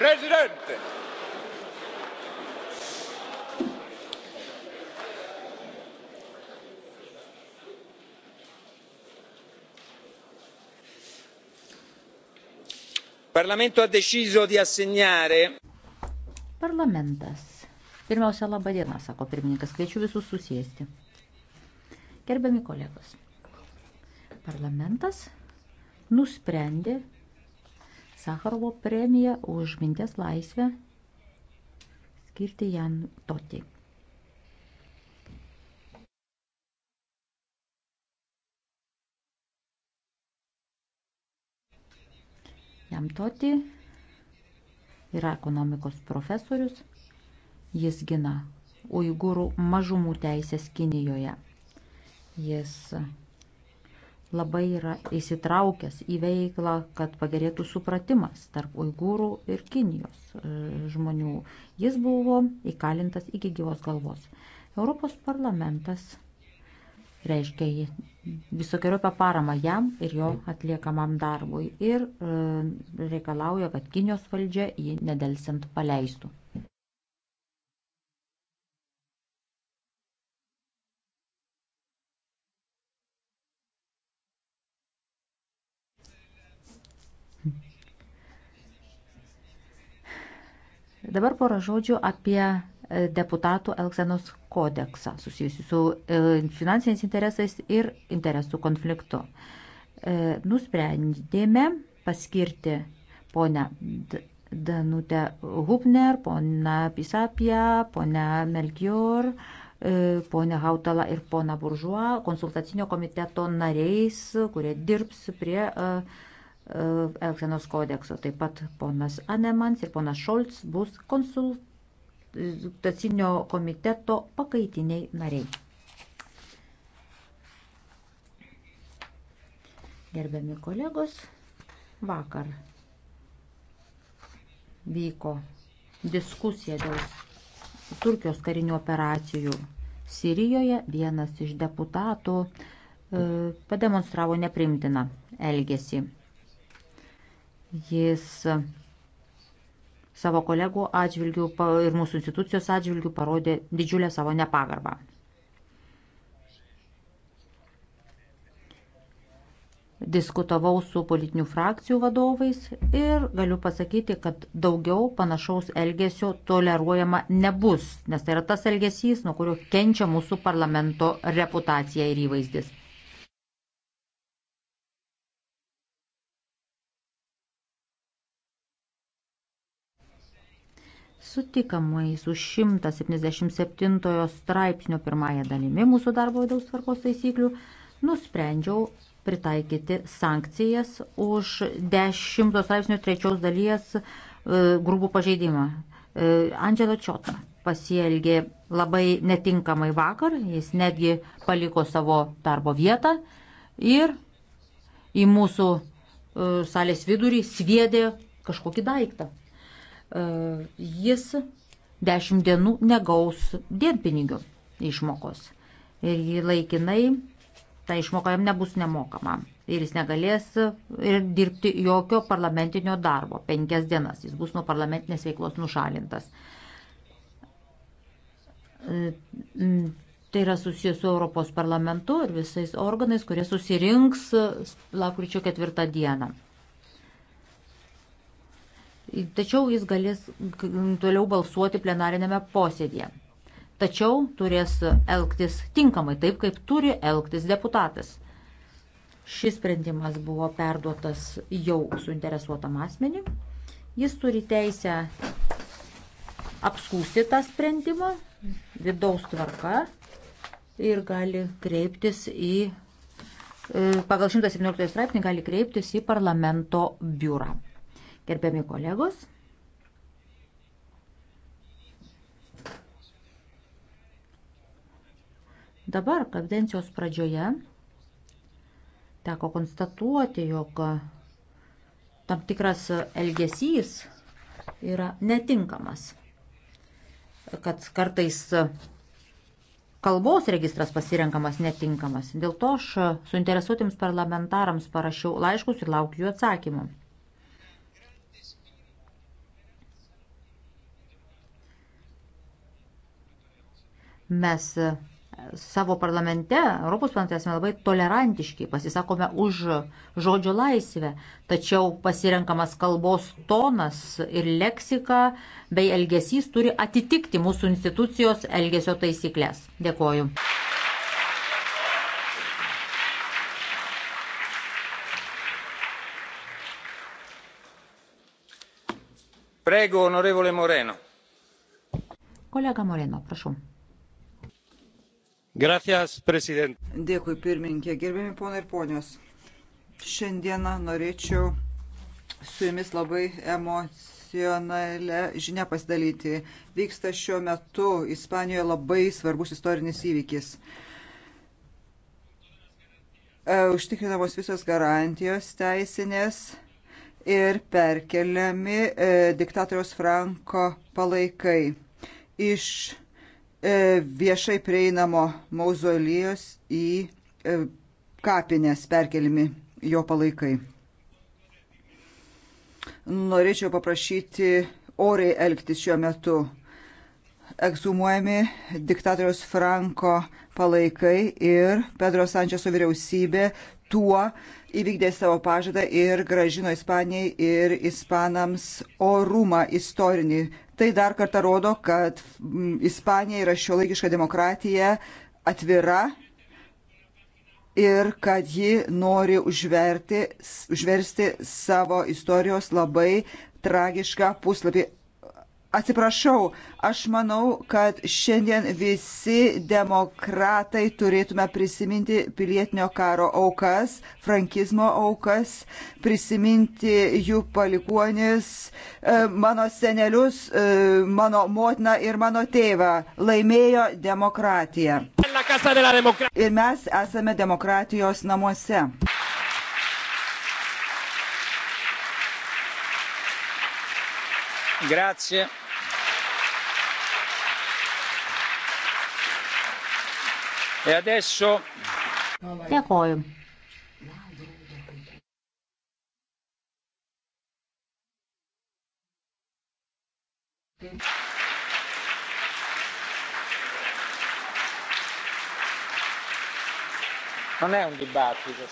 Presidente! Il Parlamento ha deciso di assegnare. Parlamentas. Pirmiausia, laba diena, sako pirmininkas. Kviečiu visus susėsti. Gerbiami kolegos. Parlamentas nusprendė Sakarovo premiją už minties laisvę skirti Jan Toti. Jam Toti yra ekonomikos profesorius. Jis gina uigūrų mažumų teisės Kinijoje. Jis labai yra įsitraukęs į veiklą, kad pagerėtų supratimas tarp uigūrų ir Kinijos e, žmonių. Jis buvo įkalintas iki gyvos galvos. Europos parlamentas reiškia visokiojopę paramą jam ir jo atliekamam darbui ir e, reikalauja, kad Kinijos valdžia jį nedelsiant paleistų. Dabar porą žodžių apie e, deputatų Elksenos kodeksą susijusiu su e, finansiniais interesais ir interesų konfliktu. E, nusprendėme paskirti ponę Danutę Hubner, ponę Pisapiją, ponę Melchior, ponę Hautalą ir poną Buržuą konsultacinio komiteto nariais, kurie dirbs prie uh, Elksenos kodekso. Taip pat ponas Anemans ir ponas Šolts bus konsultacinio komiteto pakaitiniai nariai. Gerbiami kolegos, vakar vyko diskusija dėl Turkijos karinių operacijų Sirijoje. Vienas iš deputatų e, pademonstravo neprimtiną elgesį. Jis e, savo kolegų atžvilgių ir mūsų institucijos atžvilgių parodė didžiulę savo nepagarbą. Diskutavau su politinių frakcijų vadovais ir galiu pasakyti, kad daugiau panašaus elgesio toleruojama nebus, nes tai yra tas elgesys, nuo kurio kenčia mūsų parlamento reputacija ir įvaizdis. sutikamai su 177 straipsnio pirmąją dalimi mūsų darbo vidaus tvarkos taisyklių nusprendžiau pritaikyti sankcijas už 10 straipsnio trečios dalies e, grubų pažeidimą. E, Angelo Čiota pasielgė labai netinkamai vakar, jis netgi paliko savo darbo vietą ir į mūsų e, salės vidurį sviedė kažkokį daiktą. E, jis 10 dienų negaus dienpinigių išmokos. Ir jį laikinai ta išmoka jam nebus nemokama. Ir jis negalės ir e, dirbti jokio parlamentinio darbo. Penkias dienas jis bus nuo parlamentinės veiklos nušalintas. E, tai yra susijęs su Europos parlamentu ir visais organais, kurie susirinks lapkričio ketvirtą dieną. Tačiau jis galės toliau balsuoti plenarinėme posėdėje. Tačiau turės elgtis tinkamai, taip kaip turi elgtis deputatas. Šis sprendimas buvo perduotas jau suinteresuotam asmeniu. Jis turi teisę apskūsti tą sprendimą vidaus tvarka ir gali kreiptis į, e, pagal 117 straipsnį gali kreiptis į parlamento biurą. Gerbiami kolegos, dabar kadencijos pradžioje teko konstatuoti, jog tam tikras elgesys yra netinkamas, kad kartais kalbos registras pasirenkamas netinkamas. Dėl to aš suinteresuotiems parlamentarams parašiau laiškus ir laukiu jų atsakymų. Mes e, savo parlamente, Europos parlamente esame labai tolerantiški, pasisakome už žodžio laisvę, tačiau pasirenkamas kalbos tonas ir leksika bei elgesys turi atitikti mūsų institucijos elgesio taisyklės. Dėkoju. Prego, onorevole Moreno. Kolega Moreno, prašau. Gracias, prezident. Dėkui, pirmininkė. Gerbėmi ponai ir ponios. Šiandieną norėčiau su jumis labai emocionalią žinią pasidalyti. Vyksta šiuo metu Ispanijoje labai svarbus istorinis įvykis. E, užtikrinamos visos garantijos teisinės ir perkeliami e, diktatoriaus Franko palaikai iš E, viešai prieinamo mauzolijos į e, kapinės perkelimi jo palaikai. Norėčiau paprašyti oriai elgtis šiuo metu. Eksumuojami diktatoriaus Franko palaikai ir Pedro Sančeso vyriausybė tuo įvykdė savo pažadą ir gražino Ispanijai ir Ispanams orumą istorinį. Tai dar kartą rodo, kad Ispanija yra šiuolaikiška demokratija, atvira ir kad ji nori užverti, užversti savo istorijos labai tragišką puslapį. Atsiprašau, aš manau, kad šiandien visi demokratai turėtume prisiminti pilietinio karo aukas, frankizmo aukas, prisiminti jų palikuonis, e, mano senelius, e, mano motiną ir mano tėvą. Laimėjo demokratija. Ir mes esame demokratijos namuose. Grazie. E adesso... Dėkoju. Non è un dibattito.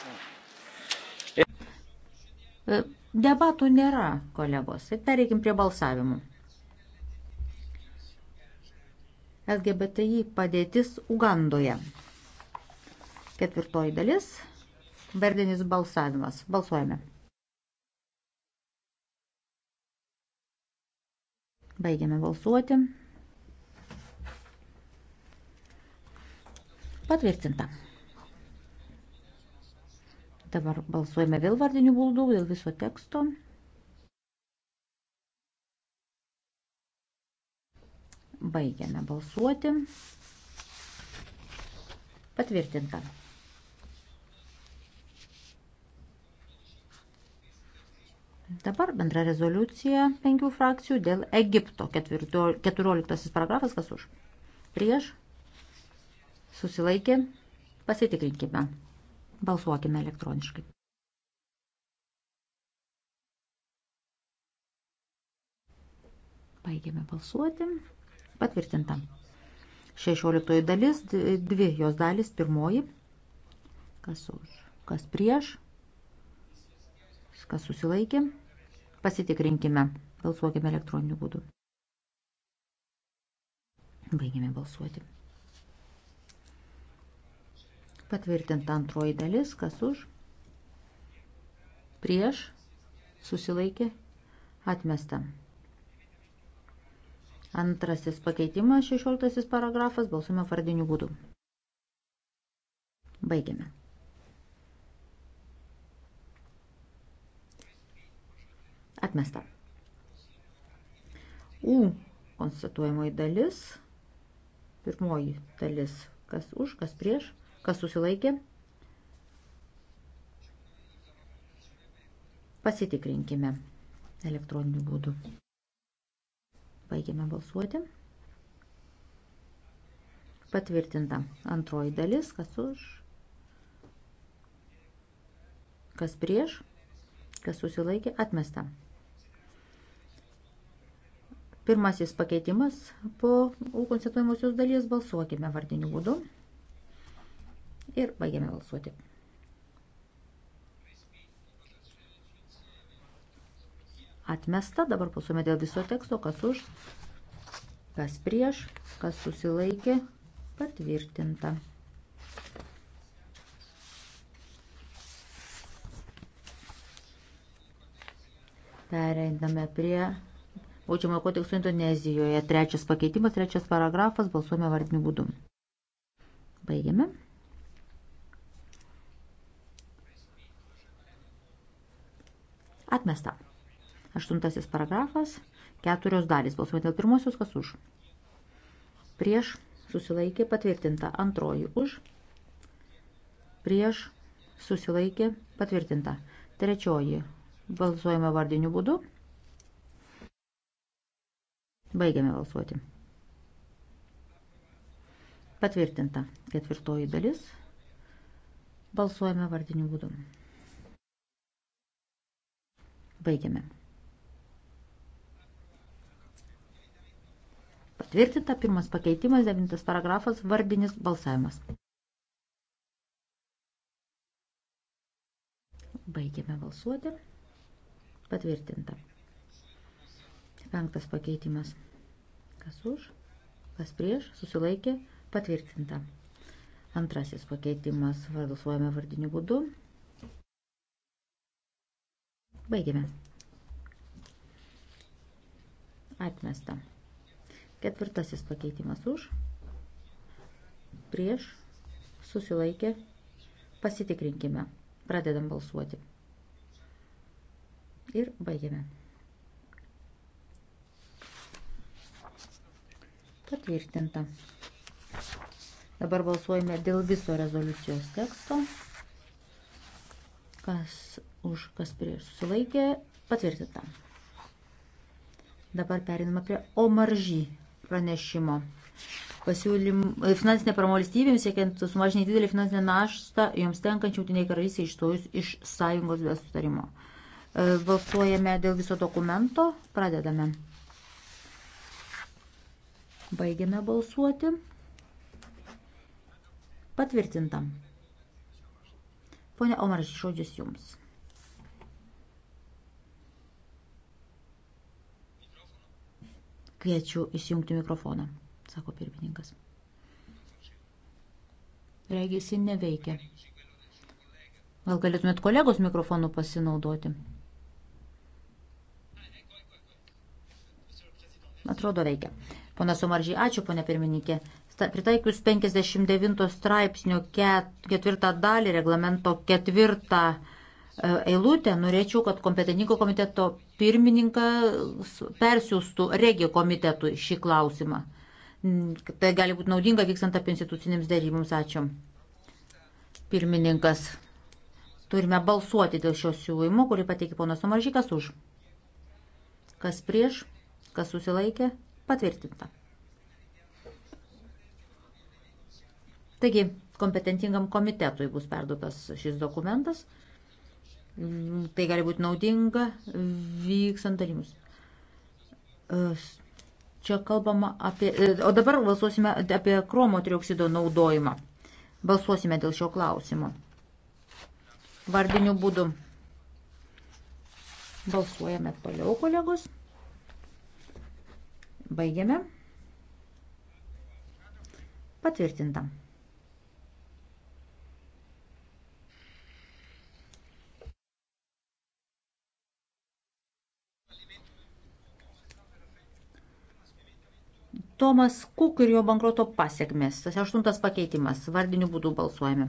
E... Debatų nėra, kolegos. Ir pereikim prie balsavimų. LGBTI padėtis Ugandoje. Ketvirtoji dalis. Verdinis balsavimas. Balsuojame. Baigiame balsuoti. Patvirtinta. Dabar balsuojame vėl vardinių būdų dėl viso teksto. Baigiame balsuoti. Patvirtinta. Dabar bendra rezoliucija penkių frakcijų dėl Egipto. 14 paragrafas, kas už? Prieš? Susilaikė? Pasitikrinkime. Balsuokime elektroniškai. Baigėme balsuoti. Patvirtinta. 16 dalis, dvi jos dalis, pirmoji. Kas už, kas prieš, kas susilaikė. Pasitikrinkime, balsuokime elektroniniu būdu. Baigėme balsuoti. Patvirtinta antroji dalis, kas už, prieš, susilaikė, atmesta. Antrasis pakeitimas, šešioltasis paragrafas, balsume vardinių būdų. Baigiame. Atmesta. U konstatuojamoji dalis, pirmoji dalis, kas už, kas prieš, Kas susilaikė? Pasitikrinkime elektroniniu būdu. Baigėme balsuoti. Patvirtinta antroji dalis, kas už, kas prieš, kas susilaikė, atmesta. Pirmasis pakeitimas po konstatuojamosios dalies balsuokime vardiniu būdu ir baigiame balsuoti. Atmesta, dabar pasuome dėl viso teksto, kas už, kas prieš, kas susilaikė, patvirtinta. Pereindame prie Baudžiamojo kodekso Indonezijoje. Trečias pakeitimas, trečias paragrafas, balsuojame vardiniu būdu. Baigiame. Atmesta. Aštuntasis paragrafas. Keturios dalys. Balsuojant dėl pirmosios, kas už. Prieš susilaikė patvirtinta. Antroji už. Prieš susilaikė patvirtinta. Trečioji. Balsuojame vardiniu būdu. Baigiame balsuoti. Patvirtinta ketvirtoji dalis. Balsuojame vardiniu būdu. Baigiame. Patvirtinta pirmas pakeitimas, devintas paragrafas, vardinis balsavimas. Baigiame balsuoti. Patvirtinta. Penktas pakeitimas. Kas už, kas prieš, susilaikė, patvirtinta. Antrasis pakeitimas, vardusuojame vardiniu būdu, Baigėme. Atmesta. Ketvirtasis pakeitimas už. Prieš. Susilaikė. Pasitikrinkime. Pradedam balsuoti. Ir baigėme. Patvirtinta. Dabar balsuojame dėl viso rezoliucijos teksto. Kas už, kas prieš susilaikė, patvirtinta. Dabar periname prie omaržį pranešimo. Pasiūlym, e, finansinė parama valstybėms, siekiant sumažinti didelį finansinę naštą, joms tenkančių jungtiniai karalystė išstojus iš sąjungos be sutarimo. E, balsuojame dėl viso dokumento, pradedame. Baigiame balsuoti. Patvirtintam. Pone Omaras, žodis jums. Kviečiu įsijungti mikrofoną, sako pirmininkas. Regis, ji neveikia. Gal galėtumėt kolegos mikrofonų pasinaudoti? Atrodo, veikia. Pana Somaržį, ačiū, pana pirmininkė pritaikius 59 straipsnio ketvirtą dalį reglamento ketvirtą e, eilutę, norėčiau, kad kompetentingo komiteto pirmininkas persiųstų regio komitetui šį klausimą. Tai gali būti naudinga vykstant apie institucinėms dėryboms. Ačiū. Pirmininkas. Turime balsuoti dėl šios siūlymų, kurį pateikė ponas Omaržikas už. Kas prieš, kas susilaikė, patvirtinta. Taigi, kompetentingam komitetui bus perduotas šis dokumentas. Tai gali būti naudinga vyksant dalymus. Čia kalbama apie. O dabar balsuosime apie kromo trioksido naudojimą. Balsuosime dėl šio klausimo. Vardiniu būdu. Balsuojame toliau, kolegos. Baigiame. Patvirtinta. Tomas Kuk ir jo bankroto pasiekmes. Tas aštuntas pakeitimas. Vardiniu būdu balsuojame.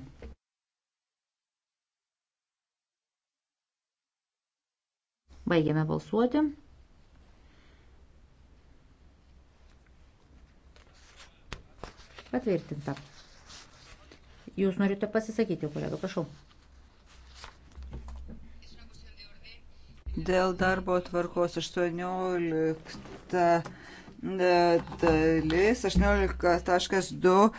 Baigiame balsuoti. Patvirtinta. Jūs norite pasisakyti, kolega, prašau. Dėl darbo tvarkos 18 dalis 18.2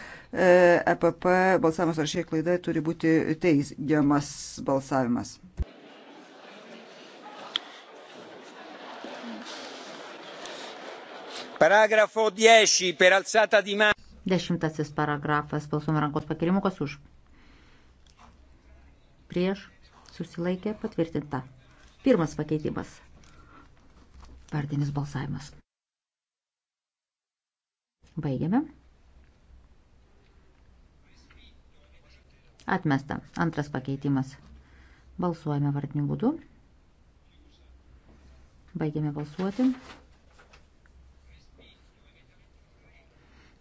EPP e balsavimas ar šiek klaida turi būti teigiamas balsavimas. Paragrafo 10 per alzata di mano. Dešimtasis paragrafas balsuom rankos pakelimu, kas už. Prieš susilaikė patvirtinta. Pirmas pakeitimas. Vardinis balsavimas. Baigiame. Atmesta. Antras pakeitimas. Balsuojame vardiniu būdu. Baigiame balsuoti.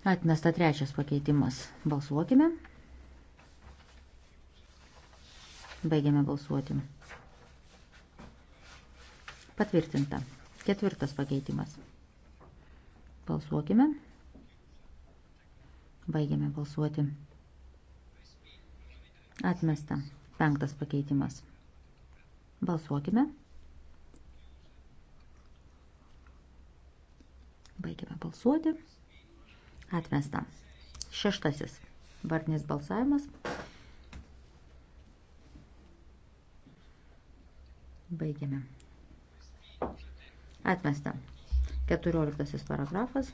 Atmesta trečias pakeitimas. Balsuokime. Baigiame balsuoti. Patvirtinta. Ketvirtas pakeitimas. Balsuokime. Baigiame balsuoti. Atmesta. Penktas pakeitimas. Balsuokime. Baigiame balsuoti. Atmesta. Šeštasis. Vardinis balsavimas. Baigiame. Atmesta. Keturioliktasis paragrafas.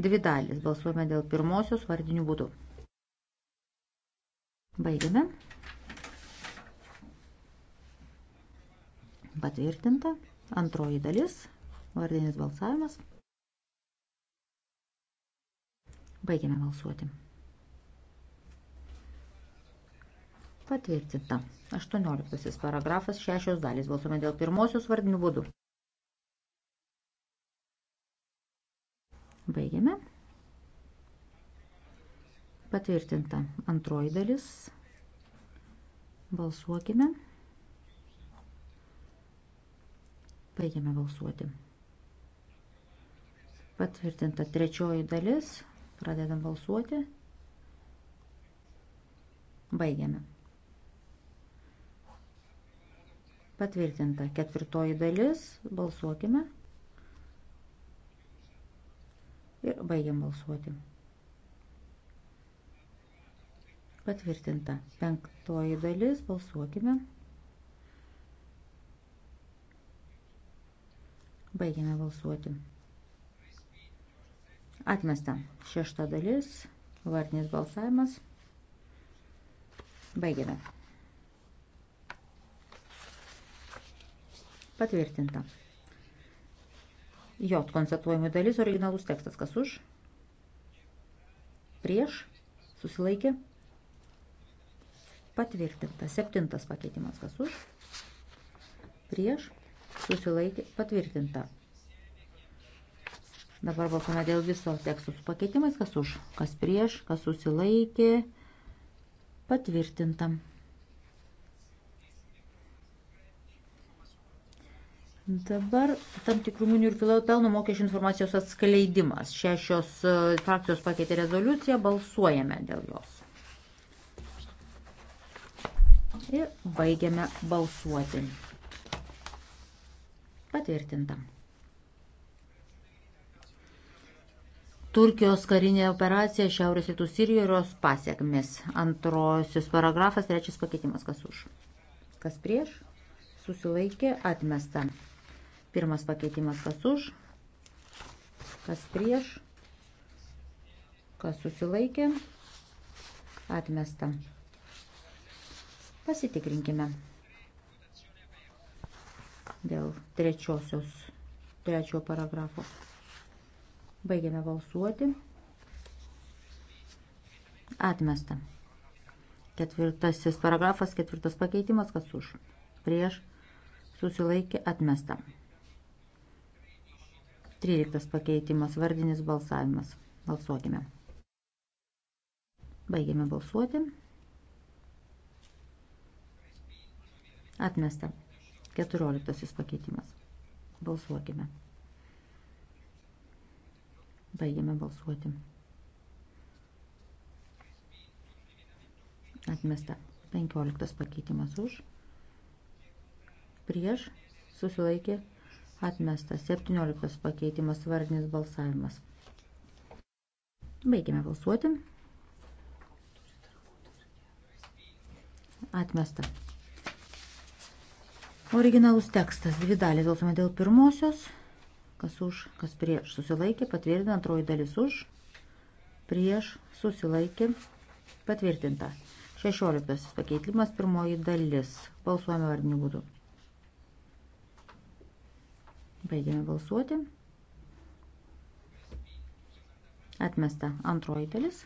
Dvi dalis. Balsuojame dėl pirmosios vardinių būdų. Baigiame. Patvirtinta. Antroji dalis. Vardinis balsavimas. Baigiame balsuoti. Patvirtinta. 18 paragrafas, šešios dalys. Balsuome dėl pirmosios vardinių būdų. Baigiame. Patvirtinta antroji dalis. Balsuokime. Baigiame balsuoti. Patvirtinta trečioji dalis. Pradedam balsuoti. Baigiame. Patvirtinta ketvirtoji dalis. Balsuokime. Balsuokime ir baigiam balsuoti. Patvirtinta. Penktoji dalis. Balsuokime. Baigiame balsuoti. Atmesta. Šešta dalis. Vardinis balsavimas. Baigiame. Patvirtinta. J konstatuojami dalis, originalus tekstas, kas už, prieš, susilaikė, patvirtinta. Septintas pakeitimas, kas už, prieš, susilaikė, patvirtinta. Dabar balsuome dėl viso tekstų su pakeitimais, kas už, kas prieš, kas susilaikė, patvirtinta. Dabar tam tikrų minių ir pelno mokesčių informacijos atskleidimas. Šešios e, frakcijos pakeitė rezoliuciją, balsuojame dėl jos. Ir baigiame balsuoti. Patvirtinta. Turkijos karinė operacija Šiaurės rytų Sirijoje ir jos pasiekmes. Antrosios paragrafas, trečias pakeitimas. Kas už? Kas prieš? Susilaikė atmesta. Pirmas pakeitimas kas už, kas prieš, kas susilaikė, atmesta. Pasitikrinkime dėl trečiosios, trečiojo paragrafo. Baigiame balsuoti. Atmesta. Ketvirtasis paragrafas, ketvirtas pakeitimas, kas už, prieš, susilaikė, atmesta. 13 pakeitimas, vardinis balsavimas. Balsuokime. Baigiame balsuoti. Atmesta. 14 pakeitimas. Balsuokime. Baigiame balsuoti. Atmesta. 15 pakeitimas už. Prieš susilaikė Atmestas 17 pakeitimas vardinis balsavimas. Baigime balsuoti. Atmesta. Originalus tekstas. Dvi dalys balsuojame dėl pirmosios. Kas už, kas prieš. Susilaikė, patvirtina. Antroji dalis už. Prieš, susilaikė, patvirtinta. 16 pakeitimas, pirmoji dalis. Balsuojame vardiniu būdu. Baigiame balsuoti. Atmesta antroji dalis.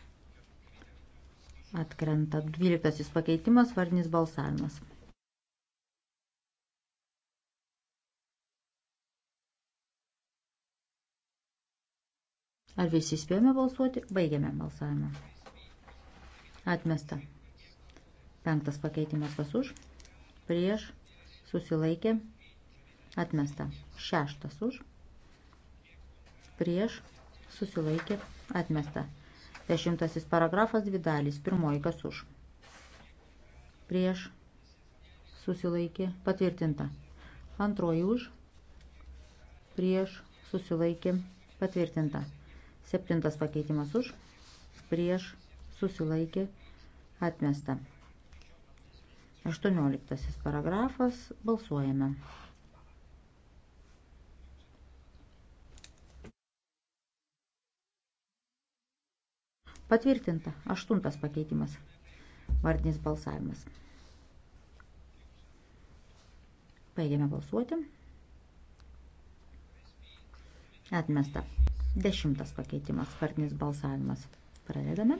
Atkrenta 12 pakeitimas, vardinis balsavimas. Ar visi spėjome balsuoti? Baigiame balsavimą. Atmesta. Penktas pakeitimas kas už? Prieš. Susilaikė atmesta. Šeštas už, prieš, susilaikė, atmesta. Dešimtasis paragrafas, dvi dalys, pirmoji kas už, prieš, susilaikė, patvirtinta. Antroji už, prieš, susilaikė, patvirtinta. Septintas pakeitimas už, prieš, susilaikė, atmesta. Aštuonioliktasis paragrafas, balsuojame. Patvirtinta. Aštuntas pakeitimas. Vardinis balsavimas. Baigiame balsuoti. Atmesta. Dešimtas pakeitimas. Vardinis balsavimas. Pradedame.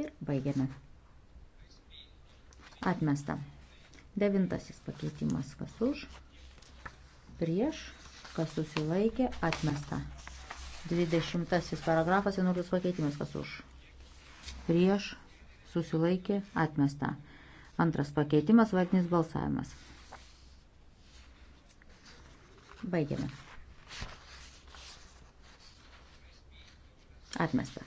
Ir baigiame. Atmesta. Devintasis pakeitimas. Kas už? Prieš. Kas susilaikė? Atmesta. Atmesta 20 paragrafas, 11 pakeitimas, kas už. Prieš susilaikė atmesta. Antras pakeitimas, vardinis balsavimas. Baigiame. Atmesta.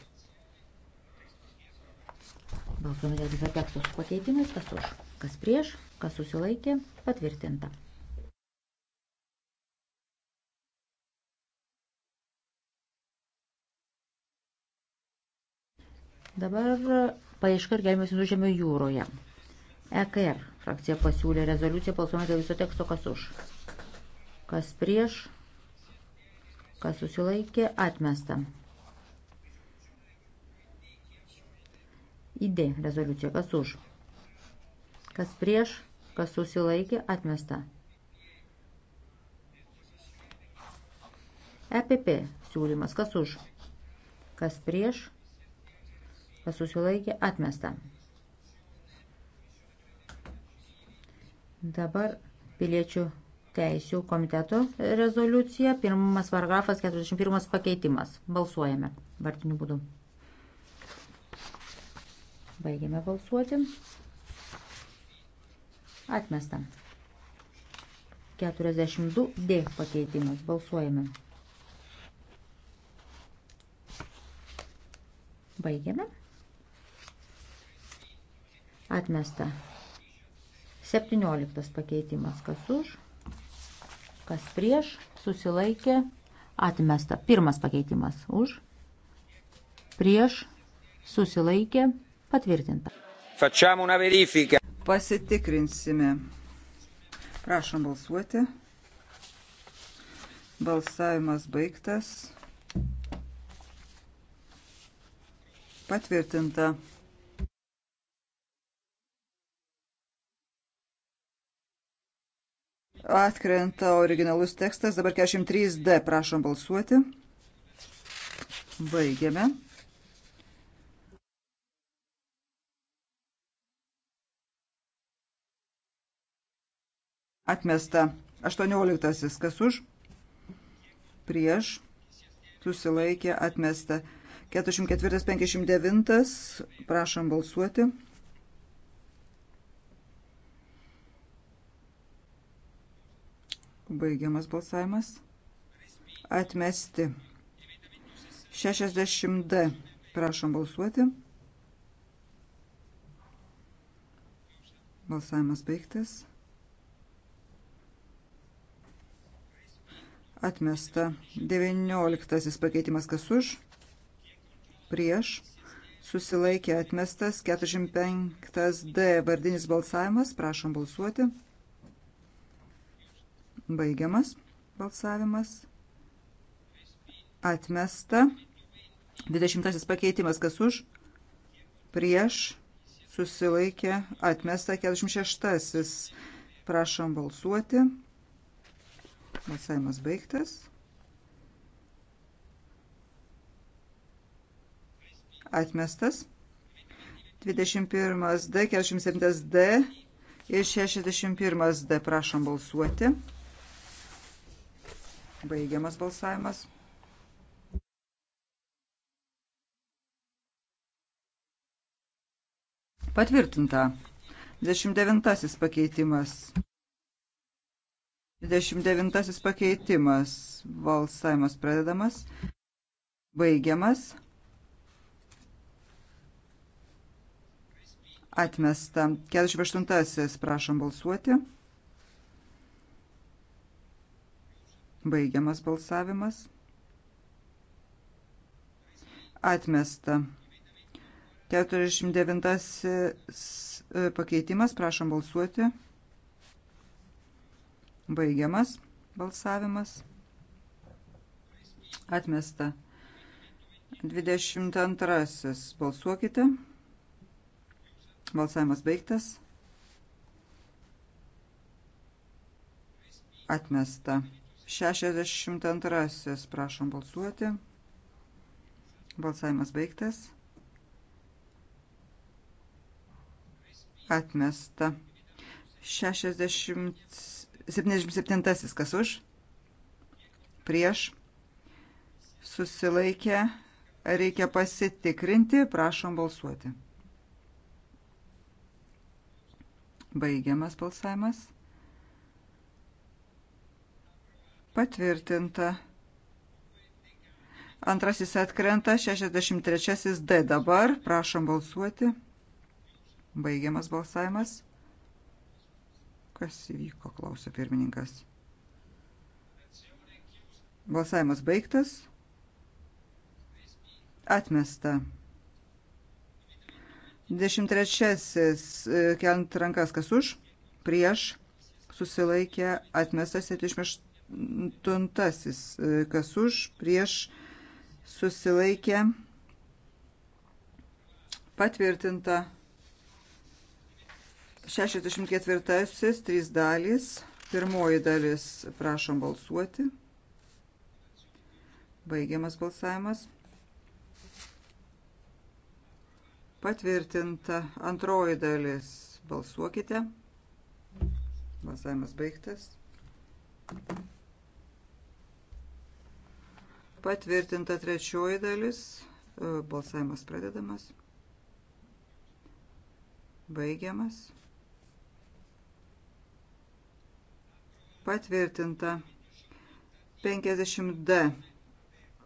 Balsuojame dėl viso teksto su pakeitimais, kas už, kas prieš, kas susilaikė, patvirtinta. Dabar paaiška ir gelmės nužemio jūroje. EKR frakcija pasiūlė rezoliuciją, balsuojant dėl viso teksto, kas už. Kas prieš, kas susilaikė, atmesta. ID rezoliucija, kas už. Kas prieš, kas susilaikė, atmesta. EPP siūlymas, kas už. Kas prieš, kas susilaikė atmesta. Dabar piliečių teisių komiteto rezoliucija, pirmas paragrafas, 41 pakeitimas. Balsuojame vartiniu būdu. Baigiame balsuoti. Atmesta. 42D pakeitimas. Balsuojame. Baigiame. Atmesta. 17 pakeitimas. Kas už? Kas prieš? Susilaikė. Atmesta. Pirmas pakeitimas. Už. Prieš. Susilaikė. Patvirtinta. Facciamo una verifica. Pasitikrinsime. Prašom balsuoti. Balsavimas baigtas. Patvirtinta. Atkrenta originalus tekstas, dabar 43D, prašom balsuoti. Baigiame. Atmesta 18. Kas už? Prieš. Susilaikė atmesta. 44.59. Prašom balsuoti. Baigiamas balsavimas. Atmesti. 60D. Prašom balsuoti. Balsavimas baigtas. Atmesta. 19 pakeitimas kas už. Prieš. Susilaikė atmestas. 45D. Vardinis balsavimas. Prašom balsuoti. Balsuoti. Baigiamas balsavimas. Atmesta. 20 pakeitimas kas už? Prieš susilaikė atmesta 46. Prašom balsuoti. Balsavimas baigtas. Atmestas. 21D, 47D ir 61D. Prašom balsuoti. Baigiamas balsavimas. Patvirtinta. 29 pakeitimas. 29 pakeitimas. Balsavimas pradedamas. Baigiamas. Atmesta. 48. Prašom balsuoti. Baigiamas balsavimas. Atmesta. 49 e, pakeitimas, prašom balsuoti. Baigiamas balsavimas. Atmesta. 22. Balsuokite. Balsavimas baigtas. Atmesta. 62. Prašom balsuoti. Balsavimas baigtas. Atmesta. 60... 77. Kas už? Prieš. Susilaikė. Reikia pasitikrinti. Prašom balsuoti. Baigiamas balsavimas. Patvirtinta. Antrasis atkrenta, 63 D dabar. Prašom balsuoti. Baigiamas balsavimas. Kas įvyko, klausia pirmininkas. Balsavimas baigtas. Atmesta. 23. E, keliant rankas, kas už, prieš, susilaikė, atmestas 76 Tuntasis, e, kas už, prieš susilaikė patvirtinta 64, trys dalys, pirmoji dalis, prašom balsuoti. Baigiamas balsavimas. Patvirtinta antroji dalis. Balsuokite. Balsavimas baigtas. Patvirtinta trečioji dalis. E, balsavimas pradedamas. Baigiamas. Patvirtinta. 50D.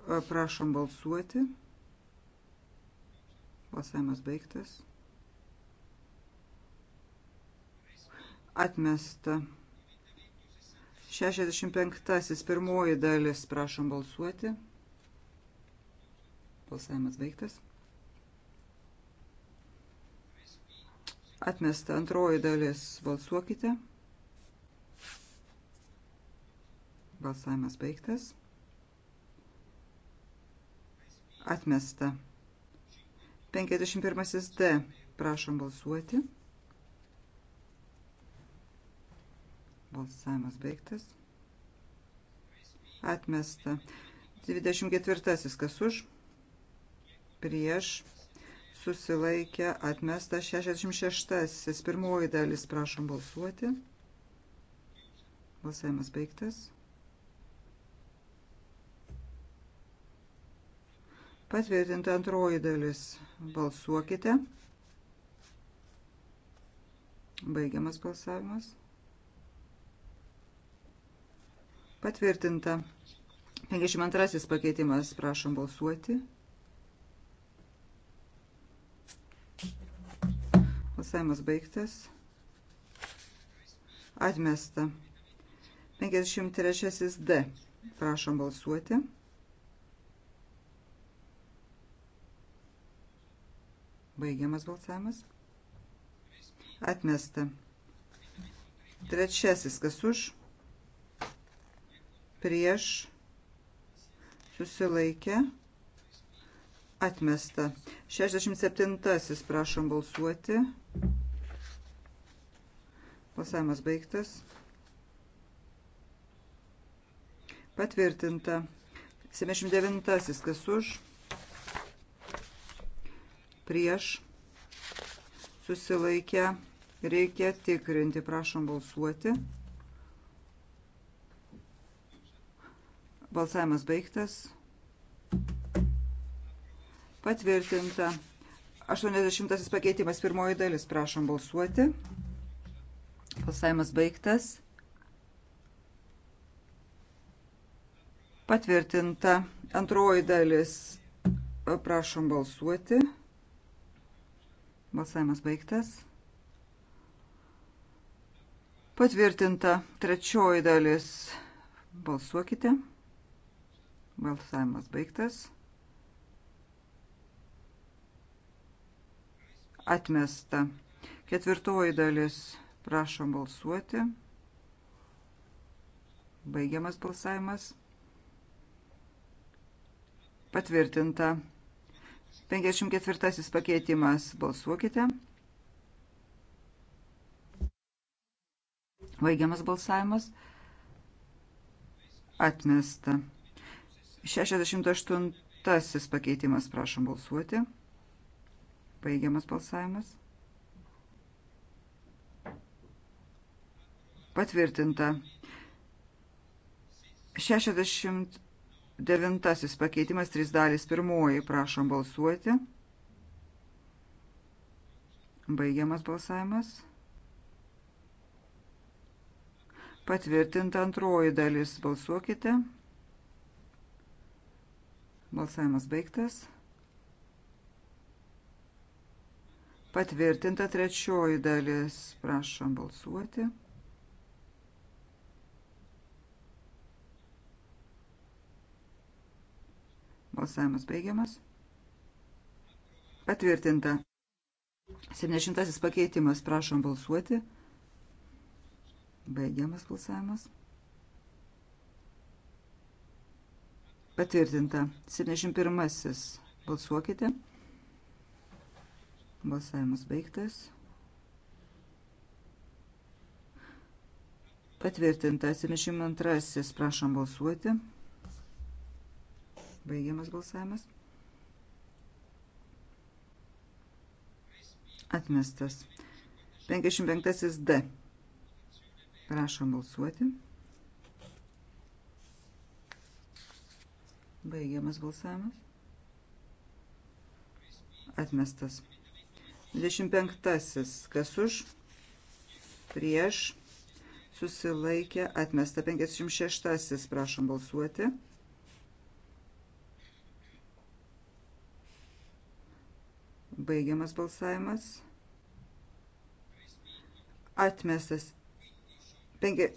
E, prašom balsuoti. Balsavimas baigtas. Atmesta. 65. Pirmoji dalis. Prašom balsuoti. Balsavimas baigtas. Atmesta antroji dalis. Balsuokite. Balsavimas baigtas. Atmesta. 51 D. Prašom balsuoti. Balsavimas baigtas. Atmesta. 24. Kas už? prieš susilaikė atmestas 66. Pirmoji dalis prašom balsuoti. Balsavimas baigtas. Patvirtinta antroji dalis. Balsuokite. Baigiamas balsavimas. Patvirtinta. 52 pakeitimas. Prašom balsuoti. Balsuoti. Balsavimas baigtas. Atmesta. 53 D. Prašom balsuoti. Baigiamas balsavimas. Atmesta. Trečiasis, kas už, prieš, susilaikę, Atmesta. 67. Prašom balsuoti. Balsavimas baigtas. Patvirtinta. 79. Kas už? Prieš. Susilaikę. Reikia tikrinti. Prašom balsuoti. Balsavimas baigtas. Patvirtinta. 80 pakeitimas pirmoji dalis. Prašom balsuoti. Balsavimas baigtas. Patvirtinta. Antroji dalis. Prašom balsuoti. Balsavimas baigtas. Patvirtinta. Trečioji dalis. Balsuokite. Balsavimas baigtas. atmesta. Ketvirtoji dalis. Prašom balsuoti. Baigiamas balsavimas. Patvirtinta. 54 pakeitimas. Balsuokite. Baigiamas balsavimas. Atmesta. 68 pakeitimas. Prašom balsuoti. Baigiamas balsavimas. Patvirtinta. 69 pakeitimas, 3 dalys, pirmoji, prašom balsuoti. Baigiamas balsavimas. Patvirtinta antroji dalis, balsuokite. Balsavimas baigtas. Patvirtinta trečioji dalis. Prašom balsuoti. Balsavimas baigiamas. Patvirtinta. 70 pakeitimas. Prašom balsuoti. Baigiamas balsavimas. Patvirtinta. 71. Balsuokite. Balsavimas baigtas. Patvirtinta 72. Prašom balsuoti. Baigiamas balsavimas. Atmestas. 55. D. Prašom balsuoti. Baigiamas balsavimas. Atmestas. 25. Kas už? Prieš. Susilaikė. Atmesta. 56. Prašom balsuoti. Baigiamas balsavimas. Atmestas. 5,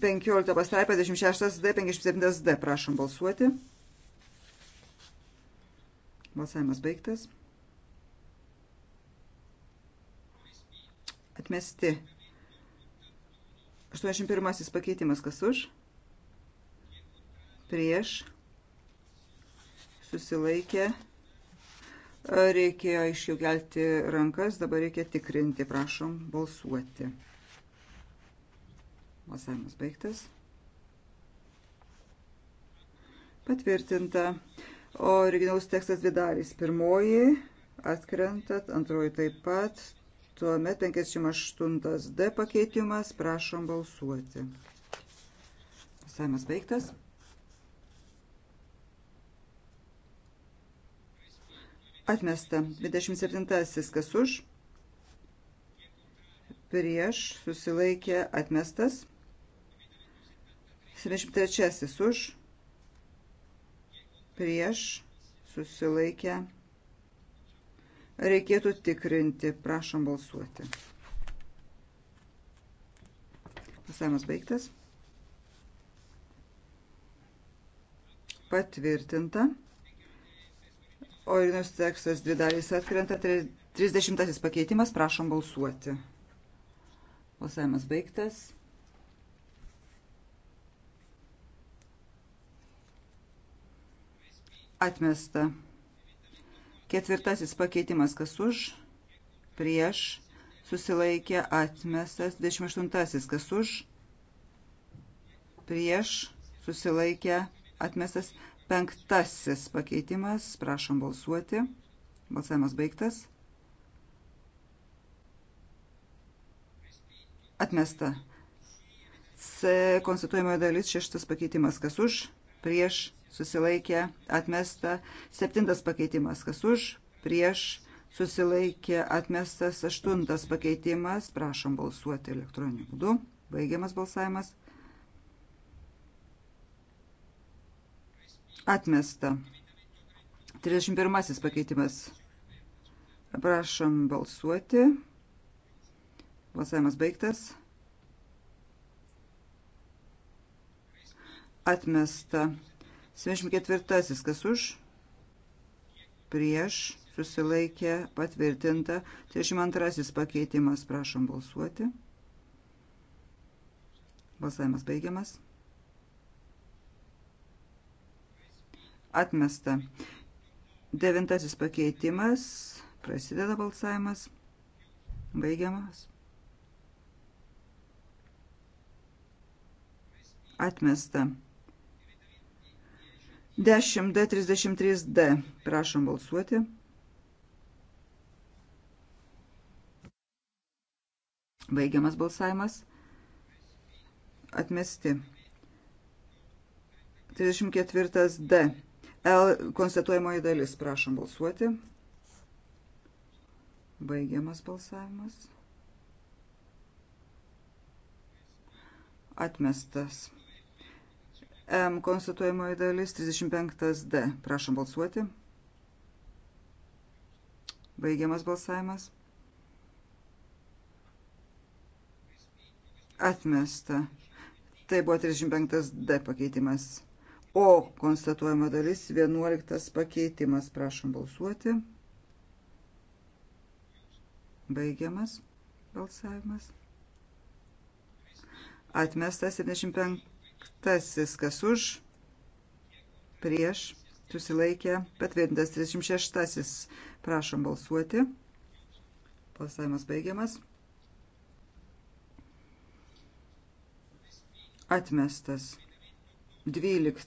15 pastraipa 56D, 57D. Prašom balsuoti. Balsavimas baigtas. Atmesti. 81 pakeitimas kas už? Prieš. Susilaikė. Reikėjo iš jų kelti rankas, dabar reikia tikrinti, prašom balsuoti. Balsavimas baigtas. Patvirtinta. Originalus tekstas dvi dalys. Pirmoji atkrenta, antroji taip pat, Tuomet 58D pakeitimas, prašom balsuoti. Saimas baigtas. Atmesta. 27-asis kas už? Prieš susilaikė atmestas. 73-asis už? Prieš susilaikė atmestas reikėtų tikrinti. Prašom balsuoti. Pasavimas baigtas. Patvirtinta. Originus tekstas dvi dalys atkrenta. 30 pakeitimas. Prašom balsuoti. Balsavimas baigtas. Atmesta. Ketvirtasis pakeitimas, kas už, prieš, susilaikė, atmestas. 28. kas už, prieš, susilaikė, atmestas. Penktasis pakeitimas, prašom balsuoti. Balsavimas baigtas. Atmesta. C konstatuojamoje dalis šeštas pakeitimas, kas už, prieš, susilaikė, atmesta. Septintas pakeitimas, kas už, prieš, susilaikė, atmestas. Aštuntas pakeitimas, prašom balsuoti elektroniniu būdu. Baigiamas balsavimas. Atmesta. 31 pakeitimas. Prašom balsuoti. Balsavimas baigtas. Atmesta. 74. Kas už? Prieš susilaikė patvirtinta. 32. Pakeitimas. Prašom balsuoti. Balsavimas baigiamas. Atmesta. Devintasis pakeitimas. Prasideda balsavimas. Baigiamas. Atmesta. 10D33D. Prašom balsuoti. Baigiamas balsavimas. Atmesti. 34D. L konstatuojamoji dalis. Prašom balsuoti. Baigiamas balsavimas. Atmestas. M konstatuojamoji dalis 35D. Prašom balsuoti. Baigiamas balsavimas. Atmesta. Tai buvo 35D pakeitimas. O konstatuojama dalis 11 pakeitimas. Prašom balsuoti. Baigiamas balsavimas. Atmestas 75 35. Kas už? Prieš. Susilaikė. Patvirtintas 36. Prašom balsuoti. Balsavimas baigiamas. Atmestas. 12.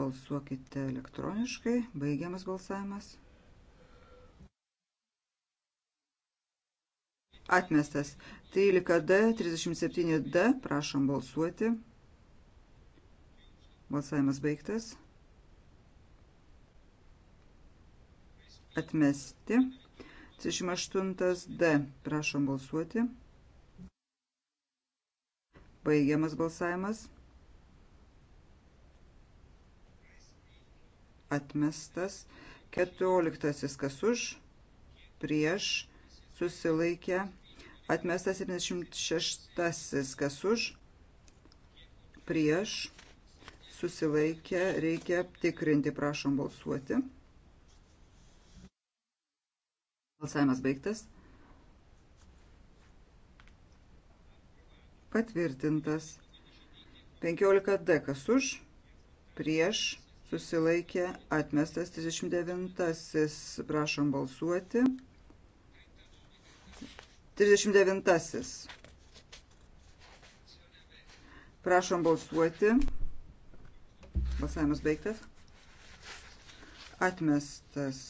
Balsuokite elektroniškai. Baigiamas balsavimas. atmestas. 13D, 37D, prašom balsuoti. Balsavimas baigtas. Atmesti. 38D, prašom balsuoti. Baigiamas balsavimas. Atmestas. 14. Kas už? Prieš susilaikė, atmestas 76, kas už, prieš, susilaikė, reikia tikrinti, prašom balsuoti. Balsavimas baigtas. Patvirtintas. 15D kas už, prieš, susilaikė, atmestas 39. Prašom balsuoti. 39. Prašom balsuoti. Balsavimas baigtas. Atmestas.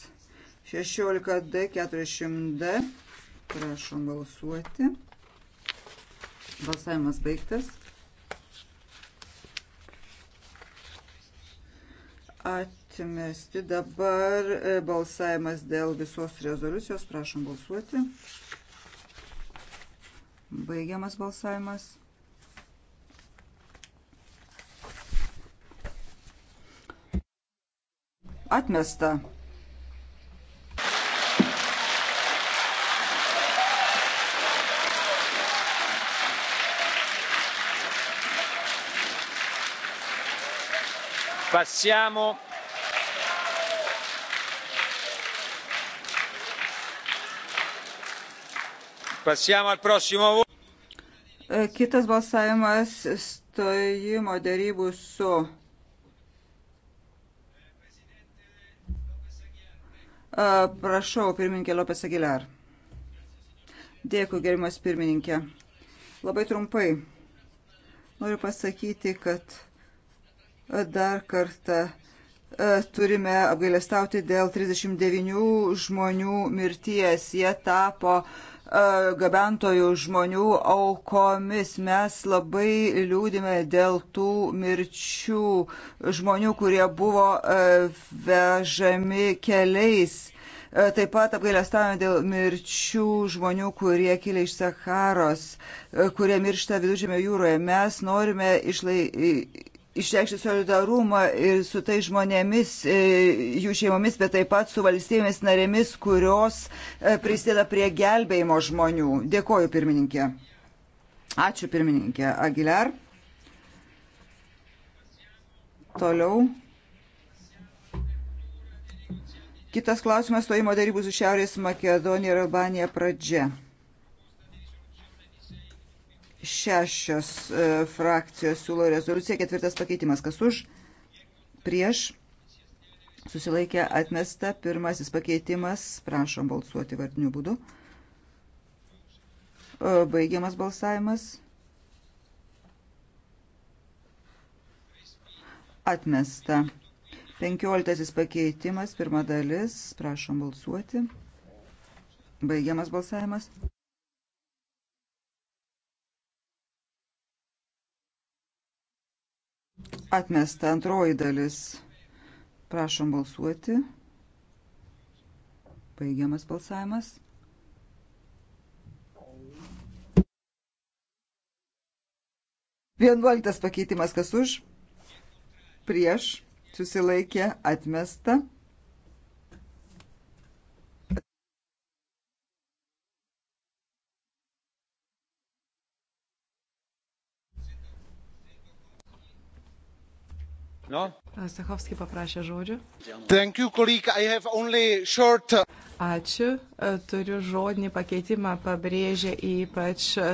16D, 400D. Prašom balsuoti. Balsavimas baigtas. Atmesti dabar e, balsavimas dėl visos rezoliucijos. Prašom balsuoti. Baigiamas balsavimas. Atmesta. Passiamo E, kitas balsavimas stojimo dėrybų su e, Prašau, pirmininkė Lopes Aguilar. Dėkui, gerimas pirmininkė. Labai trumpai noriu pasakyti, kad e, dar kartą turime apgailestauti dėl 39 žmonių mirties. Jie tapo uh, gabentojų žmonių aukomis. Mes labai liūdime dėl tų mirčių žmonių, kurie buvo vežami keliais. Taip pat apgailestavome dėl mirčių žmonių, kurie kilia iš Saharos, kurie miršta viduržėmio jūroje. Mes norime išlaikyti išreikšti solidarumą ir su tai žmonėmis, e, jų šeimomis, bet taip pat su valstybėmis narėmis, kurios e, prisideda prie gelbėjimo žmonių. Dėkoju, pirmininkė. Ačiū, pirmininkė Aguilar. Toliau. Kitas klausimas stojimo darybų su Šiaurės Makedonija ir Albanija pradžia. Šešios e, frakcijos siūlo rezoliuciją. Ketvirtas pakeitimas. Kas už? Prieš. Susilaikė atmesta. Pirmasis pakeitimas. Prašom balsuoti vardiniu būdu. E, baigiamas balsavimas. Atmesta. Penkioliktasis pakeitimas, pirma dalis, prašom balsuoti. Baigiamas balsavimas. Atmesta antroji dalis. Prašom balsuoti. Baigiamas balsavimas. Vienuoliktas pakeitimas kas už? Prieš. Susilaikė. Atmesta. No? Stachovski paprašė žodžių. Thank you, colleague. I have only short. Uh, Ačiū. E, turiu žodinį pakeitimą pabrėžę ypač e,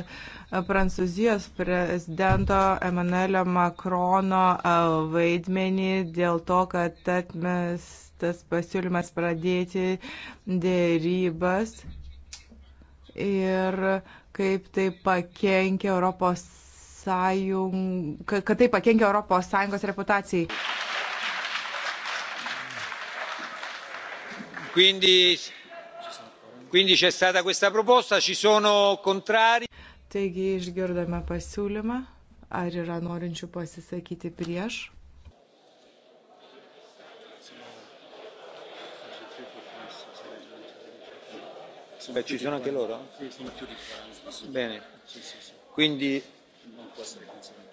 Prancūzijos prezidento Emanuelio Makrono e, vaidmenį dėl to, kad atmestas pasiūlymas pradėti dėrybas ir kaip tai pakenkia Europos sąjung, kad, kad tai pakenkia Europos Sąjungos reputacijai. Quindi, quindi c'è stata questa proposta, ci sono contrari. Taigi išgirdome pasiūlymą. Ar yra norinčių pasisakyti prieš? Beh, ci sono anche loro? Bene. Quindi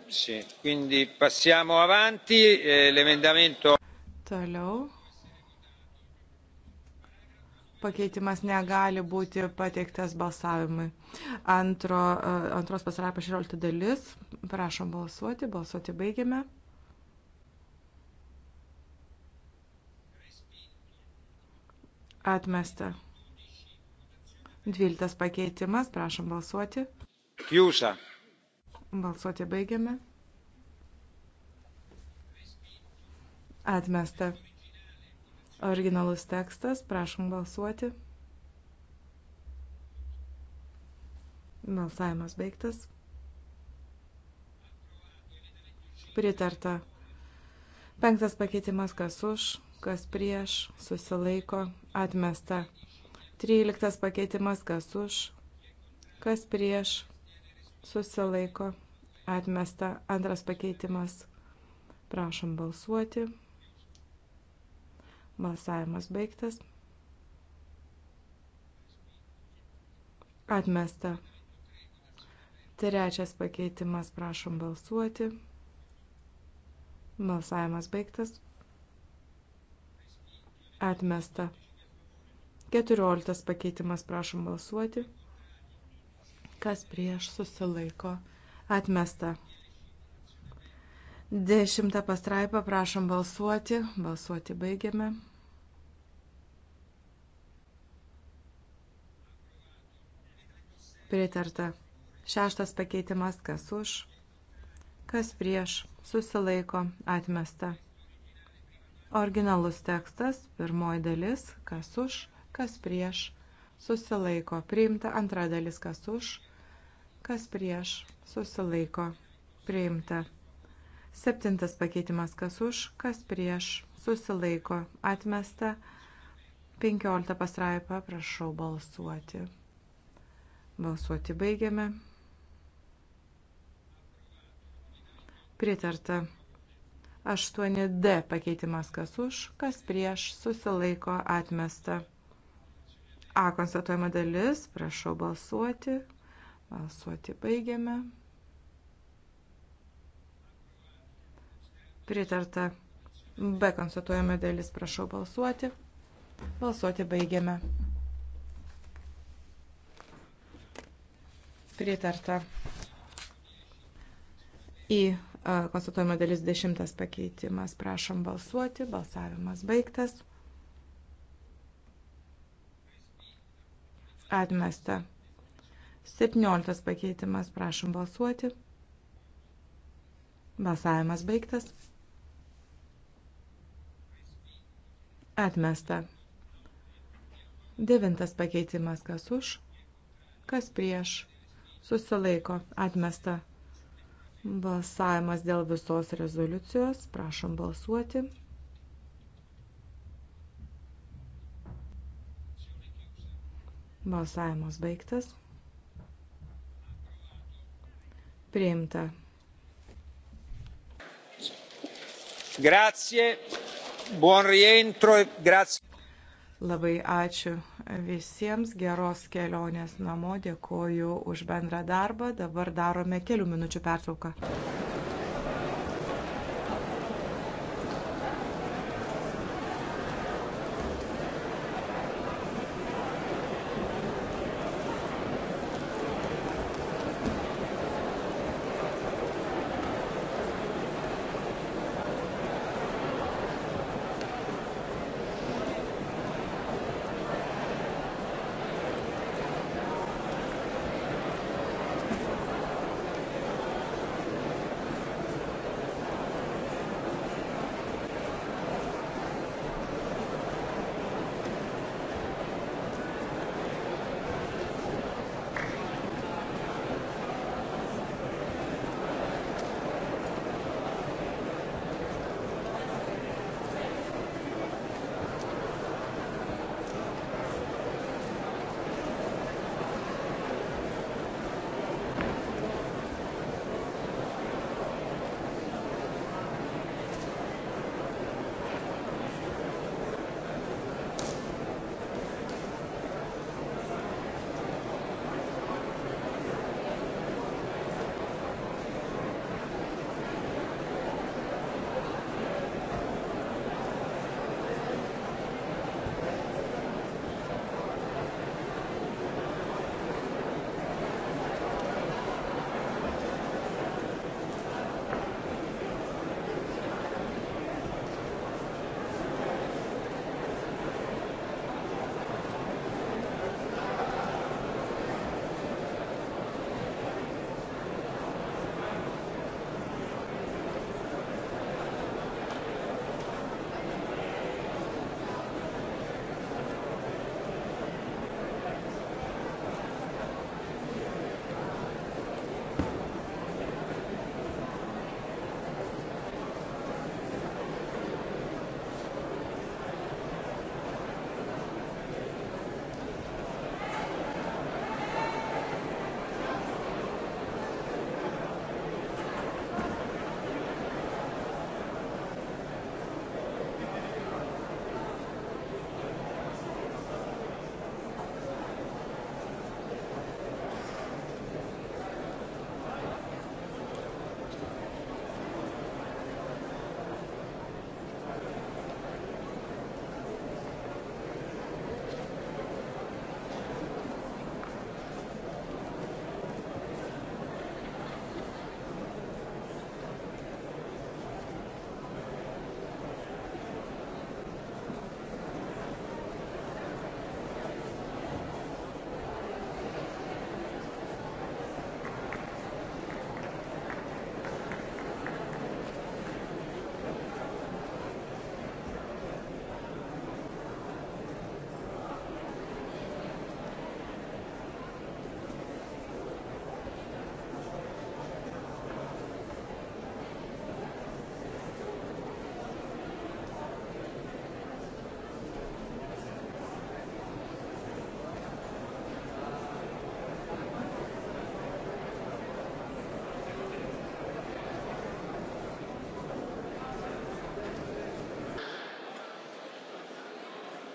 Sì, quindi passiamo avanti. Eh, L'emendamento. Toliau. Pakeitimas negali būti pateiktas balsavimui. Antro, eh, antros pasarapos 16 dalis. Prašom balsuoti. Balsuoti baigiame. Atmesta. Dviltas pakeitimas. Prašom balsuoti. Chiusa. Balsuoti baigiame. Atmesta. Originalus tekstas. Prašom balsuoti. Balsavimas baigtas. Pritarta. Penktas pakeitimas, kas už, kas prieš, susilaiko, atmesta. Tryliktas pakeitimas, kas už, kas prieš, susilaiko atmesta antras pakeitimas. Prašom balsuoti. Balsavimas baigtas. Atmesta. Trečias pakeitimas. Prašom balsuoti. Balsavimas baigtas. Atmesta. Keturioliktas pakeitimas. Prašom balsuoti kas prieš susilaiko atmesta. Dešimtą pastraipą prašom balsuoti. Balsuoti baigiame. Pritarta. Šeštas pakeitimas kas už, kas prieš, susilaiko, atmesta. Originalus tekstas, pirmoji dalis, kas už, kas prieš, susilaiko, priimta, antra dalis, kas už, kas prieš, susilaiko, priimta. Septintas pakeitimas, kas už, kas prieš, susilaiko, atmesta. Penkiolta pastraipa, prašau balsuoti. Balsuoti baigiame. Pritarta. 8D pakeitimas kas už, kas prieš, susilaiko atmesta. A konstatuojama dalis, prašau balsuoti. Balsuoti baigiame. Pritarta B konstatuojama dalis, prašau balsuoti. Balsuoti baigiame. Pritarta į konstatuojama dalis dešimtas pakeitimas, prašom balsuoti, balsavimas baigtas. Atmesta. 17 pakeitimas. Prašom balsuoti. Balsavimas baigtas. Atmesta. Devintas pakeitimas. Kas už? Kas prieš? Susilaiko. Atmesta. Balsavimas dėl visos rezoliucijos. Prašom balsuoti. Balsavimas baigtas. Priimta. Grazie. Buon rientro e grazie. Labai ačiū visiems, geros kelionės namo, dėkoju už bendrą darbą. Dabar darome kelių minučių pertrauką.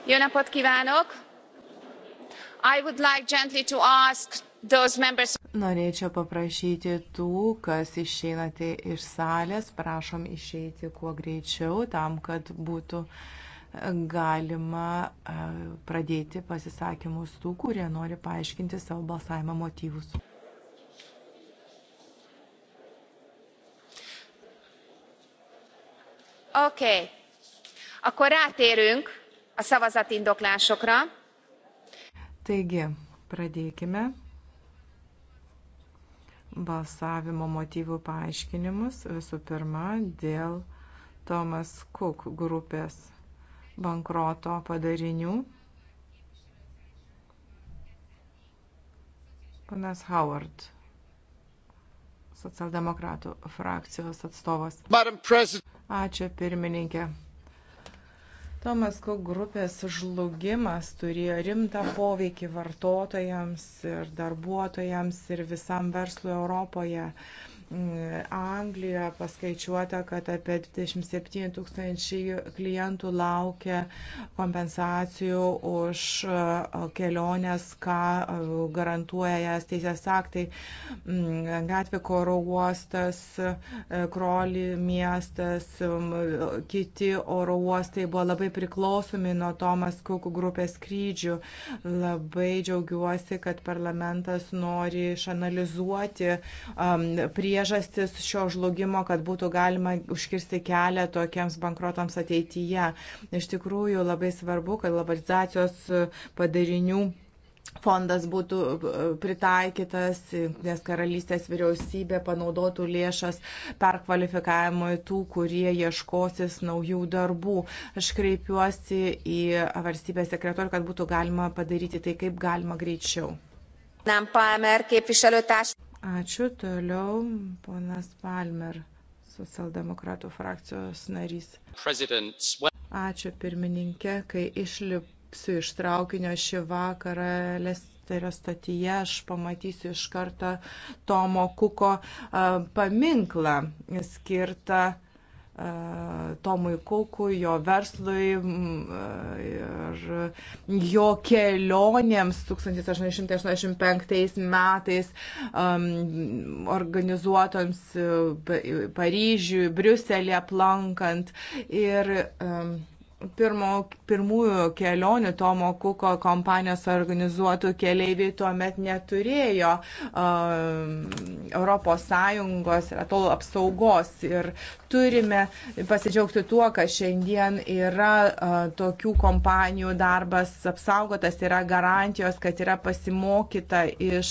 jó napot kívánok! i would like gently to ask those members. norėčiau paprašyti tų kas išeinate iš salės prašom išeiti kuo greičiau tam kad būtų e, galima e, pradėti pasisakymus tų kurie nori paaiškinti savo balsavimo motyvus. Okay. Akkor rátérünk a szavazatindoklásokra. Taigi, pradėkime balsavimo motyvų paaiškinimus visų pirma dėl Thomas Cook grupės bankroto padarinių. Panas Howard, socialdemokratų frakcijos atstovas. Ačiū pirmininkė. Tomas Kuk grupės žlugimas turėjo rimtą poveikį vartotojams ir darbuotojams ir visam verslui Europoje. Uh, Anglijoje paskaičiuota, kad apie 27 tūkstančiai klientų laukia kompensacijų už keliones, ką garantuoja jas teisės aktai. Mm, gatvė koro uostas, Kroli miestas, kiti oro uostai buvo labai priklausomi nuo Tomas Kukų grupės skrydžių. Labai džiaugiuosi, kad parlamentas nori išanalizuoti um, prie priežastis šio žlugimo, kad būtų galima užkirsti kelią tokiems bankrotams ateityje. Iš tikrųjų labai svarbu, kad globalizacijos padarinių fondas būtų e, pritaikytas, nes karalystės vyriausybė panaudotų lėšas perkvalifikavimui tų, kurie ieškosis naujų darbų. Aš kreipiuosi į valstybės sekretorių, kad būtų galima padaryti tai kaip galima greičiau. Nem Palmer képviselőtárs. Ačiū. Toliau ponas Palmer, socialdemokratų frakcijos narys. Ačiū pirmininkė, kai išlipsiu iš traukinio šį vakarą Lesterio stotyje, aš pamatysiu iš karto Tomo Kuko paminklą skirtą Tomui Kukui, jo verslui ir jo kelionėms 1885 metais um, organizuotoms e, Paryžiui, Briuselį aplankant. Ir, um, pirmo, pirmųjų kelionių Tomo Kuko kompanijos organizuotų keleiviai tuo met neturėjo um, ES ir atol apsaugos. Ir turime pasidžiaugti tuo, kad šiandien yra tokių kompanijų darbas apsaugotas, yra garantijos, kad yra pasimokyta iš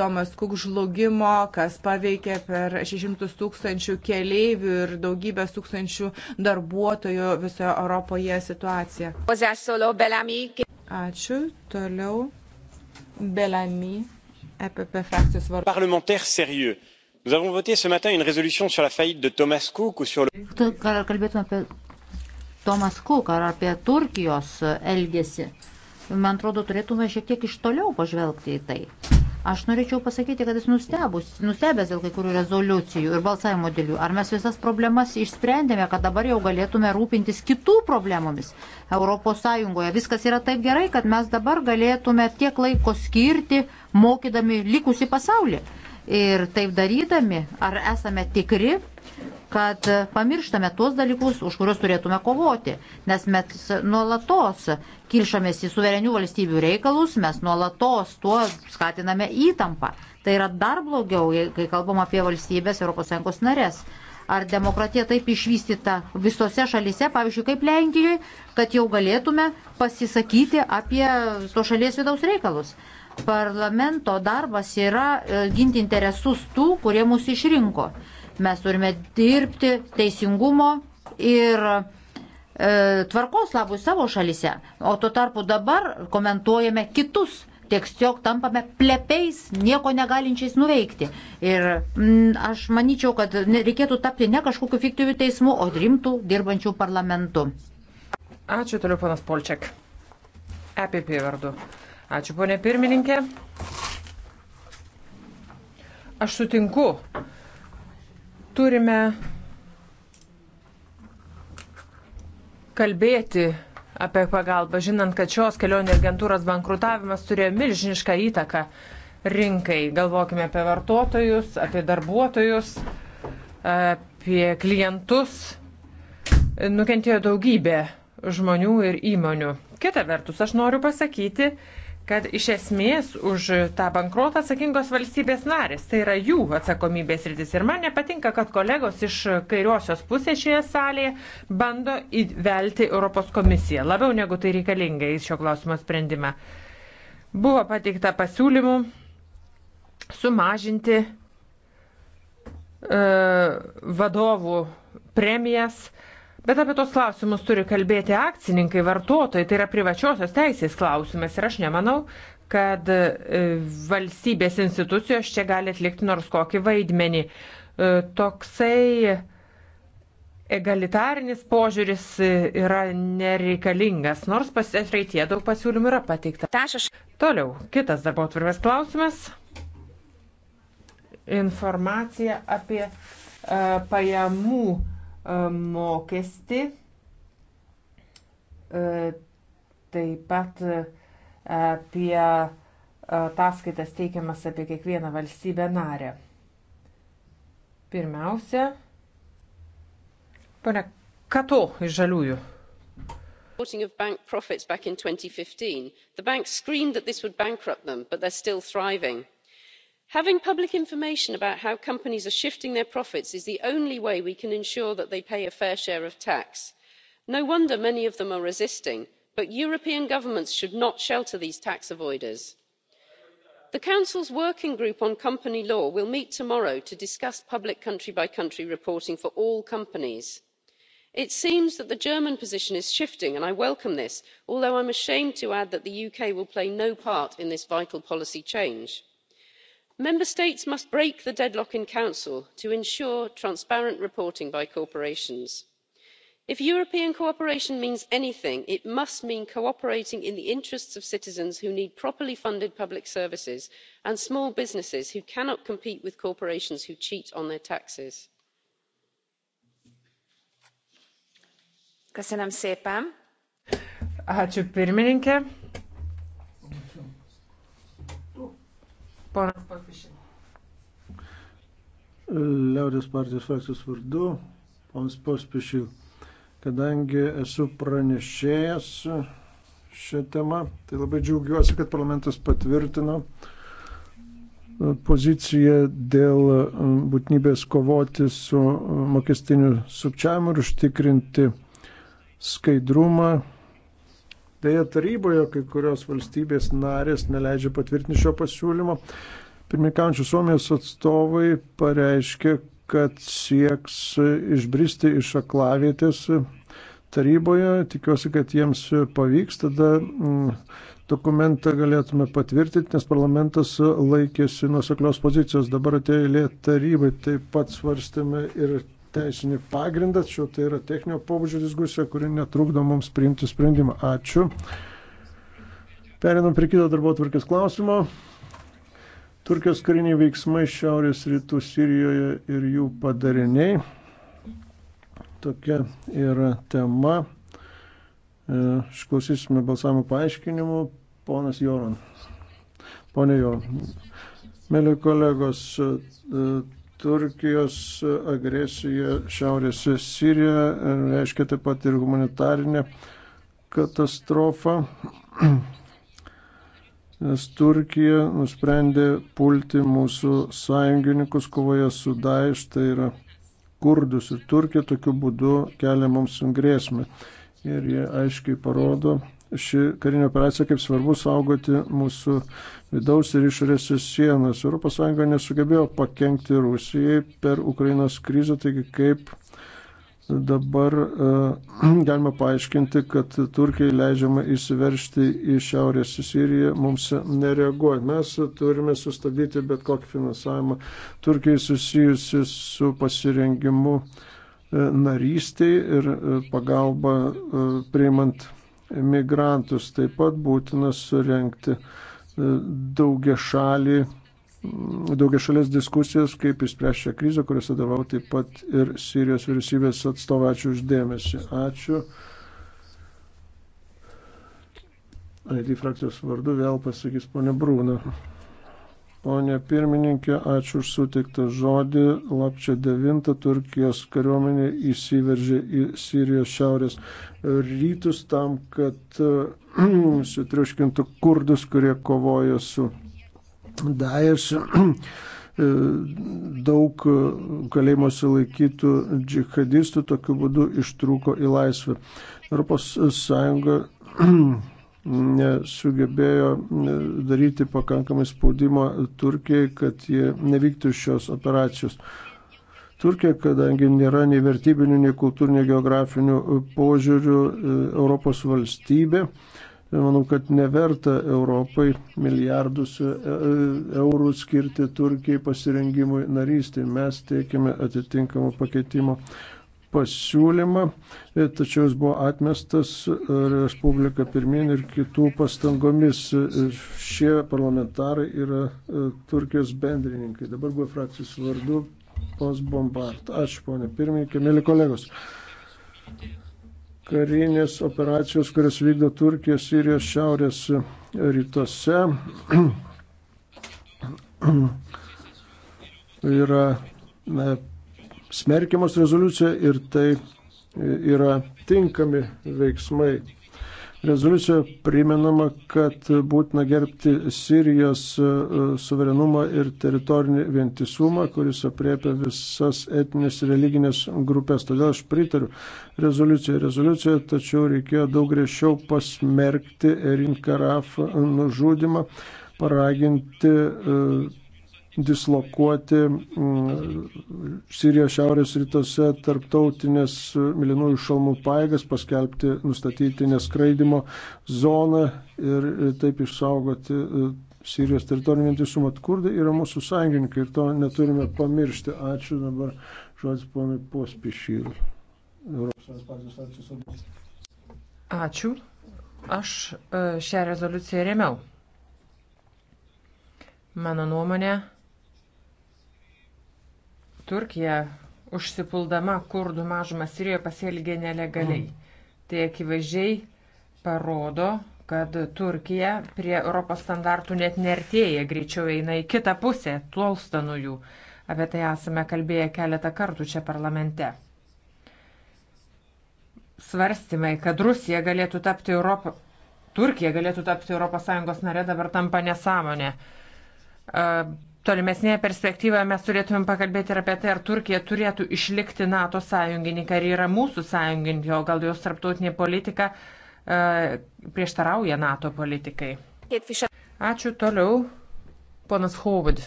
Tomas Kuk žlugimo, kas paveikė per 600 tūkstančių keleivių ir daugybės tūkstančių darbuotojų visoje Europoje situaciją. Ačiū. Toliau Belami, EPP frakcijos vardu. Nous avons voté ce matin une résolution sur la faillite de Thomas Cook ou sur le... Kalbėtume apie Thomas Cook ar apie Turkijos elgesį. Man atrodo, turėtume šiek tiek iš toliau pažvelgti į tai. Aš norėčiau pasakyti, kad jis nustebus, nustebęs dėl kai kurių rezoliucijų ir balsavimo dėl jų. Ar mes visas problemas išsprendėme, kad dabar jau galėtume rūpintis kitų problemomis Europos Sąjungoje. Viskas yra taip gerai, kad mes dabar galėtume tiek laiko skirti, mokydami likusi pasaulį. Ir taip darydami, ar esame tikri, kad pamirštame tuos dalykus, už kuriuos turėtume kovoti, nes mes nuolatos kilšomės į suverenių valstybių reikalus, mes nuolatos tuo skatiname įtampą. Tai yra dar blogiau, kai kalbam apie valstybės ES narės. Ar demokratija taip išvystyta visose šalise, pavyzdžiui, kaip Lenkijoje, kad jau galėtume pasisakyti apie to šalies vidaus reikalus. Parlamento darbas yra e, ginti interesus tų, kurie mūsų išrinko. Mes turime dirbti teisingumo ir e, tvarkos labui savo šalise, o tuo tarpu dabar komentuojame kitus tiesiog tampame plepiais, nieko negalinčiais nuveikti. Ir m, mm, aš manyčiau, kad reikėtų tapti ne kažkokiu fiktyviu teismu, o rimtų dirbančių parlamentu. Ačiū toliau, panas Polčiak. EPP vardu. Ačiū, ponė pirmininkė. Aš sutinku. Turime kalbėti apie pagalbą, žinant, kad šios kelionių agentūros bankrutavimas turėjo milžinišką įtaką rinkai. Galvokime apie vartotojus, apie darbuotojus, apie klientus. Nukentėjo daugybė žmonių ir įmonių. Kita vertus, aš noriu pasakyti, kad iš esmės už tą bankrotą atsakingos valstybės narės. Tai yra jų atsakomybės rytis. Ir man nepatinka, kad kolegos iš kairiosios pusės šioje salėje bando įvelti Europos komisiją labiau negu tai reikalinga į šio klausimo sprendimą. Buvo pateikta pasiūlymų sumažinti e, vadovų premijas. E, Bet apie tos klausimus turi kalbėti akcininkai, vartotojai, tai yra privačiosios teisės klausimas ir aš nemanau, kad e, valstybės institucijos čia gali atlikti nors kokį vaidmenį. E, toksai egalitarinis požiūris e, yra nereikalingas, nors pasreitie daug pasiūlymų yra pateikta. Tašaš. Toliau, kitas darbo atvirvės klausimas. Informacija apie uh, pajamų uh, mokestį. E, taip pat e, apie e, ataskaitas teikiamas apie kiekvieną valstybę narę. Pirmiausia, pane Kato iš Žaliųjų reporting of bank profits back in two thousand and fifteen the banks screamed that this would bankrupt them but they're still thriving having public information about how companies are shifting their profits is the only way we can ensure that they pay a fair share of tax. no wonder many of them are resisting but european governments should not shelter these tax avoiders. the council's working group on company law will meet tomorrow to discuss public countrybycountry reporting for all companies. it seems that the german position is shifting and i welcome this although i'm ashamed to add that the uk will play no part in this vital policy change member states must break the deadlock in council to ensure transparent reporting by corporations. if european cooperation means anything it must mean cooperating in the interests of citizens who need properly funded public services and small businesses who cannot compete with corporations who cheat on their taxes. ačiū pirmininke Ponas Papišin. Liaudės partijos frakcijos vardu, ponas Paspišil. Kadangi esu pranešėjęs šią temą, tai labai džiaugiuosi, kad parlamentas patvirtino poziciją dėl būtinybės kovoti su mokestiniu sukčiavimu ir užtikrinti skaidrumą Deja, taryboje kai kurios valstybės narės neleidžia patvirtinti šio pasiūlymo. Pirmininkančių Suomijos atstovai pareiškė, kad sieks išbristi iš aklavietės taryboje. Tikiuosi, kad jiems pavyks. Tada mm, dokumentą galėtume patvirtinti, nes parlamentas laikėsi nuseklios pozicijos. Dabar atėjo eilė tarybai. Taip pat svarstėme ir teisinį pagrindą, tačiau tai yra techninio pobūdžio diskusija, kuri netrukdo mums priimti sprendimą. Ačiū. Perinam prie kito darbo tvarkės klausimo. Turkijos kariniai veiksmai šiaurės rytų Sirijoje ir jų padariniai. Tokia yra tema. E, išklausysime balsavimo paaiškinimų. Ponas Joron. Pone Joron. Mėly kolegos, e, Turkijos agresija Šiaurės Sirijoje e, reiškia taip pat ir humanitarinę katastrofą, nes Turkija nusprendė pulti mūsų sąjungininkus kovoje su Daesh, tai yra kurdus ir Turkija tokiu būdu kelia mums grėsmę. Ir jie aiškiai parodo, ši karinė operacija, kaip svarbu saugoti mūsų vidaus ir išorės sienas. ES nesugebėjo pakengti Rusijai per Ukrainos krizę, taigi kaip dabar uh, galima paaiškinti, kad Turkijai leidžiama įsiveršti į šiaurės Siriją, mums nereaguoja. Mes turime sustabdyti bet kokį finansavimą Turkijai susijusi su pasirengimu e, narystiai ir e, pagalba priimant migrantus. Taip pat būtina surenkti e, daugia šalį daugia šalės diskusijos, kaip įspręs šią krizę, kuriuose dalyvau taip pat ir Sirijos vyriausybės atstovą. Ačiū uždėmesi. Ačiū. IT frakcijos vardu vėl pasakys ponia Brūna. Pone pirmininkė, ačiū už suteiktą žodį. Lapčio 9 Turkijos kariuomenė įsiveržė į Sirijos šiaurės rytus tam, kad sutriuškintų kurdus, kurie kovoja su Daesh. Daug kalėjimuose laikytų džihadistų tokiu būdu ištrūko į laisvę. Europos Sąjunga nesugebėjo e, daryti pakankamai spaudimo Turkijai, kad jie nevyktų šios operacijos. Turkija, kadangi nėra nei vertybinių, nei kultūrinių, geografinių požiūrių e, Europos valstybė, e, manau, kad neverta Europai milijardus eurų skirti Turkijai pasirengimui narystį. Mes teikiame atitinkamą pakeitimo pasiūlymą, e, tačiau jis buvo atmestas e, Respublika pirmin ir kitų pastangomis. E, šie parlamentarai yra Turkijos bendrininkai. Dabar buvo frakcijos vardu pos bombard. Ačiū, ponė pirmininkė, mėly kolegos. Karinės operacijos, kurias vykdo Turkija Sirijos šiaurės rytuose, yra smerkiamos rezoliucijoje ir tai yra tinkami veiksmai. Rezoliucijoje primenama, kad būtina gerbti Sirijos e, suverenumą ir teritorinį vientisumą, kuris apriepia visas etinės ir religinės grupės. Todėl aš pritariu rezoliucijai. Rezoliucijoje tačiau reikėjo daug griežčiau pasmerkti Erin Karaf nužudimą, paraginti e, dislokuoti mm, Sirijos šiaurės rytuose tarptautinės e, milinųjų šalmų paėgas, paskelbti, nustatyti neskraidimo zoną ir e, taip išsaugoti e, Sirijos teritorinį vientisumą. Kurdai yra mūsų sąjungininkai ir to neturime pamiršti. Ačiū dabar žodis ponui Pospišyl. Ačiū. Aš šią rezoliuciją remiau. Mano nuomonė, Turkija užsipuldama kurdų mažumą Sirijoje pasielgė nelegaliai. Tai akivaizdžiai parodo, kad Turkija prie Europos standartų net nertėja, greičiau eina į kitą pusę, tolsta nuo jų. Apie tai esame kalbėję keletą kartų čia parlamente. Svarstymai, kad Rusija galėtų tapti Europą, Turkija galėtų tapti ES nare, dabar tampa nesąmonė. Uh, tolimesnėje perspektyvoje mes turėtumėm pakalbėti ir apie tai, ar Turkija turėtų išlikti NATO sąjungininkai, ar yra mūsų sąjungininkai, o gal jos tarptautinė politika e, prieštarauja NATO politikai. Ačiū toliau, ponas Howard.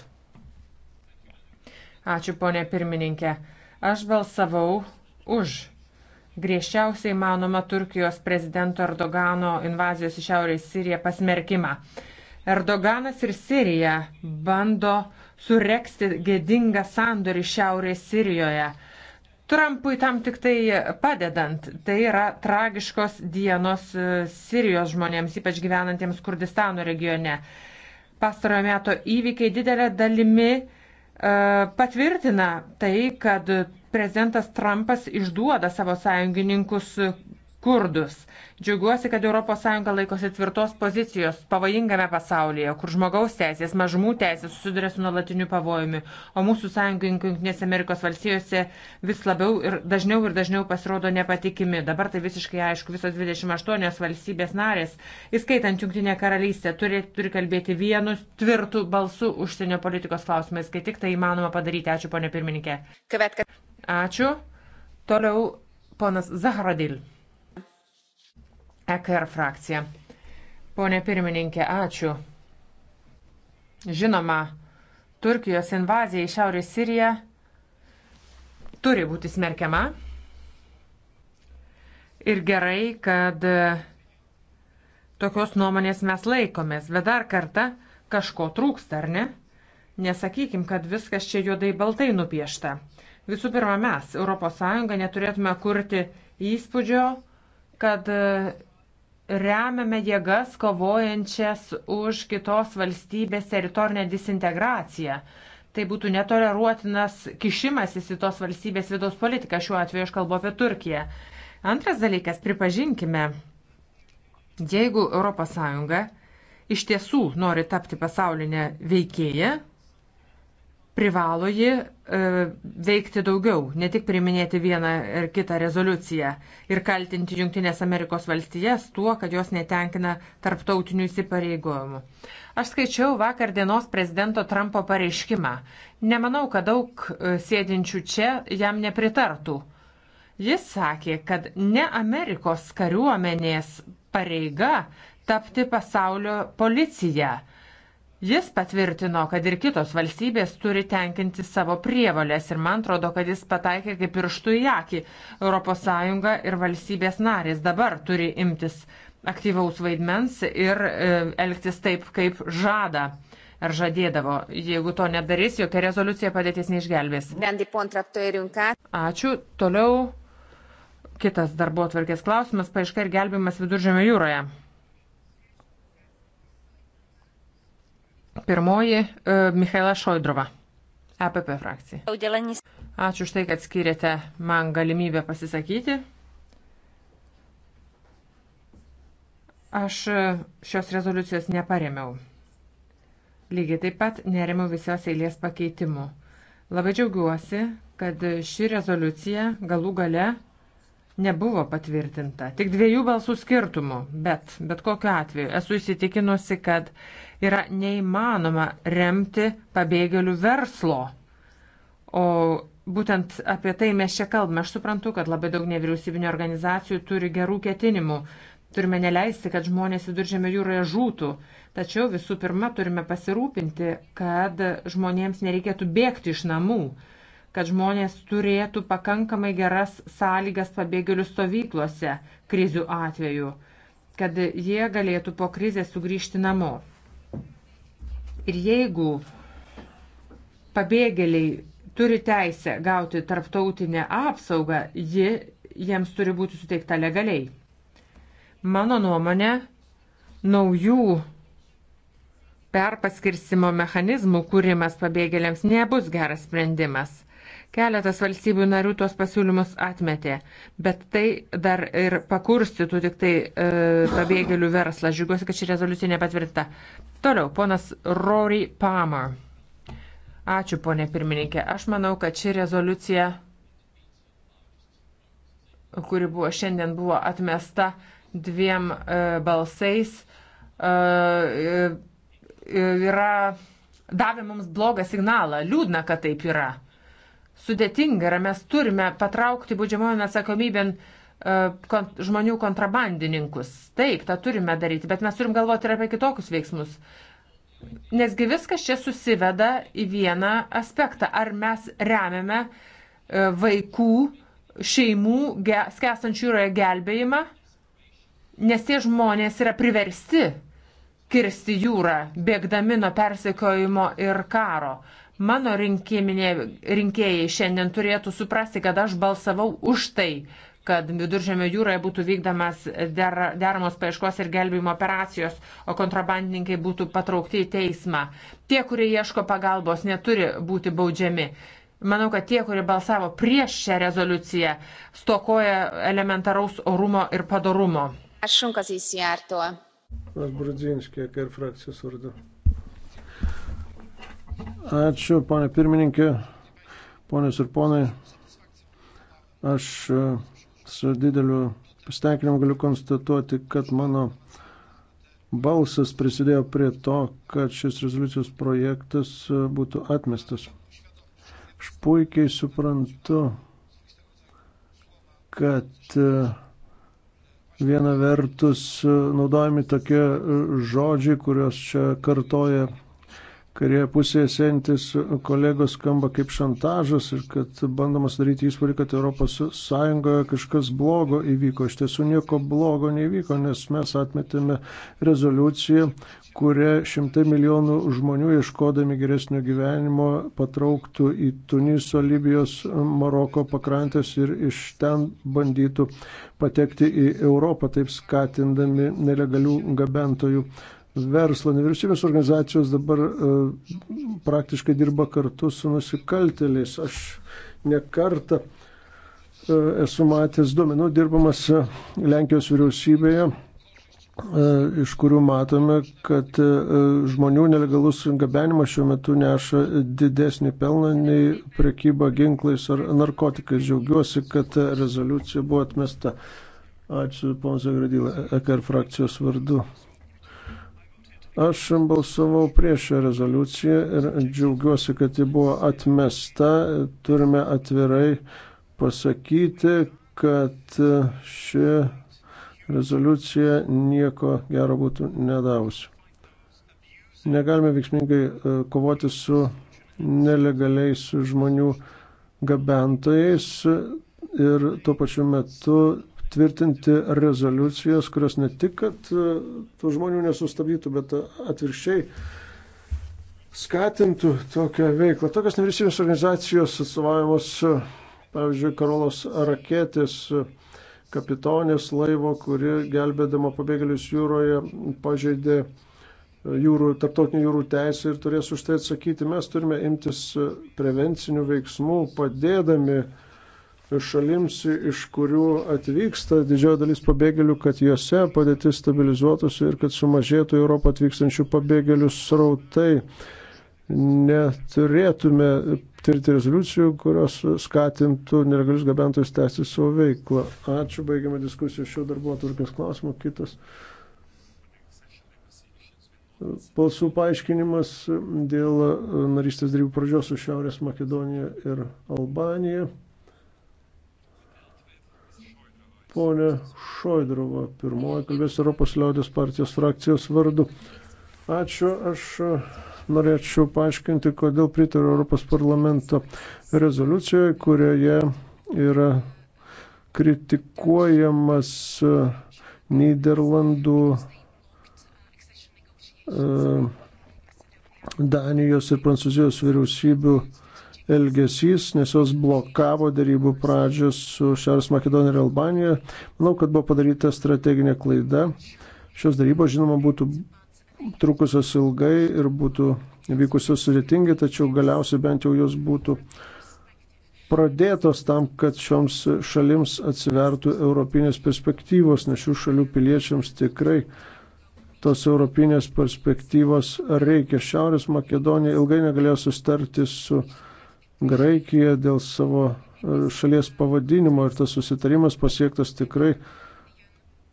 Ačiū, ponė pirmininkė. Aš balsavau už griežčiausiai manoma Turkijos prezidento Erdogano invazijos į Šiaurės Siriją pasmerkimą. Erdoganas ir Sirija bando sureksti gėdingą sandorį Šiaurės Sirijoje. Trumpui tam tik tai padedant, tai yra tragiškos dienos e, Sirijos žmonėms, ypač gyvenantiems Kurdistano regione. Pastarojo meto įvykiai didelė dalimi e, patvirtina tai, kad prezidentas Trumpas išduoda savo sąjungininkus kurdus. Džiaugiuosi, kad ES laikosi tvirtos pozicijos pavojingame pasaulyje, kur žmogaus teisės, mažumų teisės susiduria su nuolatiniu pavojumi, o mūsų sąjungininkų JAV vis labiau ir dažniau ir dažniau pasirodo nepatikimi. Dabar tai visiškai aišku, visos 28 valstybės narės, įskaitant Junktinę karalystę, turi, turi kalbėti vienu tvirtu balsu užsienio politikos klausimais, kai tik tai įmanoma padaryti. Ačiū, ponė pirmininkė. Ačiū. Toliau ponas Zahradil. EKR frakcija. Pone pirmininkė, ačiū. Žinoma, Turkijos invazija į Šiaurės Siriją turi būti smerkiama. Ir gerai, kad e, tokios nuomonės mes laikomės, bet dar kartą kažko trūksta, ar ne? Nesakykim, kad viskas čia juodai baltai nupiešta. Visų pirma, mes, ES, neturėtume kurti įspūdžio, kad e, remiame jėgas kovojančias už kitos valstybės teritorinę disintegraciją. Tai būtų netoleruotinas kišimasis į tos valstybės vidaus politiką, šiuo atveju aš kalbu apie Turkiją. Antras dalykas, pripažinkime, jeigu ES iš tiesų nori tapti pasaulinę veikėją, privalo ji e, veikti daugiau, ne tik priminėti vieną ar kitą rezoliuciją ir kaltinti Junktinės Amerikos valstijas tuo, kad jos netenkina tarptautinių įsipareigojimų. Aš skaičiau vakar dienos prezidento Trumpo pareiškimą. Nemanau, kad daug e, sėdinčių čia jam nepritartų. Jis sakė, kad ne Amerikos kariuomenės pareiga tapti pasaulio policija Jis patvirtino, kad ir kitos valstybės turi tenkinti savo prievalės ir man atrodo, kad jis pataikė kaip pirštų į akį. ES ir valstybės narės dabar turi imtis aktyvaus vaidmens ir e, elgtis taip, kaip žada ar žadėdavo. Jeigu to nedarys, jokia rezoliucija padėtis neišgelbės. Ačiū. Toliau kitas darbo atvarkės klausimas - paaiška ir gelbimas viduržėmio jūroje. Pirmoji e, Michaela Šoidrova, EPP frakcija. Ačiū už tai, kad skiriate man galimybę pasisakyti. Aš e, šios rezoliucijos neparemiau. Lygiai taip pat neremiau visos eilės pakeitimų. Labai džiaugiuosi, kad ši rezoliucija galų gale nebuvo patvirtinta. Tik dviejų balsų skirtumų, bet bet kokiu atveju esu įsitikinusi, kad yra neįmanoma remti pabėgėlių verslo. O būtent apie tai mes čia kalbame. Aš suprantu, kad labai daug nevyriausybinio organizacijų turi gerų ketinimų. Turime neleisti, kad žmonės viduržėme jūroje žūtų. Tačiau visų pirma turime pasirūpinti, kad žmonėms nereikėtų bėgti iš namų, kad žmonės turėtų pakankamai geras sąlygas pabėgėlių stovyklose krizių atveju, kad jie galėtų po krizės sugrįžti namo. Ir jeigu pabėgėliai turi teisę gauti tarptautinę apsaugą, ji jiems turi būti suteikta legaliai. Mano nuomonė, naujų perpaskirstimo mechanizmų kūrimas pabėgėliams nebus geras sprendimas. Keletas valstybių narių tuos pasiūlymus atmetė, bet tai dar ir pakurstytų tik tai e, pabėgėlių verslą. Žiūriuosi, kad ši rezoliucija nepatvirta. Toliau, ponas Rory Palmer. Ačiū, ponė pirmininkė. Aš manau, kad ši rezoliucija, kuri buvo šiandien buvo atmesta dviem e, balsais, e, e yra davė mums blogą signalą. Liūdna, kad taip yra sudėtinga ir mes turime patraukti būdžiamojame atsakomybėn e, kont žmonių kontrabandininkus. Taip, tą turime daryti, bet mes turim galvoti ir apie kitokius veiksmus. Nesgi viskas čia susiveda į vieną aspektą. Ar mes remiame e, vaikų, šeimų, skęstančių jūroje gelbėjimą, nes tie žmonės yra priversti kirsti jūrą, bėgdami nuo persekiojimo ir karo. Mano rinkėjai šiandien turėtų suprasti, kad aš balsavau už tai, kad viduržėmio jūroje būtų vykdamas der, deramos paieškos ir gelbėjimo operacijos, o kontrabandininkai būtų patraukti į teismą. Tie, kurie ieško pagalbos, neturi būti baudžiami. Manau, kad tie, kurie balsavo prieš šią rezoliuciją, stokoja elementaraus orumo ir padarumo. Aš šunkas įsijartuo. Aš Brudzinskė, ir frakcijos vardu. Ačiū, ponė pirmininkė, ponės ir ponai. Aš e, su dideliu pasitenkinimu galiu konstatuoti, kad mano balsas prisidėjo prie to, kad šis rezoliucijos projektas e, būtų atmestas. Aš puikiai suprantu, kad e, viena vertus naudojami tokie žodžiai, kuriuos čia kartoja kairėje pusėje sentis kolegos skamba kaip šantažas ir kad bandomas daryti įspūdį, kad ES kažkas blogo įvyko. Iš tiesų nieko blogo nevyko, nes mes atmetėme rezoliuciją, kuria šimtai milijonų žmonių ieškodami geresnio gyvenimo patrauktų į Tuniso, Libijos, Maroko pakrantės ir iš ten bandytų patekti į Europą, taip skatindami nelegalių gabentojų verslą. Nevyriausybės organizacijos dabar e, praktiškai dirba kartu su nusikaltėliais. Aš nekartą e, esu matęs duomenų dirbamas e, Lenkijos vyriausybėje iš kurių matome, kad žmonių nelegalus gabenimas šiuo metu neša didesnį pelną nei prekyba ginklais ar narkotikais. Džiaugiuosi, kad rezoliucija buvo atmesta. Ačiū, ponas Zagradylė, EKR frakcijos vardu. Aš balsavau prieš šią rezoliuciją ir džiaugiuosi, kad ji buvo atmesta. Turime atvirai pasakyti, kad ši rezoliucija nieko gero būtų nedavusi. Negalime veiksmingai e, kovoti su nelegaliais žmonių gabentojais ir tuo pačiu metu tvirtinti rezoliucijas, kurios ne tik, kad e, tų žmonių nesustabdytų, bet e, atvirkščiai skatintų tokią veiklą. Tokios nevyriausybės organizacijos atstovaujamos, e, pavyzdžiui, Karolos raketės kapitonės laivo, kuri gelbėdama pabėgėlius jūroje pažeidė jūrų, tarptautinių jūrų teisę ir turės už tai atsakyti. Mes turime imtis prevencinių veiksmų, padėdami uh, šalims, iš kurių atvyksta didžioji dalis pabėgėlių, kad juose padėtis stabilizuotųsi ir kad sumažėtų Europą atvykstančių pabėgėlių srautai. Neturėtume tirti rezoliucijų, kurios skatintų nelegalius gabentojus tęsti savo veiklą. Ačiū, baigiame diskusiją šio darbo atvarkės klausimų. Kitas balsų paaiškinimas dėl narystės darybų pradžios su Šiaurės Makedonija ir Albanija. ponė Šoidrova, pirmoji kalbės Europos liaudės partijos frakcijos vardu. Ačiū, aš norėčiau paaiškinti, kodėl pritariu Europos parlamento rezoliucijoje, kurioje yra kritikuojamas Niderlandų, e, Danijos ir Prancūzijos vyriausybių elgesys, nes jos blokavo darybų pradžią su Šiaurės Makedonija ir Albanija. Manau, kad buvo padaryta strateginė klaida. Šios darybos, žinoma, būtų trukusios ilgai ir būtų vykusios sudėtingai, tačiau galiausiai bent jau jos būtų pradėtos tam, kad šioms šalims atsivertų europinės perspektyvos, nes šių šalių piliečiams tikrai tos europinės perspektyvos reikia. Šiaurės Makedonija ilgai negalėjo sustarti su Graikija dėl savo e, šalies pavadinimo ir tas susitarimas pasiektas tikrai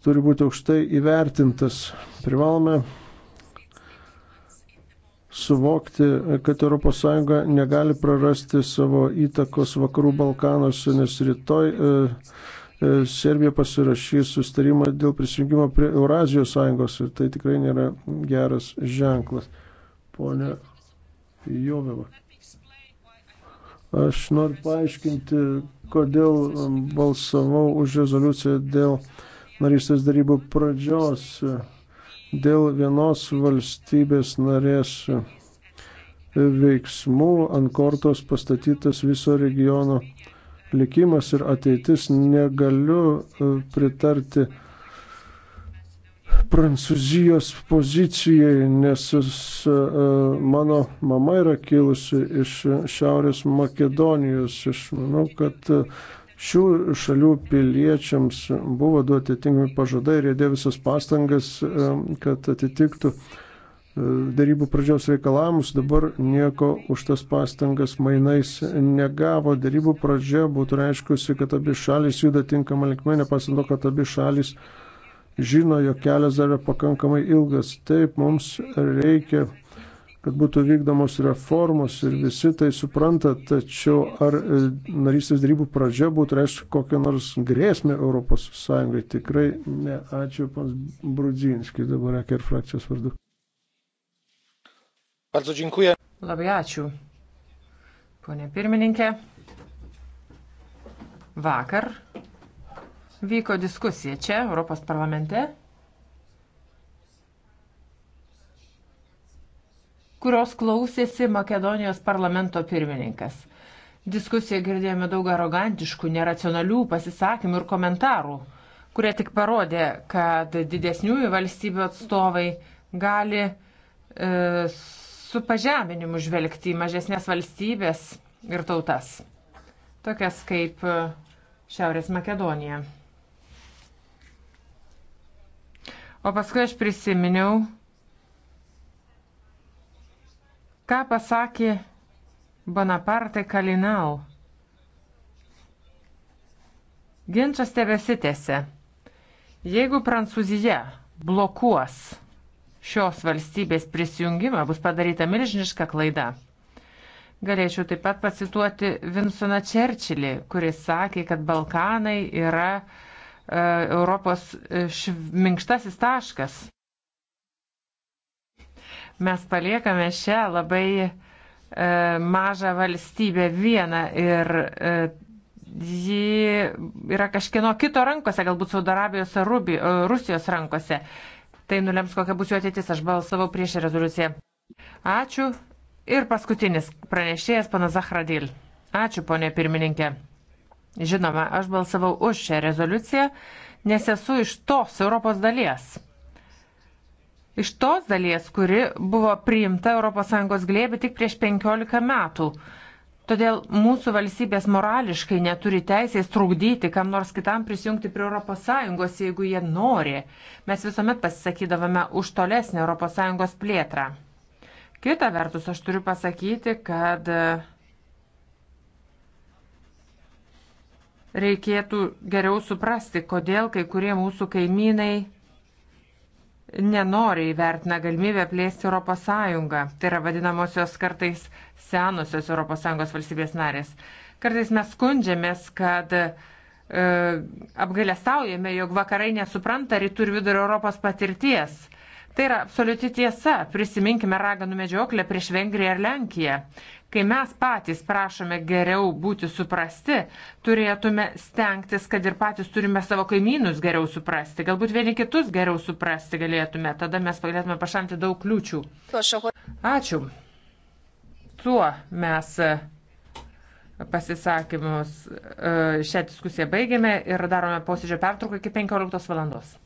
turi būti aukštai įvertintas. Privalome suvokti, kad ES negali prarasti savo įtakos vakarų Balkanuose, nes rytoj e, e, Serbija pasirašys sustarimą dėl prisijungimo prie Eurazijos sąjungos ir tai tikrai nėra geras ženklas. Pone Joveva. Aš noriu paaiškinti, kodėl um, balsavau už rezoliuciją dėl narystės darybų pradžios, dėl vienos valstybės narės veiksmų ant kortos pastatytas viso regiono likimas ir ateitis. Negaliu uh, pritarti Prancūzijos pozicijai, nes e, e, mano mama yra kilusi iš Šiaurės Makedonijos. Aš manau, kad e, šių šalių piliečiams buvo duoti tinkami pažadai ir jie dėjo visas pastangas, kad atitiktų darybų pradžios reikalavimus, dabar nieko už tas pastangas mainais negavo. Darybų pradžia būtų reiškusi, kad abi šalis juda tinkamą linkmenę, pasido, kad abi šalis uh, žino, jog kelias dar yra pakankamai ilgas. Taip, mums reikia, kad būtų vykdomos reformos ir visi tai supranta, tačiau ar e, narystės darybų pradžia būtų reiškia kokią nors grėsmę ES? Tikrai ne. Ačiū, pans Brudzinski, dabar EKR frakcijos vardu. Bardzo dziękuję. Labai ačiū. Pone pirmininkė, vakar vyko diskusija čia, Europos parlamente, kurios klausėsi Makedonijos parlamento pirmininkas. Diskusijoje girdėjome daug arogantiškų, neracionalių pasisakymų ir komentarų, kurie tik parodė, kad didesniųjų valstybių atstovai gali e, su pažeminimu žvelgti į mažesnės valstybės ir tautas, tokias kaip e, Šiaurės Makedonija. O paskui aš prisiminiau, ką pasakė Bonaparte Kalinau. Ginčas tebesitėse. Jeigu Prancūzija blokuos šios valstybės prisijungimą, bus padaryta milžiniška klaida. Galėčiau taip pat pacituoti Vinsoną Čerčilį, kuris sakė, kad Balkanai yra uh, E, Europos e, minkštasis taškas. Mes paliekame šią labai e, mažą valstybę vieną ir ji yra kažkieno kito rankose, galbūt Saudarabijos ar Rubi, Rusijos rankose. Tai nulems, kokia bus jų ateitis. Aš balsavau prieš rezoliuciją. Ačiū. Ir paskutinis pranešėjas, pana Zahradil. Ačiū, ponė pirmininkė. Žinoma, aš balsavau už šią rezoliuciją, nes esu iš tos Europos dalies. Iš tos dalies, kuri buvo priimta ES glėbi tik prieš 15 metų. Todėl mūsų valstybės morališkai neturi teisės trukdyti kam nors kitam prisijungti prie ES, jeigu jie nori. Mes visuomet pasisakydavome už tolesnį ES plėtrą. Kita vertus, aš turiu pasakyti, kad reikėtų geriau suprasti, kodėl kai kurie mūsų kaimynai nenoriai vertina galimybę plėsti ES. Tai yra vadinamosios kartais senosios ES valstybės narės. Kartais mes skundžiamės, kad e, apgailestaujame, jog vakarai nesupranta rytų ir vidurio Europos patirties Tai yra absoliuti tiesa. Prisiminkime raganų medžioklę prieš Vengriją ir Lenkiją. Kai mes patys prašome geriau būti suprasti, turėtume stengtis, kad ir patys turime savo kaimynus geriau suprasti. Galbūt vieni kitus geriau suprasti galėtume. Tada mes galėtume pašalinti daug kliūčių. Ačiū. Tuo mes e, pasisakymus e, šią diskusiją baigėme ir darome posėdžio pertrauką iki 15 valandos.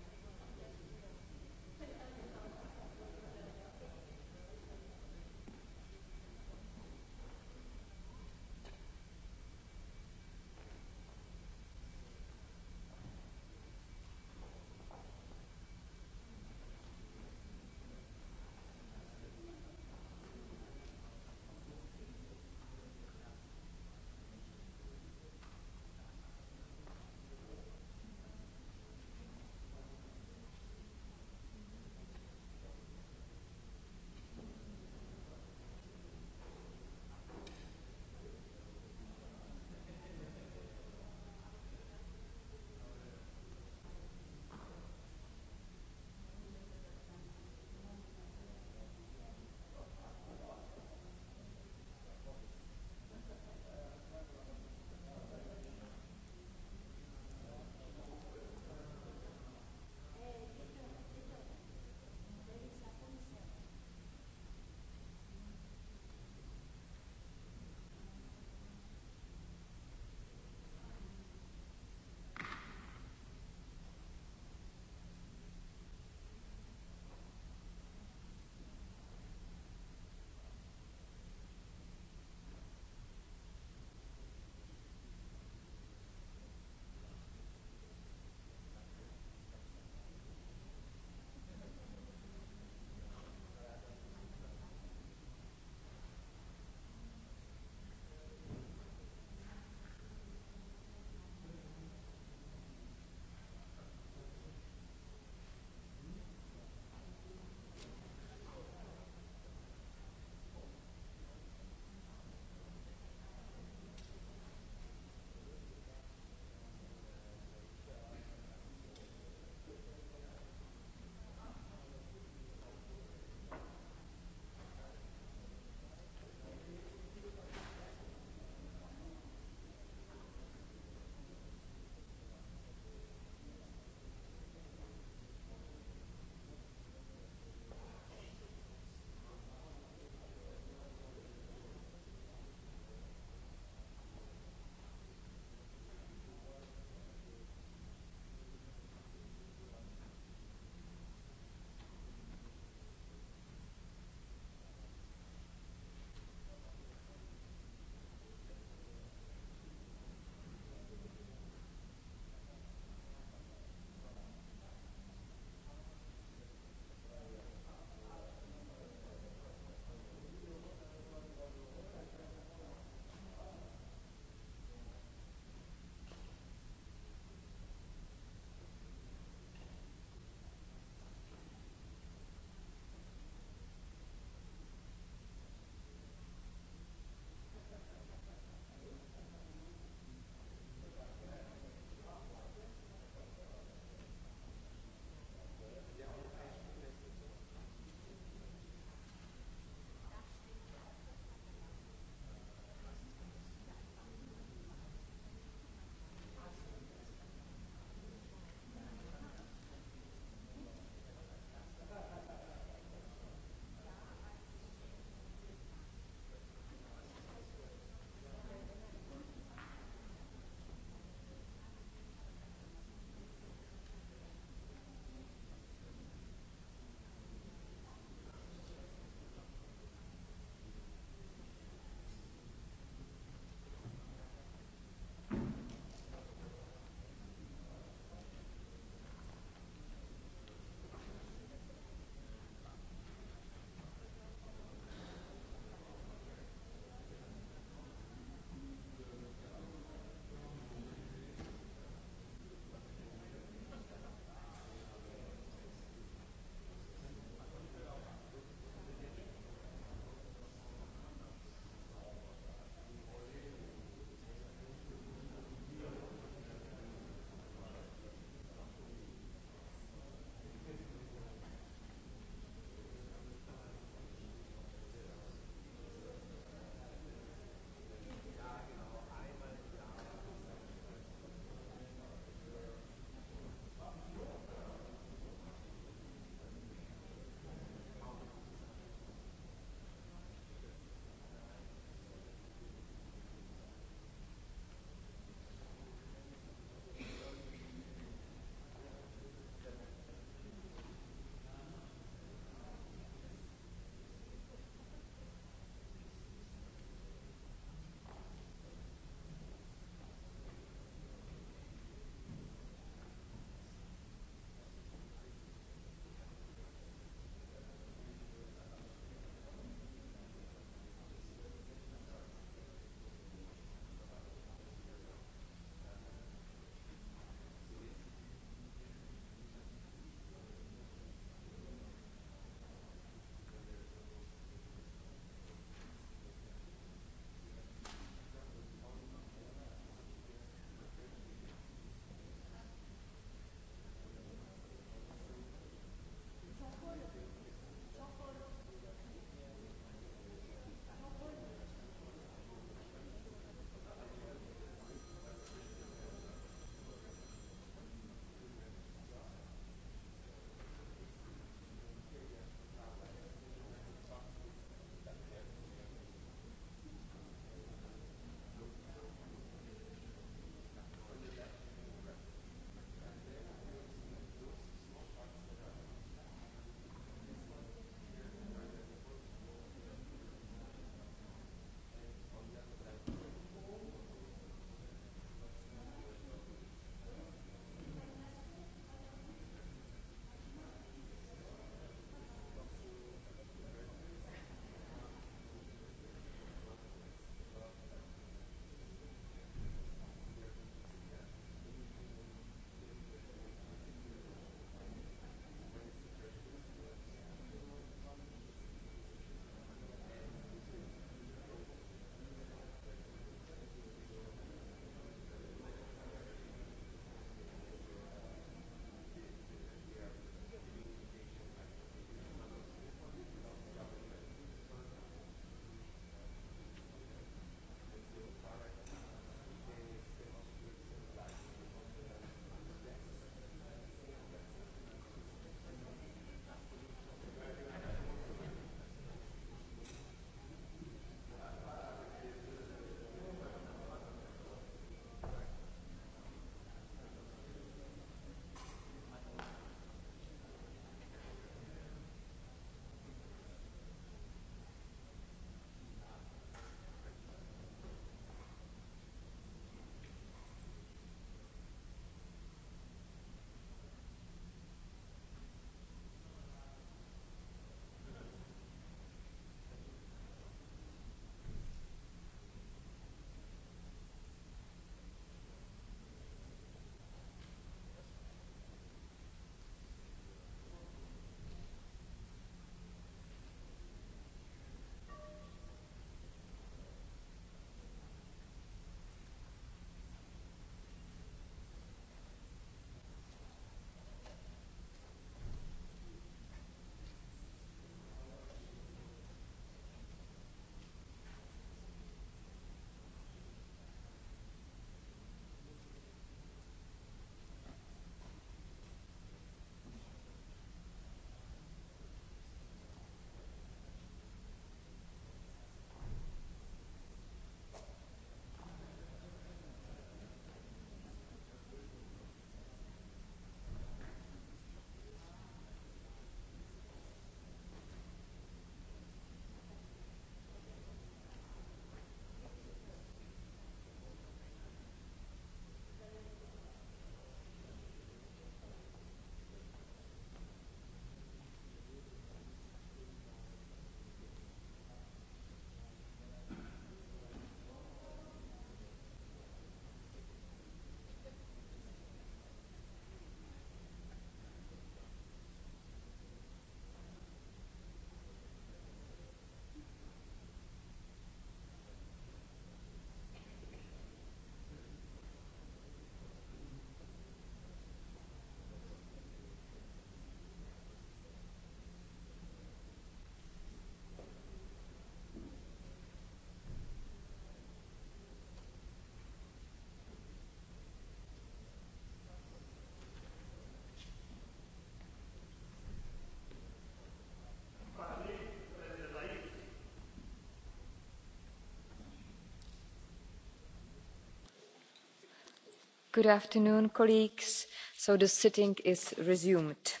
good afternoon colleagues so the sitting is resumed.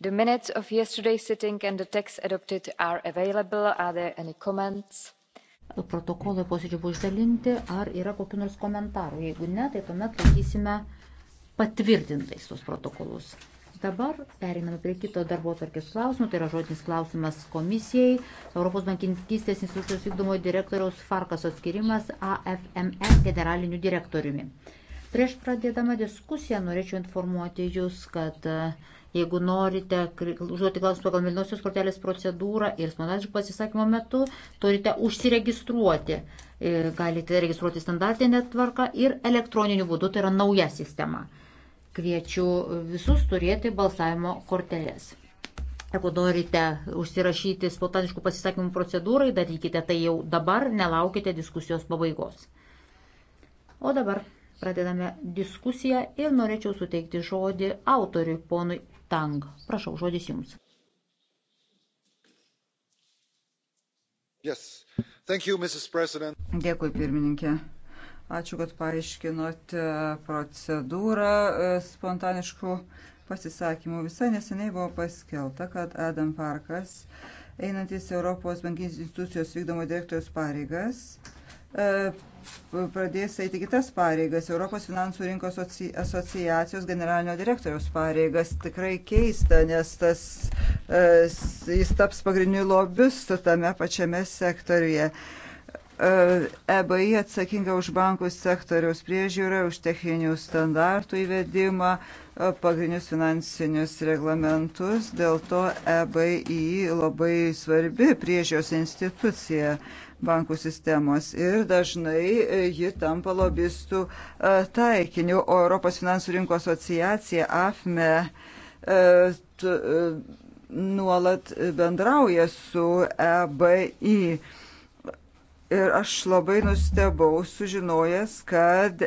the minutes of yesterday's sitting and the text adopted are available are there any comments? protokolai posėdžio buvo išdalinti ar yra kokių nors komentarų jeigu ne tai tuomet laikysime patvirtintais tuos protokolus Dabar periname prie kito darbo tvarkės klausimų, tai yra žodinis klausimas komisijai, Europos bankininkystės institucijos vykdomo direktoriaus Farkas atskirimas AFMS e generaliniu direktoriumi. Prieš pradėdama diskusiją norėčiau informuoti Jūs, kad e, jeigu norite užduoti klausimą pagal Milinosios kortelės procedūrą ir spontaniškų pasisakymo metu, turite užsiregistruoti. E, galite registruoti standartinę tvarką ir elektroniniu būdu, tai yra nauja sistema. Kviečiu visus turėti balsavimo kortelės. Jeigu norite užsirašyti spontaniškų pasisakymų procedūrai, darykite tai jau dabar, nelaukite diskusijos pabaigos. O dabar Pradedame diskusiją ir norėčiau suteikti žodį autoriui, ponui Tang. Prašau, žodis jums. Yes. Thank you, Mrs. President. Dėkui, pirmininkė. Ačiū, kad paaiškinote procedūrą e, spontaniškų pasisakymų. Visai neseniai buvo paskelta, kad Adam Parkas, einantis Europos bankinės institucijos vykdomo direktorius pareigas, E, pradės eiti kitas pareigas, Europos finansų rinkos asociacijos generalinio direktoriaus pareigas. Tikrai keista, nes tas, e, jis taps pagrindiniu lobistu tame pačiame sektoriuje. EBI e atsakinga už bankų sektoriaus priežiūrą, už techninių standartų įvedimą, pagrindinius finansinius reglamentus. Dėl to EBI labai svarbi priežios institucija bankų sistemos ir dažnai e, ji tampa lobistų e, taikiniu. O Europos finansų rinkų asociacija AFME e, nuolat bendrauja su EBI. Ir aš labai nustebau sužinojęs, kad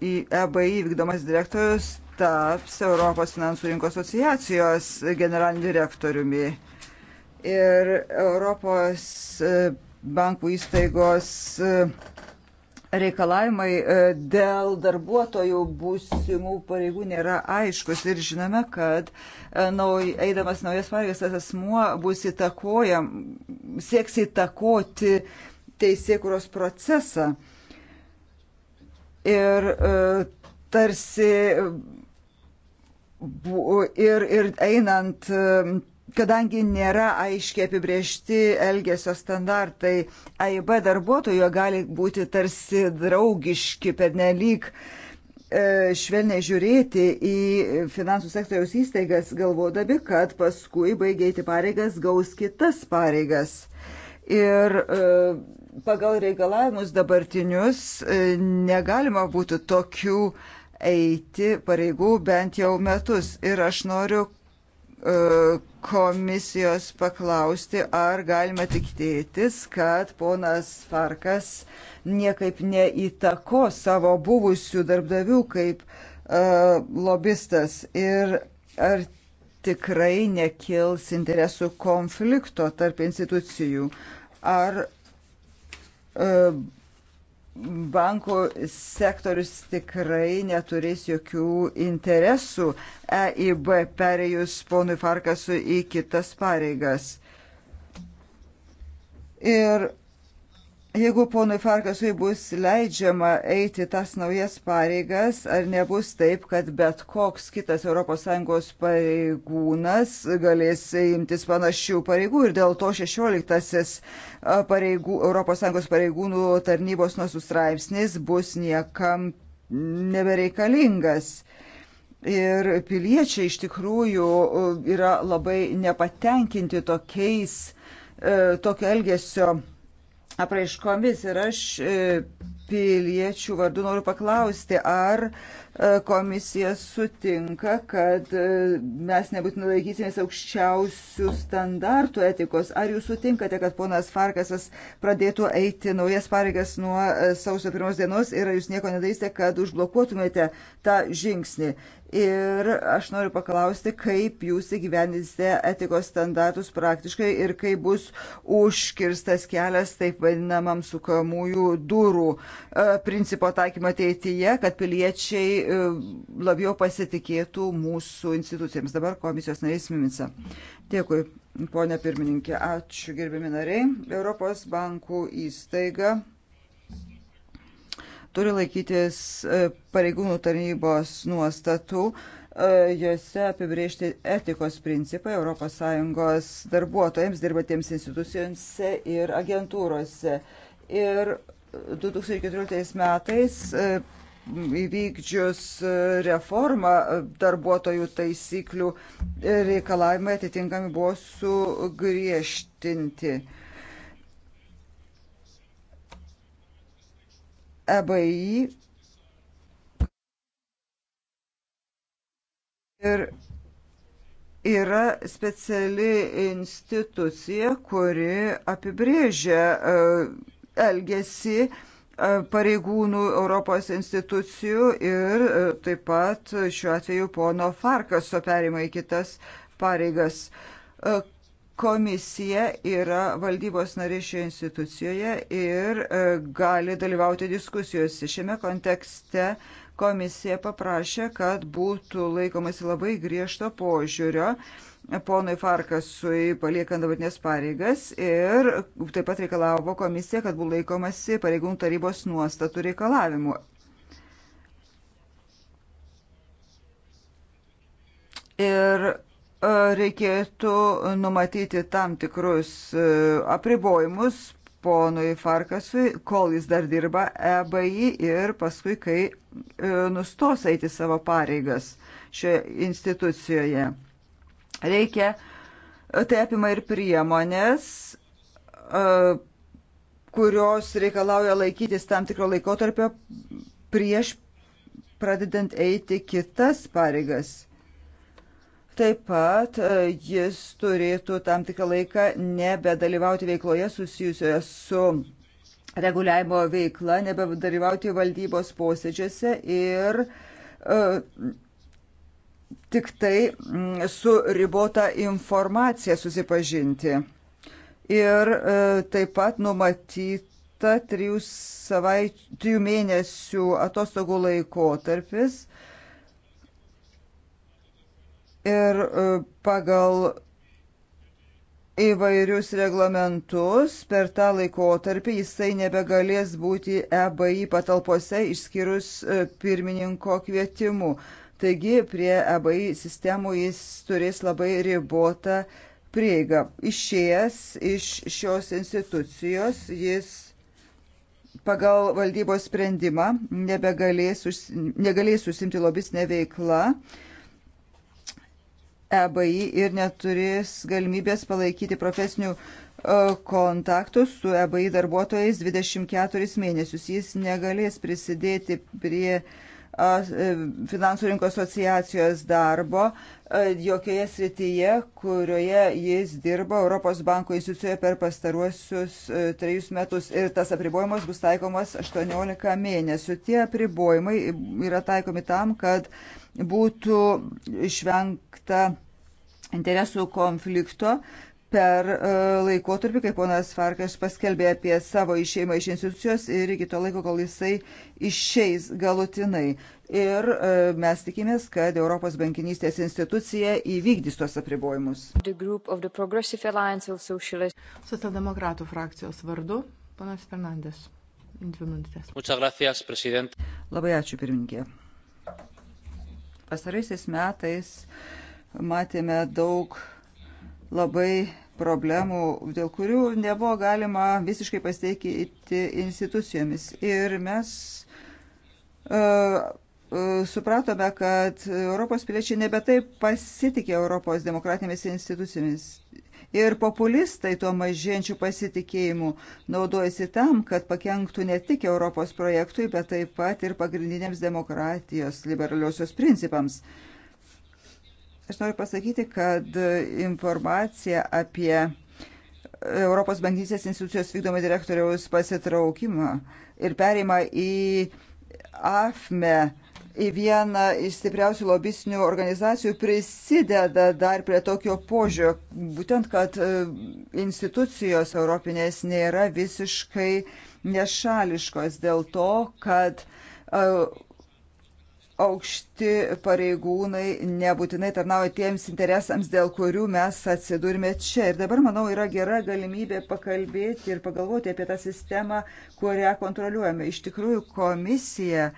EBI vykdomas direktorius taps Europos finansų rinkų asociacijos generaliniu direktoriumi. Ir Europos bankų įstaigos e, reikalavimai e, dėl darbuotojų būsimų pareigų nėra aiškus ir žinome, kad e, nauj, eidamas naujas pareigas tas asmuo bus įtakojam, sieks įtakoti teisėkuros procesą. Ir tarsi ir, ir einant Kadangi nėra aiškiai apibriešti elgesio standartai, AIB darbuotojo gali būti tarsi draugiški, pernelyg e, švelniai žiūrėti į finansų sektoriaus įstaigas, galvodami, kad paskui baigėti pareigas gaus kitas pareigas. Ir e, pagal reikalavimus dabartinius e, negalima būtų tokių eiti pareigų bent jau metus. Ir aš noriu komisijos paklausti, ar galima tik tėtis, kad ponas Farkas niekaip neįtako savo buvusių darbdavių kaip uh, lobistas ir ar tikrai nekils interesų konflikto tarp institucijų, ar uh, bankų sektorius tikrai neturės jokių interesų EIB perėjus ponui Farkasui į kitas pareigas. Ir Jeigu ponui Farkasui bus leidžiama eiti tas naujas pareigas, ar nebus taip, kad bet koks kitas ES pareigūnas galės imtis panašių pareigų ir dėl to 16-asis pareigų, ES pareigūnų tarnybos nusustraipsnis bus niekam nebereikalingas. Ir piliečiai iš tikrųjų yra labai nepatenkinti tokiais, e, tokio elgesio apraiškomis. Ir aš e, piliečių vardu noriu paklausti, ar e, komisija sutinka, kad e, mes nebūtinai laikysimės aukščiausių standartų etikos. Ar jūs sutinkate, kad ponas Farkasas pradėtų eiti naujas pareigas nuo sausio pirmos dienos ir jūs nieko nedarysite, kad užblokuotumėte tą žingsnį? Ir aš noriu paklausti, kaip jūs įgyvendysite etikos standartus praktiškai ir kaip bus užkirstas kelias taip vadinamam sukamųjų durų e, principo taikymo ateityje, kad piliečiai e, labiau pasitikėtų mūsų institucijams. Dabar komisijos narys Mimica. Dėkui, ponė pirmininkė. Ačiū, gerbimi nariai. Europos bankų įstaiga turi laikytis e, pareigūnų tarnybos nuostatų, e, jose apibriežti etikos principai ES darbuotojams dirbatiems institucijose ir agentūrose. Ir 2014 metais e, įvykdžius reformą darbuotojų taisyklių reikalavimai atitinkami buvo sugriežtinti. EBI ir yra speciali institucija, kuri apibrėžia e, elgesį e, pareigūnų Europos institucijų ir e, taip pat šiuo atveju pono Farkaso perima į kitas pareigas. Komisija yra valdybos narė šioje institucijoje ir e, gali dalyvauti diskusijose. Šiame kontekste komisija paprašė, kad būtų laikomasi labai griežto požiūrio ponui Farkasui paliekant dabartinės pareigas ir taip pat reikalavo komisija, kad būtų laikomasi pareigūnų tarybos nuostatų reikalavimų. Ir reikėtų numatyti tam tikrus apribojimus ponui Farkasui, kol jis dar dirba EBI ir paskui, kai nustos eiti savo pareigas šioje institucijoje. Reikia, tai apima ir priemonės, kurios reikalauja laikytis tam tikro laikotarpio prieš pradedant eiti kitas pareigas Taip pat e, jis turėtų tam tikrą laiką nebedalyvauti veikloje susijusioje su reguliavimo veikla, nebedalyvauti valdybos posėdžiuose ir uh, tik tai mm, su ribota informacija susipažinti. Ir uh, taip pat numatyta trijų, savait, trijų mėnesių atostogų laikotarpis ir e, pagal įvairius reglamentus per tą laikotarpį jisai nebegalės būti EBI patalpose išskyrus e, pirmininko kvietimu. Taigi prie EBI sistemų jis turės labai ribotą prieigą. Išėjęs iš šios institucijos jis pagal valdybos sprendimą nebegalės, negalės užsimti lobistinę veiklą. EBI ir neturės galimybės palaikyti profesinių e, kontaktų su EBI darbuotojais 24 mėnesius. Jis negalės prisidėti prie uh, E, finansų rinkų asociacijos darbo e, jokioje srityje, kurioje jis dirbo Europos banko institucijoje per pastaruosius e, trejus metus. Ir tas apribojimas bus taikomas 18 mėnesių. Tie apribojimai yra taikomi tam, kad būtų išvengta interesų konflikto per e, laikotarpį, kai ponas Farkas paskelbė apie savo išeimą iš institucijos ir iki to laiko, kol jisai išeis galutinai. Ir e, mes tikimės, kad Europos bankinystės institucija įvykdys tuos apribojimus. Socialdemokratų frakcijos vardu, panas Fernandes. Dvi minutės. Gracias, Labai ačiū, pirmininkė. Pasaraisiais metais matėme daug labai problemų, dėl kurių nebuvo galima visiškai pasiteikyti institucijomis. Ir mes uh, supratome, kad Europos piliečiai nebetaip pasitikė Europos demokratinėmis institucijomis. Ir populistai tuo mažėjančių pasitikėjimų naudojasi tam, kad pakenktų ne tik Europos projektui, bet taip pat ir pagrindinėms demokratijos liberaliosios principams. Uh, Aš noriu pasakyti, kad informacija apie Europos bankysės institucijos vykdomo direktoriaus pasitraukimą ir pereimą į AFME, į vieną iš stipriausių lobistinių organizacijų prisideda dar prie tokio požiūrio, būtent, kad e, institucijos europinės nėra visiškai nešališkos dėl to, kad uh, aukšti pareigūnai nebūtinai tarnauja tiems interesams, dėl kurių mes atsidurime čia. Ir dabar, manau, yra gera galimybė pakalbėti ir pagalvoti apie tą sistemą, kurią kontroliuojame. Iš tikrųjų, komisija e,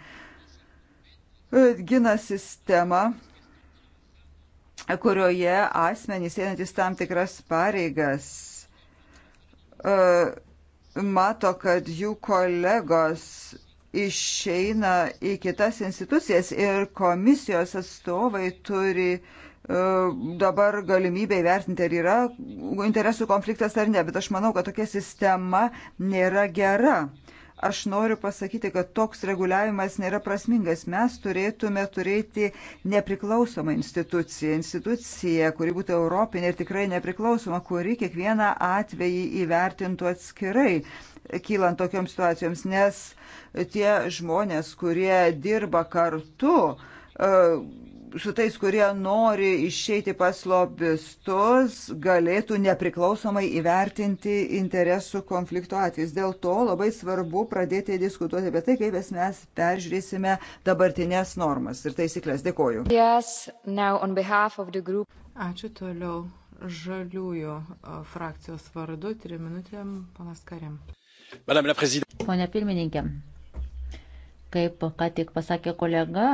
gina sistemą, kurioje asmenys einantis tam tikras pareigas e, mato, kad jų kolegos išeina į kitas institucijas ir komisijos atstovai turi e, dabar galimybę įvertinti, ar yra interesų konfliktas ar ne, bet aš manau, kad tokia sistema nėra gera. Aš noriu pasakyti, kad toks reguliavimas nėra prasmingas. Mes turėtume turėti nepriklausomą instituciją, instituciją, kuri būtų europinė ir tikrai nepriklausoma, kuri kiekvieną atvejį įvertintų atskirai kylant tokioms situacijoms, nes tie žmonės, kurie dirba kartu e, su tais, kurie nori išeiti pas lobistus, galėtų nepriklausomai įvertinti interesų konflikto atvejus. Dėl to labai svarbu pradėti diskutuoti apie tai, kaip mes peržiūrėsime dabartinės normas ir taisyklės. Dėkoju. Yes, Ačiū toliau žaliųjų frakcijos vardu, trim minutėm, panas Karim. Pone pirmininkė, kaip ką tik pasakė kolega,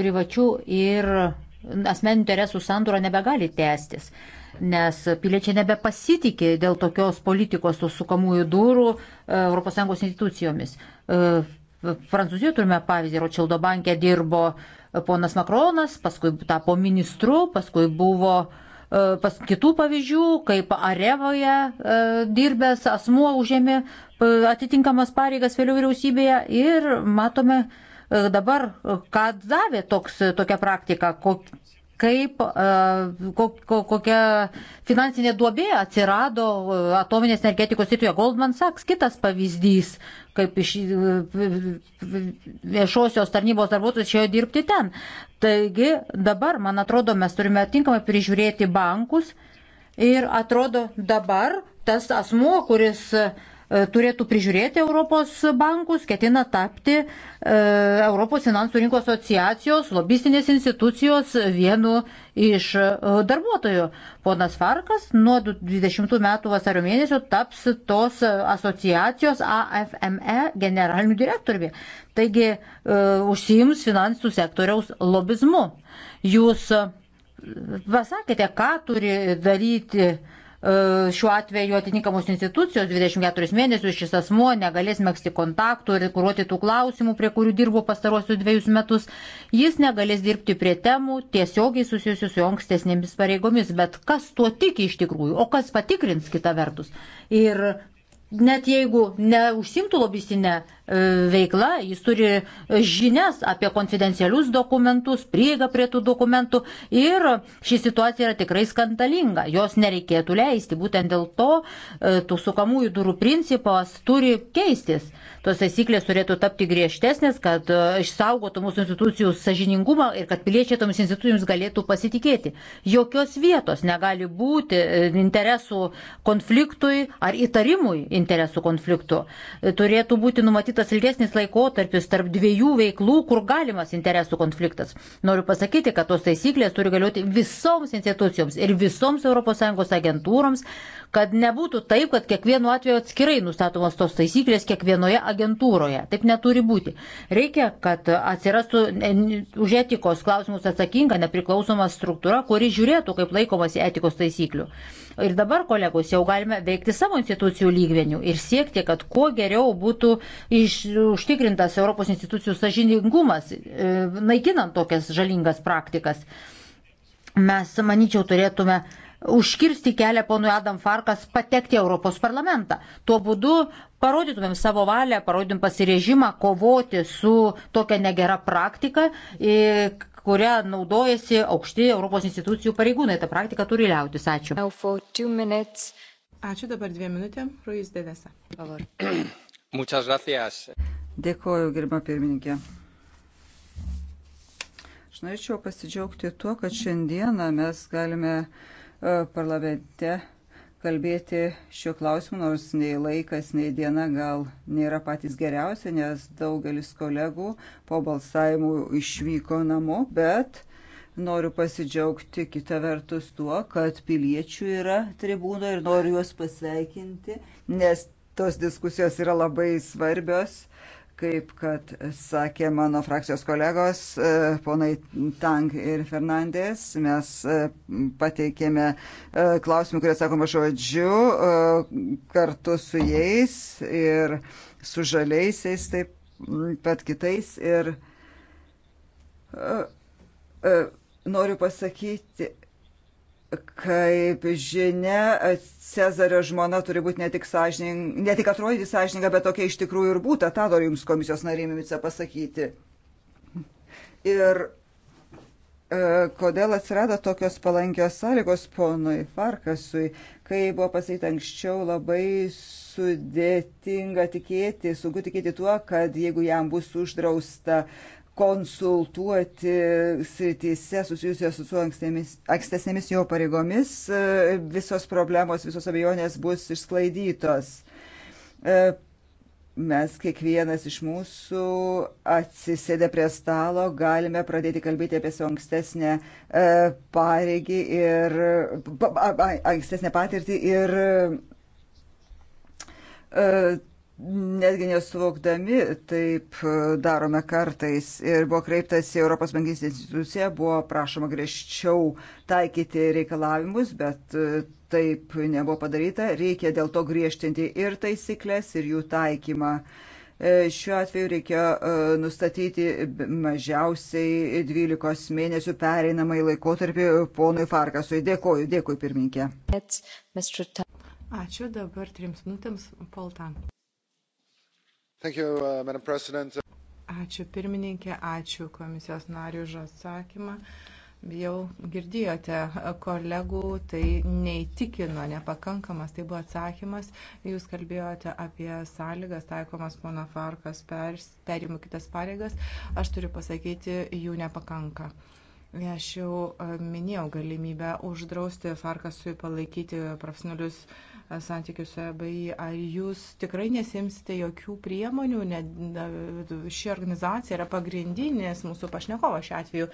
privačių ir asmeninių interesų sandūra nebegali tęstis, nes piliečiai nebepasitikė dėl tokios politikos su sukamųjų durų e, ES institucijomis. E, Prancūzijoje turime pavyzdį, Ročildo bankė dirbo e, ponas Makronas, paskui tapo ministru, paskui buvo uh, pas kitų pavyzdžių, kaip Arevoje e, dirbęs asmuo užėmė e, atitinkamas pareigas vėliau vyriausybėje ir matome e, dabar, ką davė toks, tokia praktika, kaip, e, kokia finansinė duobė atsirado e, atominės energetikos srityje. Goldman Sachs kitas pavyzdys, kaip iš e, viešosios tarnybos darbuotojus išėjo dirbti ten. Taigi dabar, man atrodo, mes turime tinkamai prižiūrėti bankus ir atrodo dabar tas asmuo, kuris uh, E, turėtų prižiūrėti Europos bankus, ketina tapti e, Europos finansų rinkų asociacijos lobistinės institucijos vienu iš e, darbuotojų. Ponas Farkas nuo 20 metų vasario mėnesio taps tos asociacijos AFME generaliniu direktoriumi. Taigi užsiims finansų sektoriaus lobizmu. Jūs pasakėte, ką turi daryti uh, E, šiuo atveju atitinkamos institucijos 24 mėnesius šis asmuo negalės mėgsti kontaktų ir kuruoti tų klausimų, prie kurių dirbo pastarosius dviejus metus. Jis negalės dirbti prie temų tiesiogiai susijusių su jo ankstesnėmis pareigomis. Bet kas tuo tiki iš tikrųjų, o kas patikrins kitą vertus. Ir net jeigu neužsimtų lobistinę e, veiklą, jis turi e, žinias apie konfidencialius dokumentus, prieigą prie tų dokumentų ir ši situacija yra tikrai skandalinga, jos nereikėtų leisti, būtent dėl to e, tų sukamųjų durų principas turi keistis tos taisyklės turėtų tapti griežtesnės, kad e, išsaugotų mūsų institucijų sažiningumą ir kad piliečiai toms institucijoms galėtų pasitikėti. Jokios vietos negali būti e, interesų konfliktui ar įtarimui interesų konfliktų. E, turėtų būti numatytas ilgesnis laikotarpis tarp dviejų veiklų, kur galimas interesų konfliktas. Noriu pasakyti, kad tos taisyklės turi galioti visoms institucijoms ir visoms ES agentūroms, kad nebūtų taip, kad kiekvienu atveju atskirai nustatomos tos taisyklės kiekvienoje agentūroje. Taip neturi būti. Reikia, kad atsirastų už etikos klausimus atsakinga nepriklausoma struktūra, kuri žiūrėtų, kaip laikomasi etikos taisyklių. Ir dabar, kolegos, jau galime veikti savo institucijų lygmenių ir siekti, kad kuo geriau būtų iš, užtikrintas Europos institucijų sažiningumas, e, naikinant tokias žalingas praktikas. Mes, manyčiau, turėtume uh, užkirsti kelią ponui Adam Farkas patekti į Europos parlamentą. Tuo būdu parodytumėm savo valią, parodytum pasirežimą kovoti su tokia negera praktika, kurią naudojasi aukšti Europos institucijų pareigūnai. Ta praktika turi liautis. Ačiū. Ačiū dabar dviem minutėm. Ruiz Devesa. Dėkoju, gerima pirmininkė. Aš norėčiau pasidžiaugti tuo, kad šiandieną mes galime uh, parlamente kalbėti šiuo klausimu, nors nei laikas, nei diena gal nėra patys geriausi, nes daugelis kolegų po balsavimų išvyko namo, bet noriu pasidžiaugti kitą vertus tuo, kad piliečių yra tribūno ir noriu juos pasveikinti, nes tos diskusijos yra labai svarbios Kaip kad sakė mano frakcijos kolegos, e, ponai Tang ir Fernandės, mes e, pateikėme e, klausimų, kurie sakoma žodžiu, kartu su jais ir su žaliaisiais taip pat kitais. Ir noriu pasakyti, Kaip žinia, Cezario žmona turi būti ne tik, sąžining, ne tik atrodyti sąžininga, bet tokia iš tikrųjų ir būtų. Tą noriu Jums komisijos narėmice pasakyti. Ir e, kodėl atsirado tokios palankios sąlygos ponui Farkasui, kai buvo pasakyta anksčiau labai sudėtinga tikėti, sunku tikėti tuo, kad jeigu jam bus uždrausta konsultuoti srityse susijusios su ankstesnėmis jo pareigomis, e, visos problemos, visos abejonės bus išsklaidytos. E, mes kiekvienas iš mūsų atsisėdę prie stalo galime pradėti kalbėti apie savo ankstesnę e, pareigį ir ankstesnę patirtį ir netgi nesuvokdami taip e, darome kartais. Ir buvo kreiptas į Europos bankys instituciją, buvo prašoma griežčiau taikyti reikalavimus, bet e, taip nebuvo padaryta. Reikia dėl to griežtinti ir taisyklės, ir jų taikymą. E, šiuo atveju reikia nustatyti mažiausiai 12 mėnesių pereinamąjį laikotarpį ponui Farkasui. Dėkoju, dėkui pirminkė. Ačiū dabar trims minutėms, Poltan. You, uh, ačiū pirmininkė, ačiū komisijos nariui už atsakymą. Jau girdėjote uh, kolegų, tai neįtikino, nepakankamas, tai buvo atsakymas. Jūs kalbėjote apie sąlygas taikomas pono Farkas perimų kitas pareigas. Aš turiu pasakyti, jų nepakanka. Aš jau uh, minėjau galimybę uždrausti Farkasui palaikyti profesionalius uh, santykiuose BI, ar jūs tikrai nesimsite jokių priemonių, ne, ši organizacija yra pagrindinės mūsų pašnekovo šiuo atveju.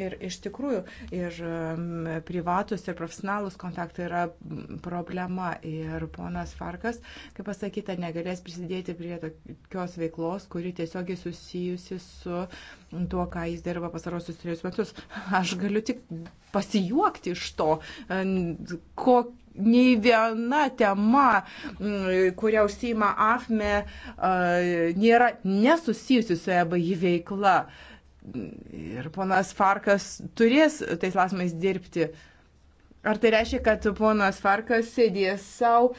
Ir iš tikrųjų, ir privatus, ir profesionalus kontaktai yra problema. Ir ponas Farkas, kaip pasakyta, negalės prisidėti prie tokios veiklos, kuri tiesiogiai susijusi su tuo, ką jis dirba pasarosius trejus metus. Aš galiu tik pasijuokti iš to, kokį nei viena tema, mm, kuria užsima AFME, nėra nesusijusi su EBI veikla. Ir ponas Farkas turės tais lasmais dirbti. Ar tai reiškia, kad ponas Farkas sėdės savo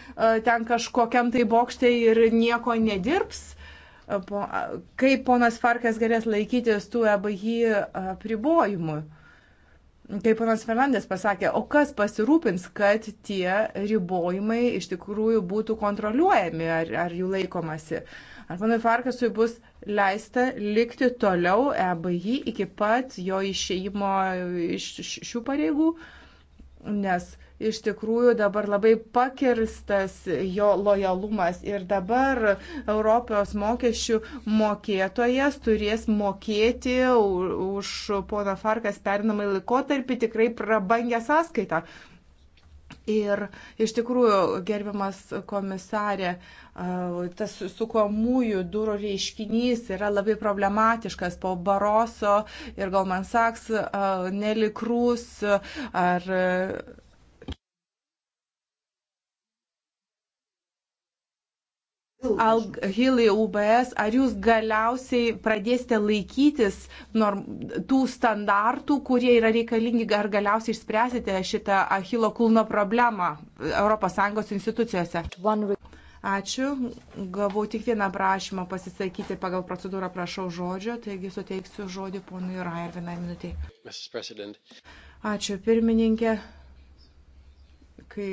ten kažkokiam tai bokštai ir nieko nedirbs? Kaip ponas Farkas galės laikytis tų EBI pribojimų? kaip panas Fernandės pasakė, o kas pasirūpins, kad tie ribojimai iš tikrųjų būtų kontroliuojami, ar, ar jų laikomasi. Ar panui Farkasui bus leista likti toliau EBI iki pat jo išėjimo iš šių pareigų, nes uh, iš tikrųjų dabar labai pakirstas jo lojalumas ir dabar Europos mokesčių mokėtojas turės mokėti už pono Farkas perinamai laikotarpį tikrai prabangę sąskaitą. Ir iš tikrųjų, gerbiamas komisarė, tas sukomųjų durų reiškinys yra labai problematiškas po Baroso ir Goldman Sachs, Nelikrus ar Alhilai UBS, ar jūs galiausiai pradėsite laikytis norm, tų standartų, kurie yra reikalingi, ar galiausiai išspręsite šitą Achilo kulno problemą ES institucijose? Ačiū. Gavau tik vieną prašymą pasisakyti pagal procedūrą, prašau žodžio, taigi suteiksiu žodį ponui Rair vienai minutiai. Ačiū pirmininkė. Kai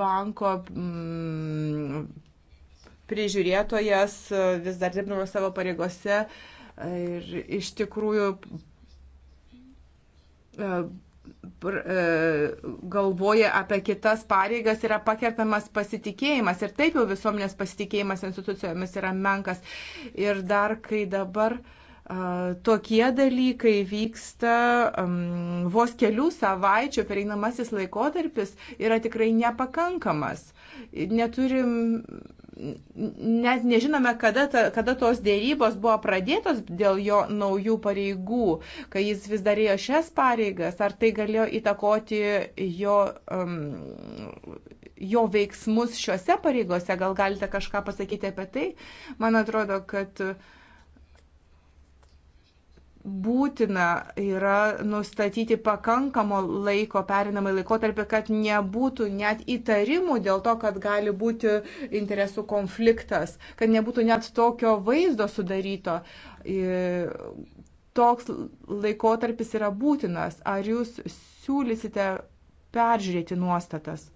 banko mm, prižiūrėtojas, e, vis dar dirbdamas savo pareigose. E, ir iš tikrųjų e, galvoja apie kitas pareigas, yra pakertamas pasitikėjimas ir taip jau visuomenės pasitikėjimas institucijomis yra menkas. Ir dar kai dabar tokie dalykai vyksta um, vos kelių savaičių pereinamasis laikotarpis yra tikrai nepakankamas. Neturim net nežinome, kada, ta, kada tos dėrybos buvo pradėtos dėl jo naujų pareigų, kai jis vis darėjo šias pareigas, ar tai galėjo įtakoti jo, um, jo veiksmus šiuose pareigose, gal galite kažką pasakyti apie tai. Man atrodo, kad uh, būtina yra nustatyti pakankamo laiko perinamai laikotarpį, kad nebūtų net įtarimų dėl to, kad gali būti interesų konfliktas, kad nebūtų net tokio vaizdo sudaryto. E, toks laikotarpis yra būtinas. Ar jūs siūlysite peržiūrėti nuostatas?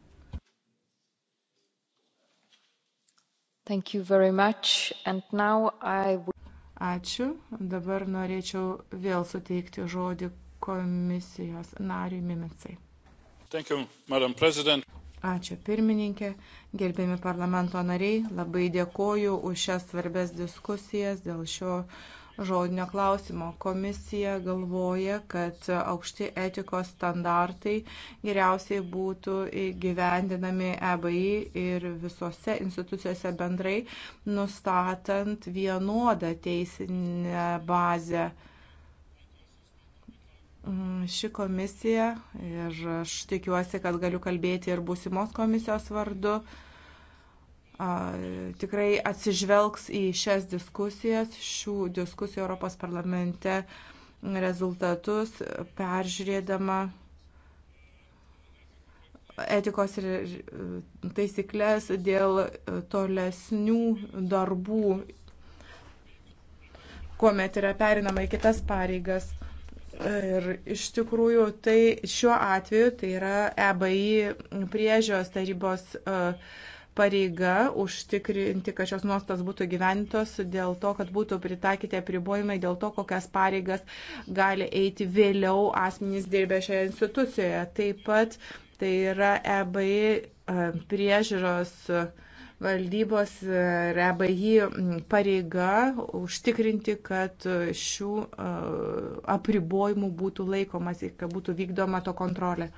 Thank you very much. And now I would Ačiū. Dabar norėčiau vėl suteikti žodį komisijos nariui Mimicai. You, Ačiū pirmininkė, gerbėmi parlamento nariai, labai dėkoju už šias svarbės diskusijas dėl šio žodinio klausimo. Komisija galvoja, kad aukšti etikos standartai geriausiai būtų gyvendinami EBI ir visose institucijose bendrai, nustatant vienodą teisinę bazę. Mm, ši komisija ir aš tikiuosi, kad galiu kalbėti ir būsimos komisijos vardu tikrai atsižvelgs į šias diskusijas, šių diskusijų Europos parlamente rezultatus, peržiūrėdama etikos ir e, taisyklės dėl e, tolesnių darbų, kuomet yra perinama į kitas pareigas. Ir iš tikrųjų, tai šiuo atveju tai yra EBI priežios tarybos uh, pareiga užtikrinti, kad šios nuostos būtų gyventos dėl to, kad būtų pritaikyti apribojimai dėl to, kokias pareigas gali eiti vėliau asmenys dirbę šioje institucijoje. Taip pat tai yra EBI e, priežiūros e, valdybos e, ir EBI pareiga užtikrinti, kad šių apribojimų būtų laikomas ir kad būtų vykdoma to kontrolė.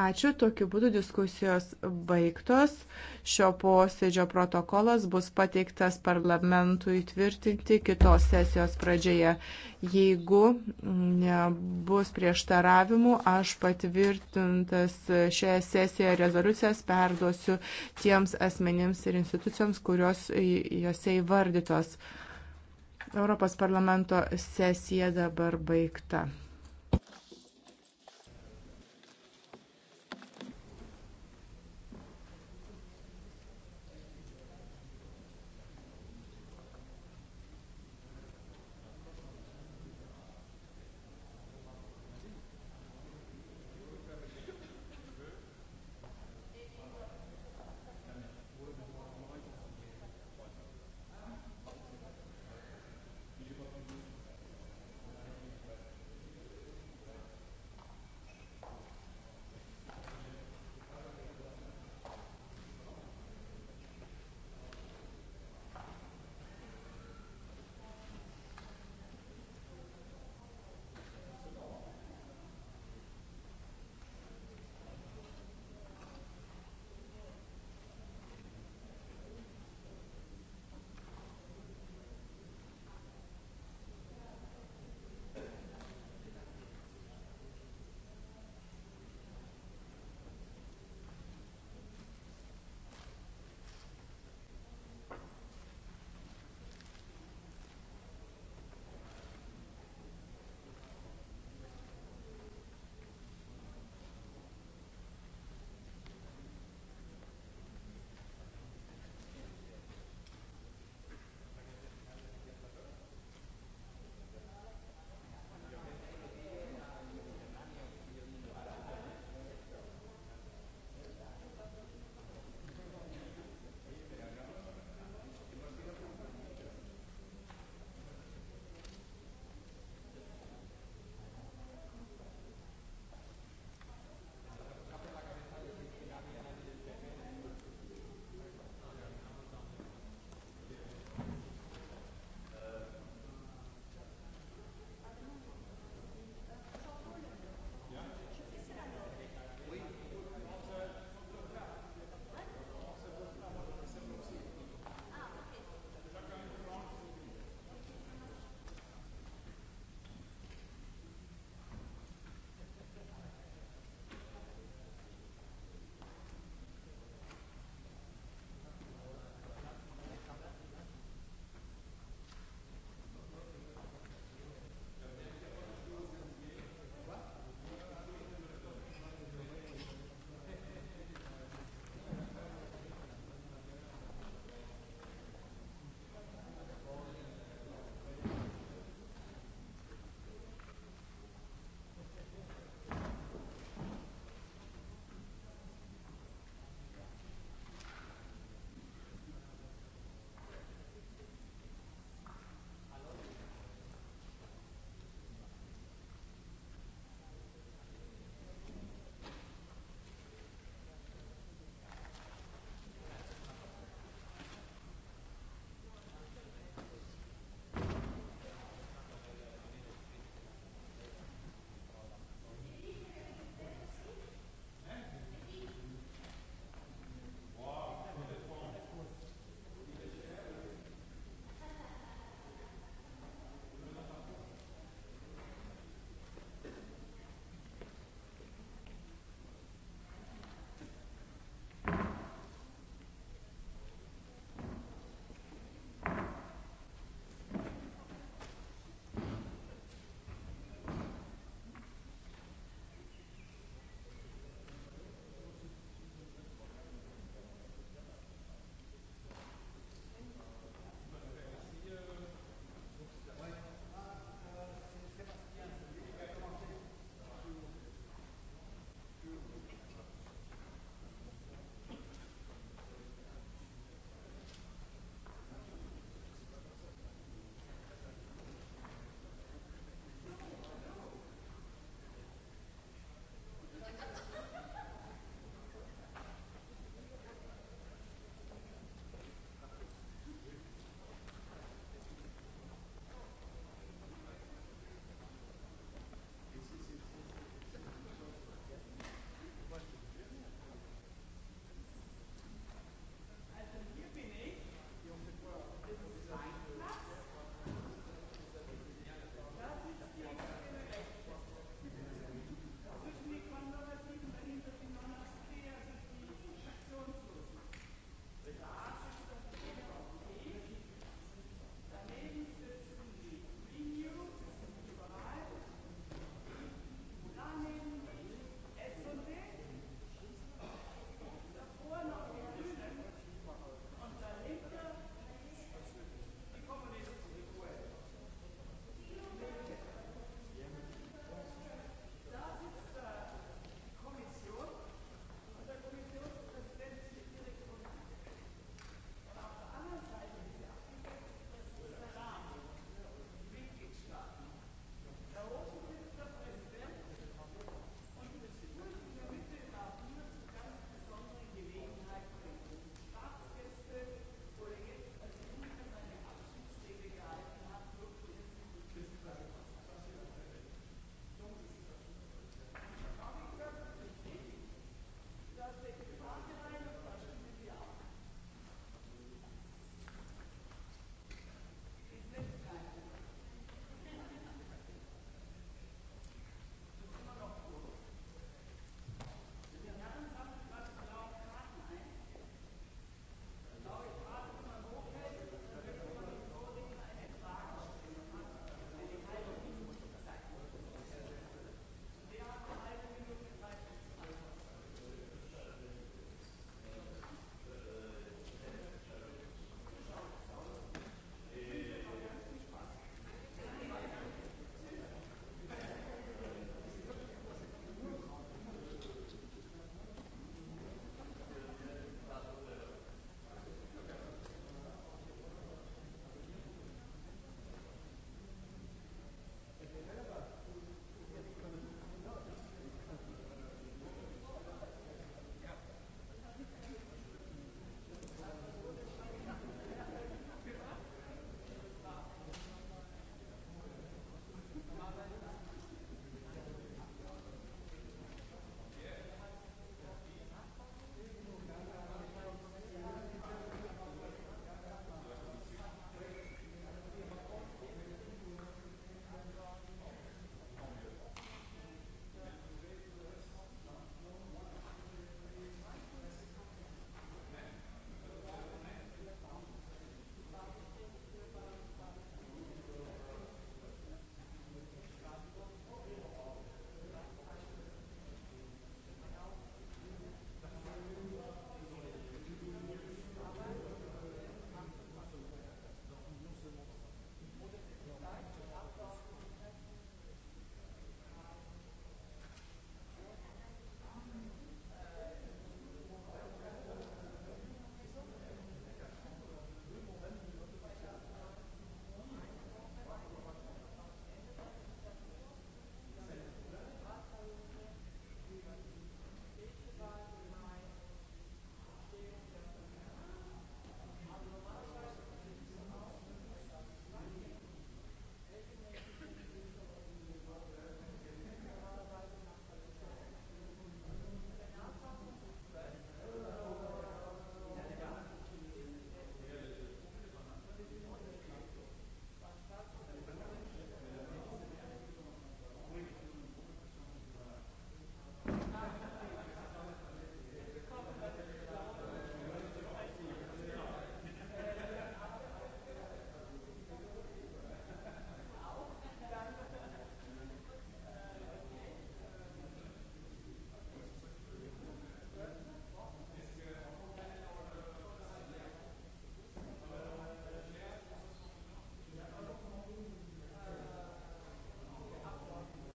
Ačiū, tokiu būdu diskusijos baigtos. Šio posėdžio protokolas bus pateiktas parlamentui tvirtinti kitos sesijos pradžioje. Jeigu bus prieštaravimų, aš patvirtintas šią sesiją rezoliucijas perduosiu tiems asmenims ir institucijoms, kurios jose įvardytos. Europos parlamento sesija dabar baigta.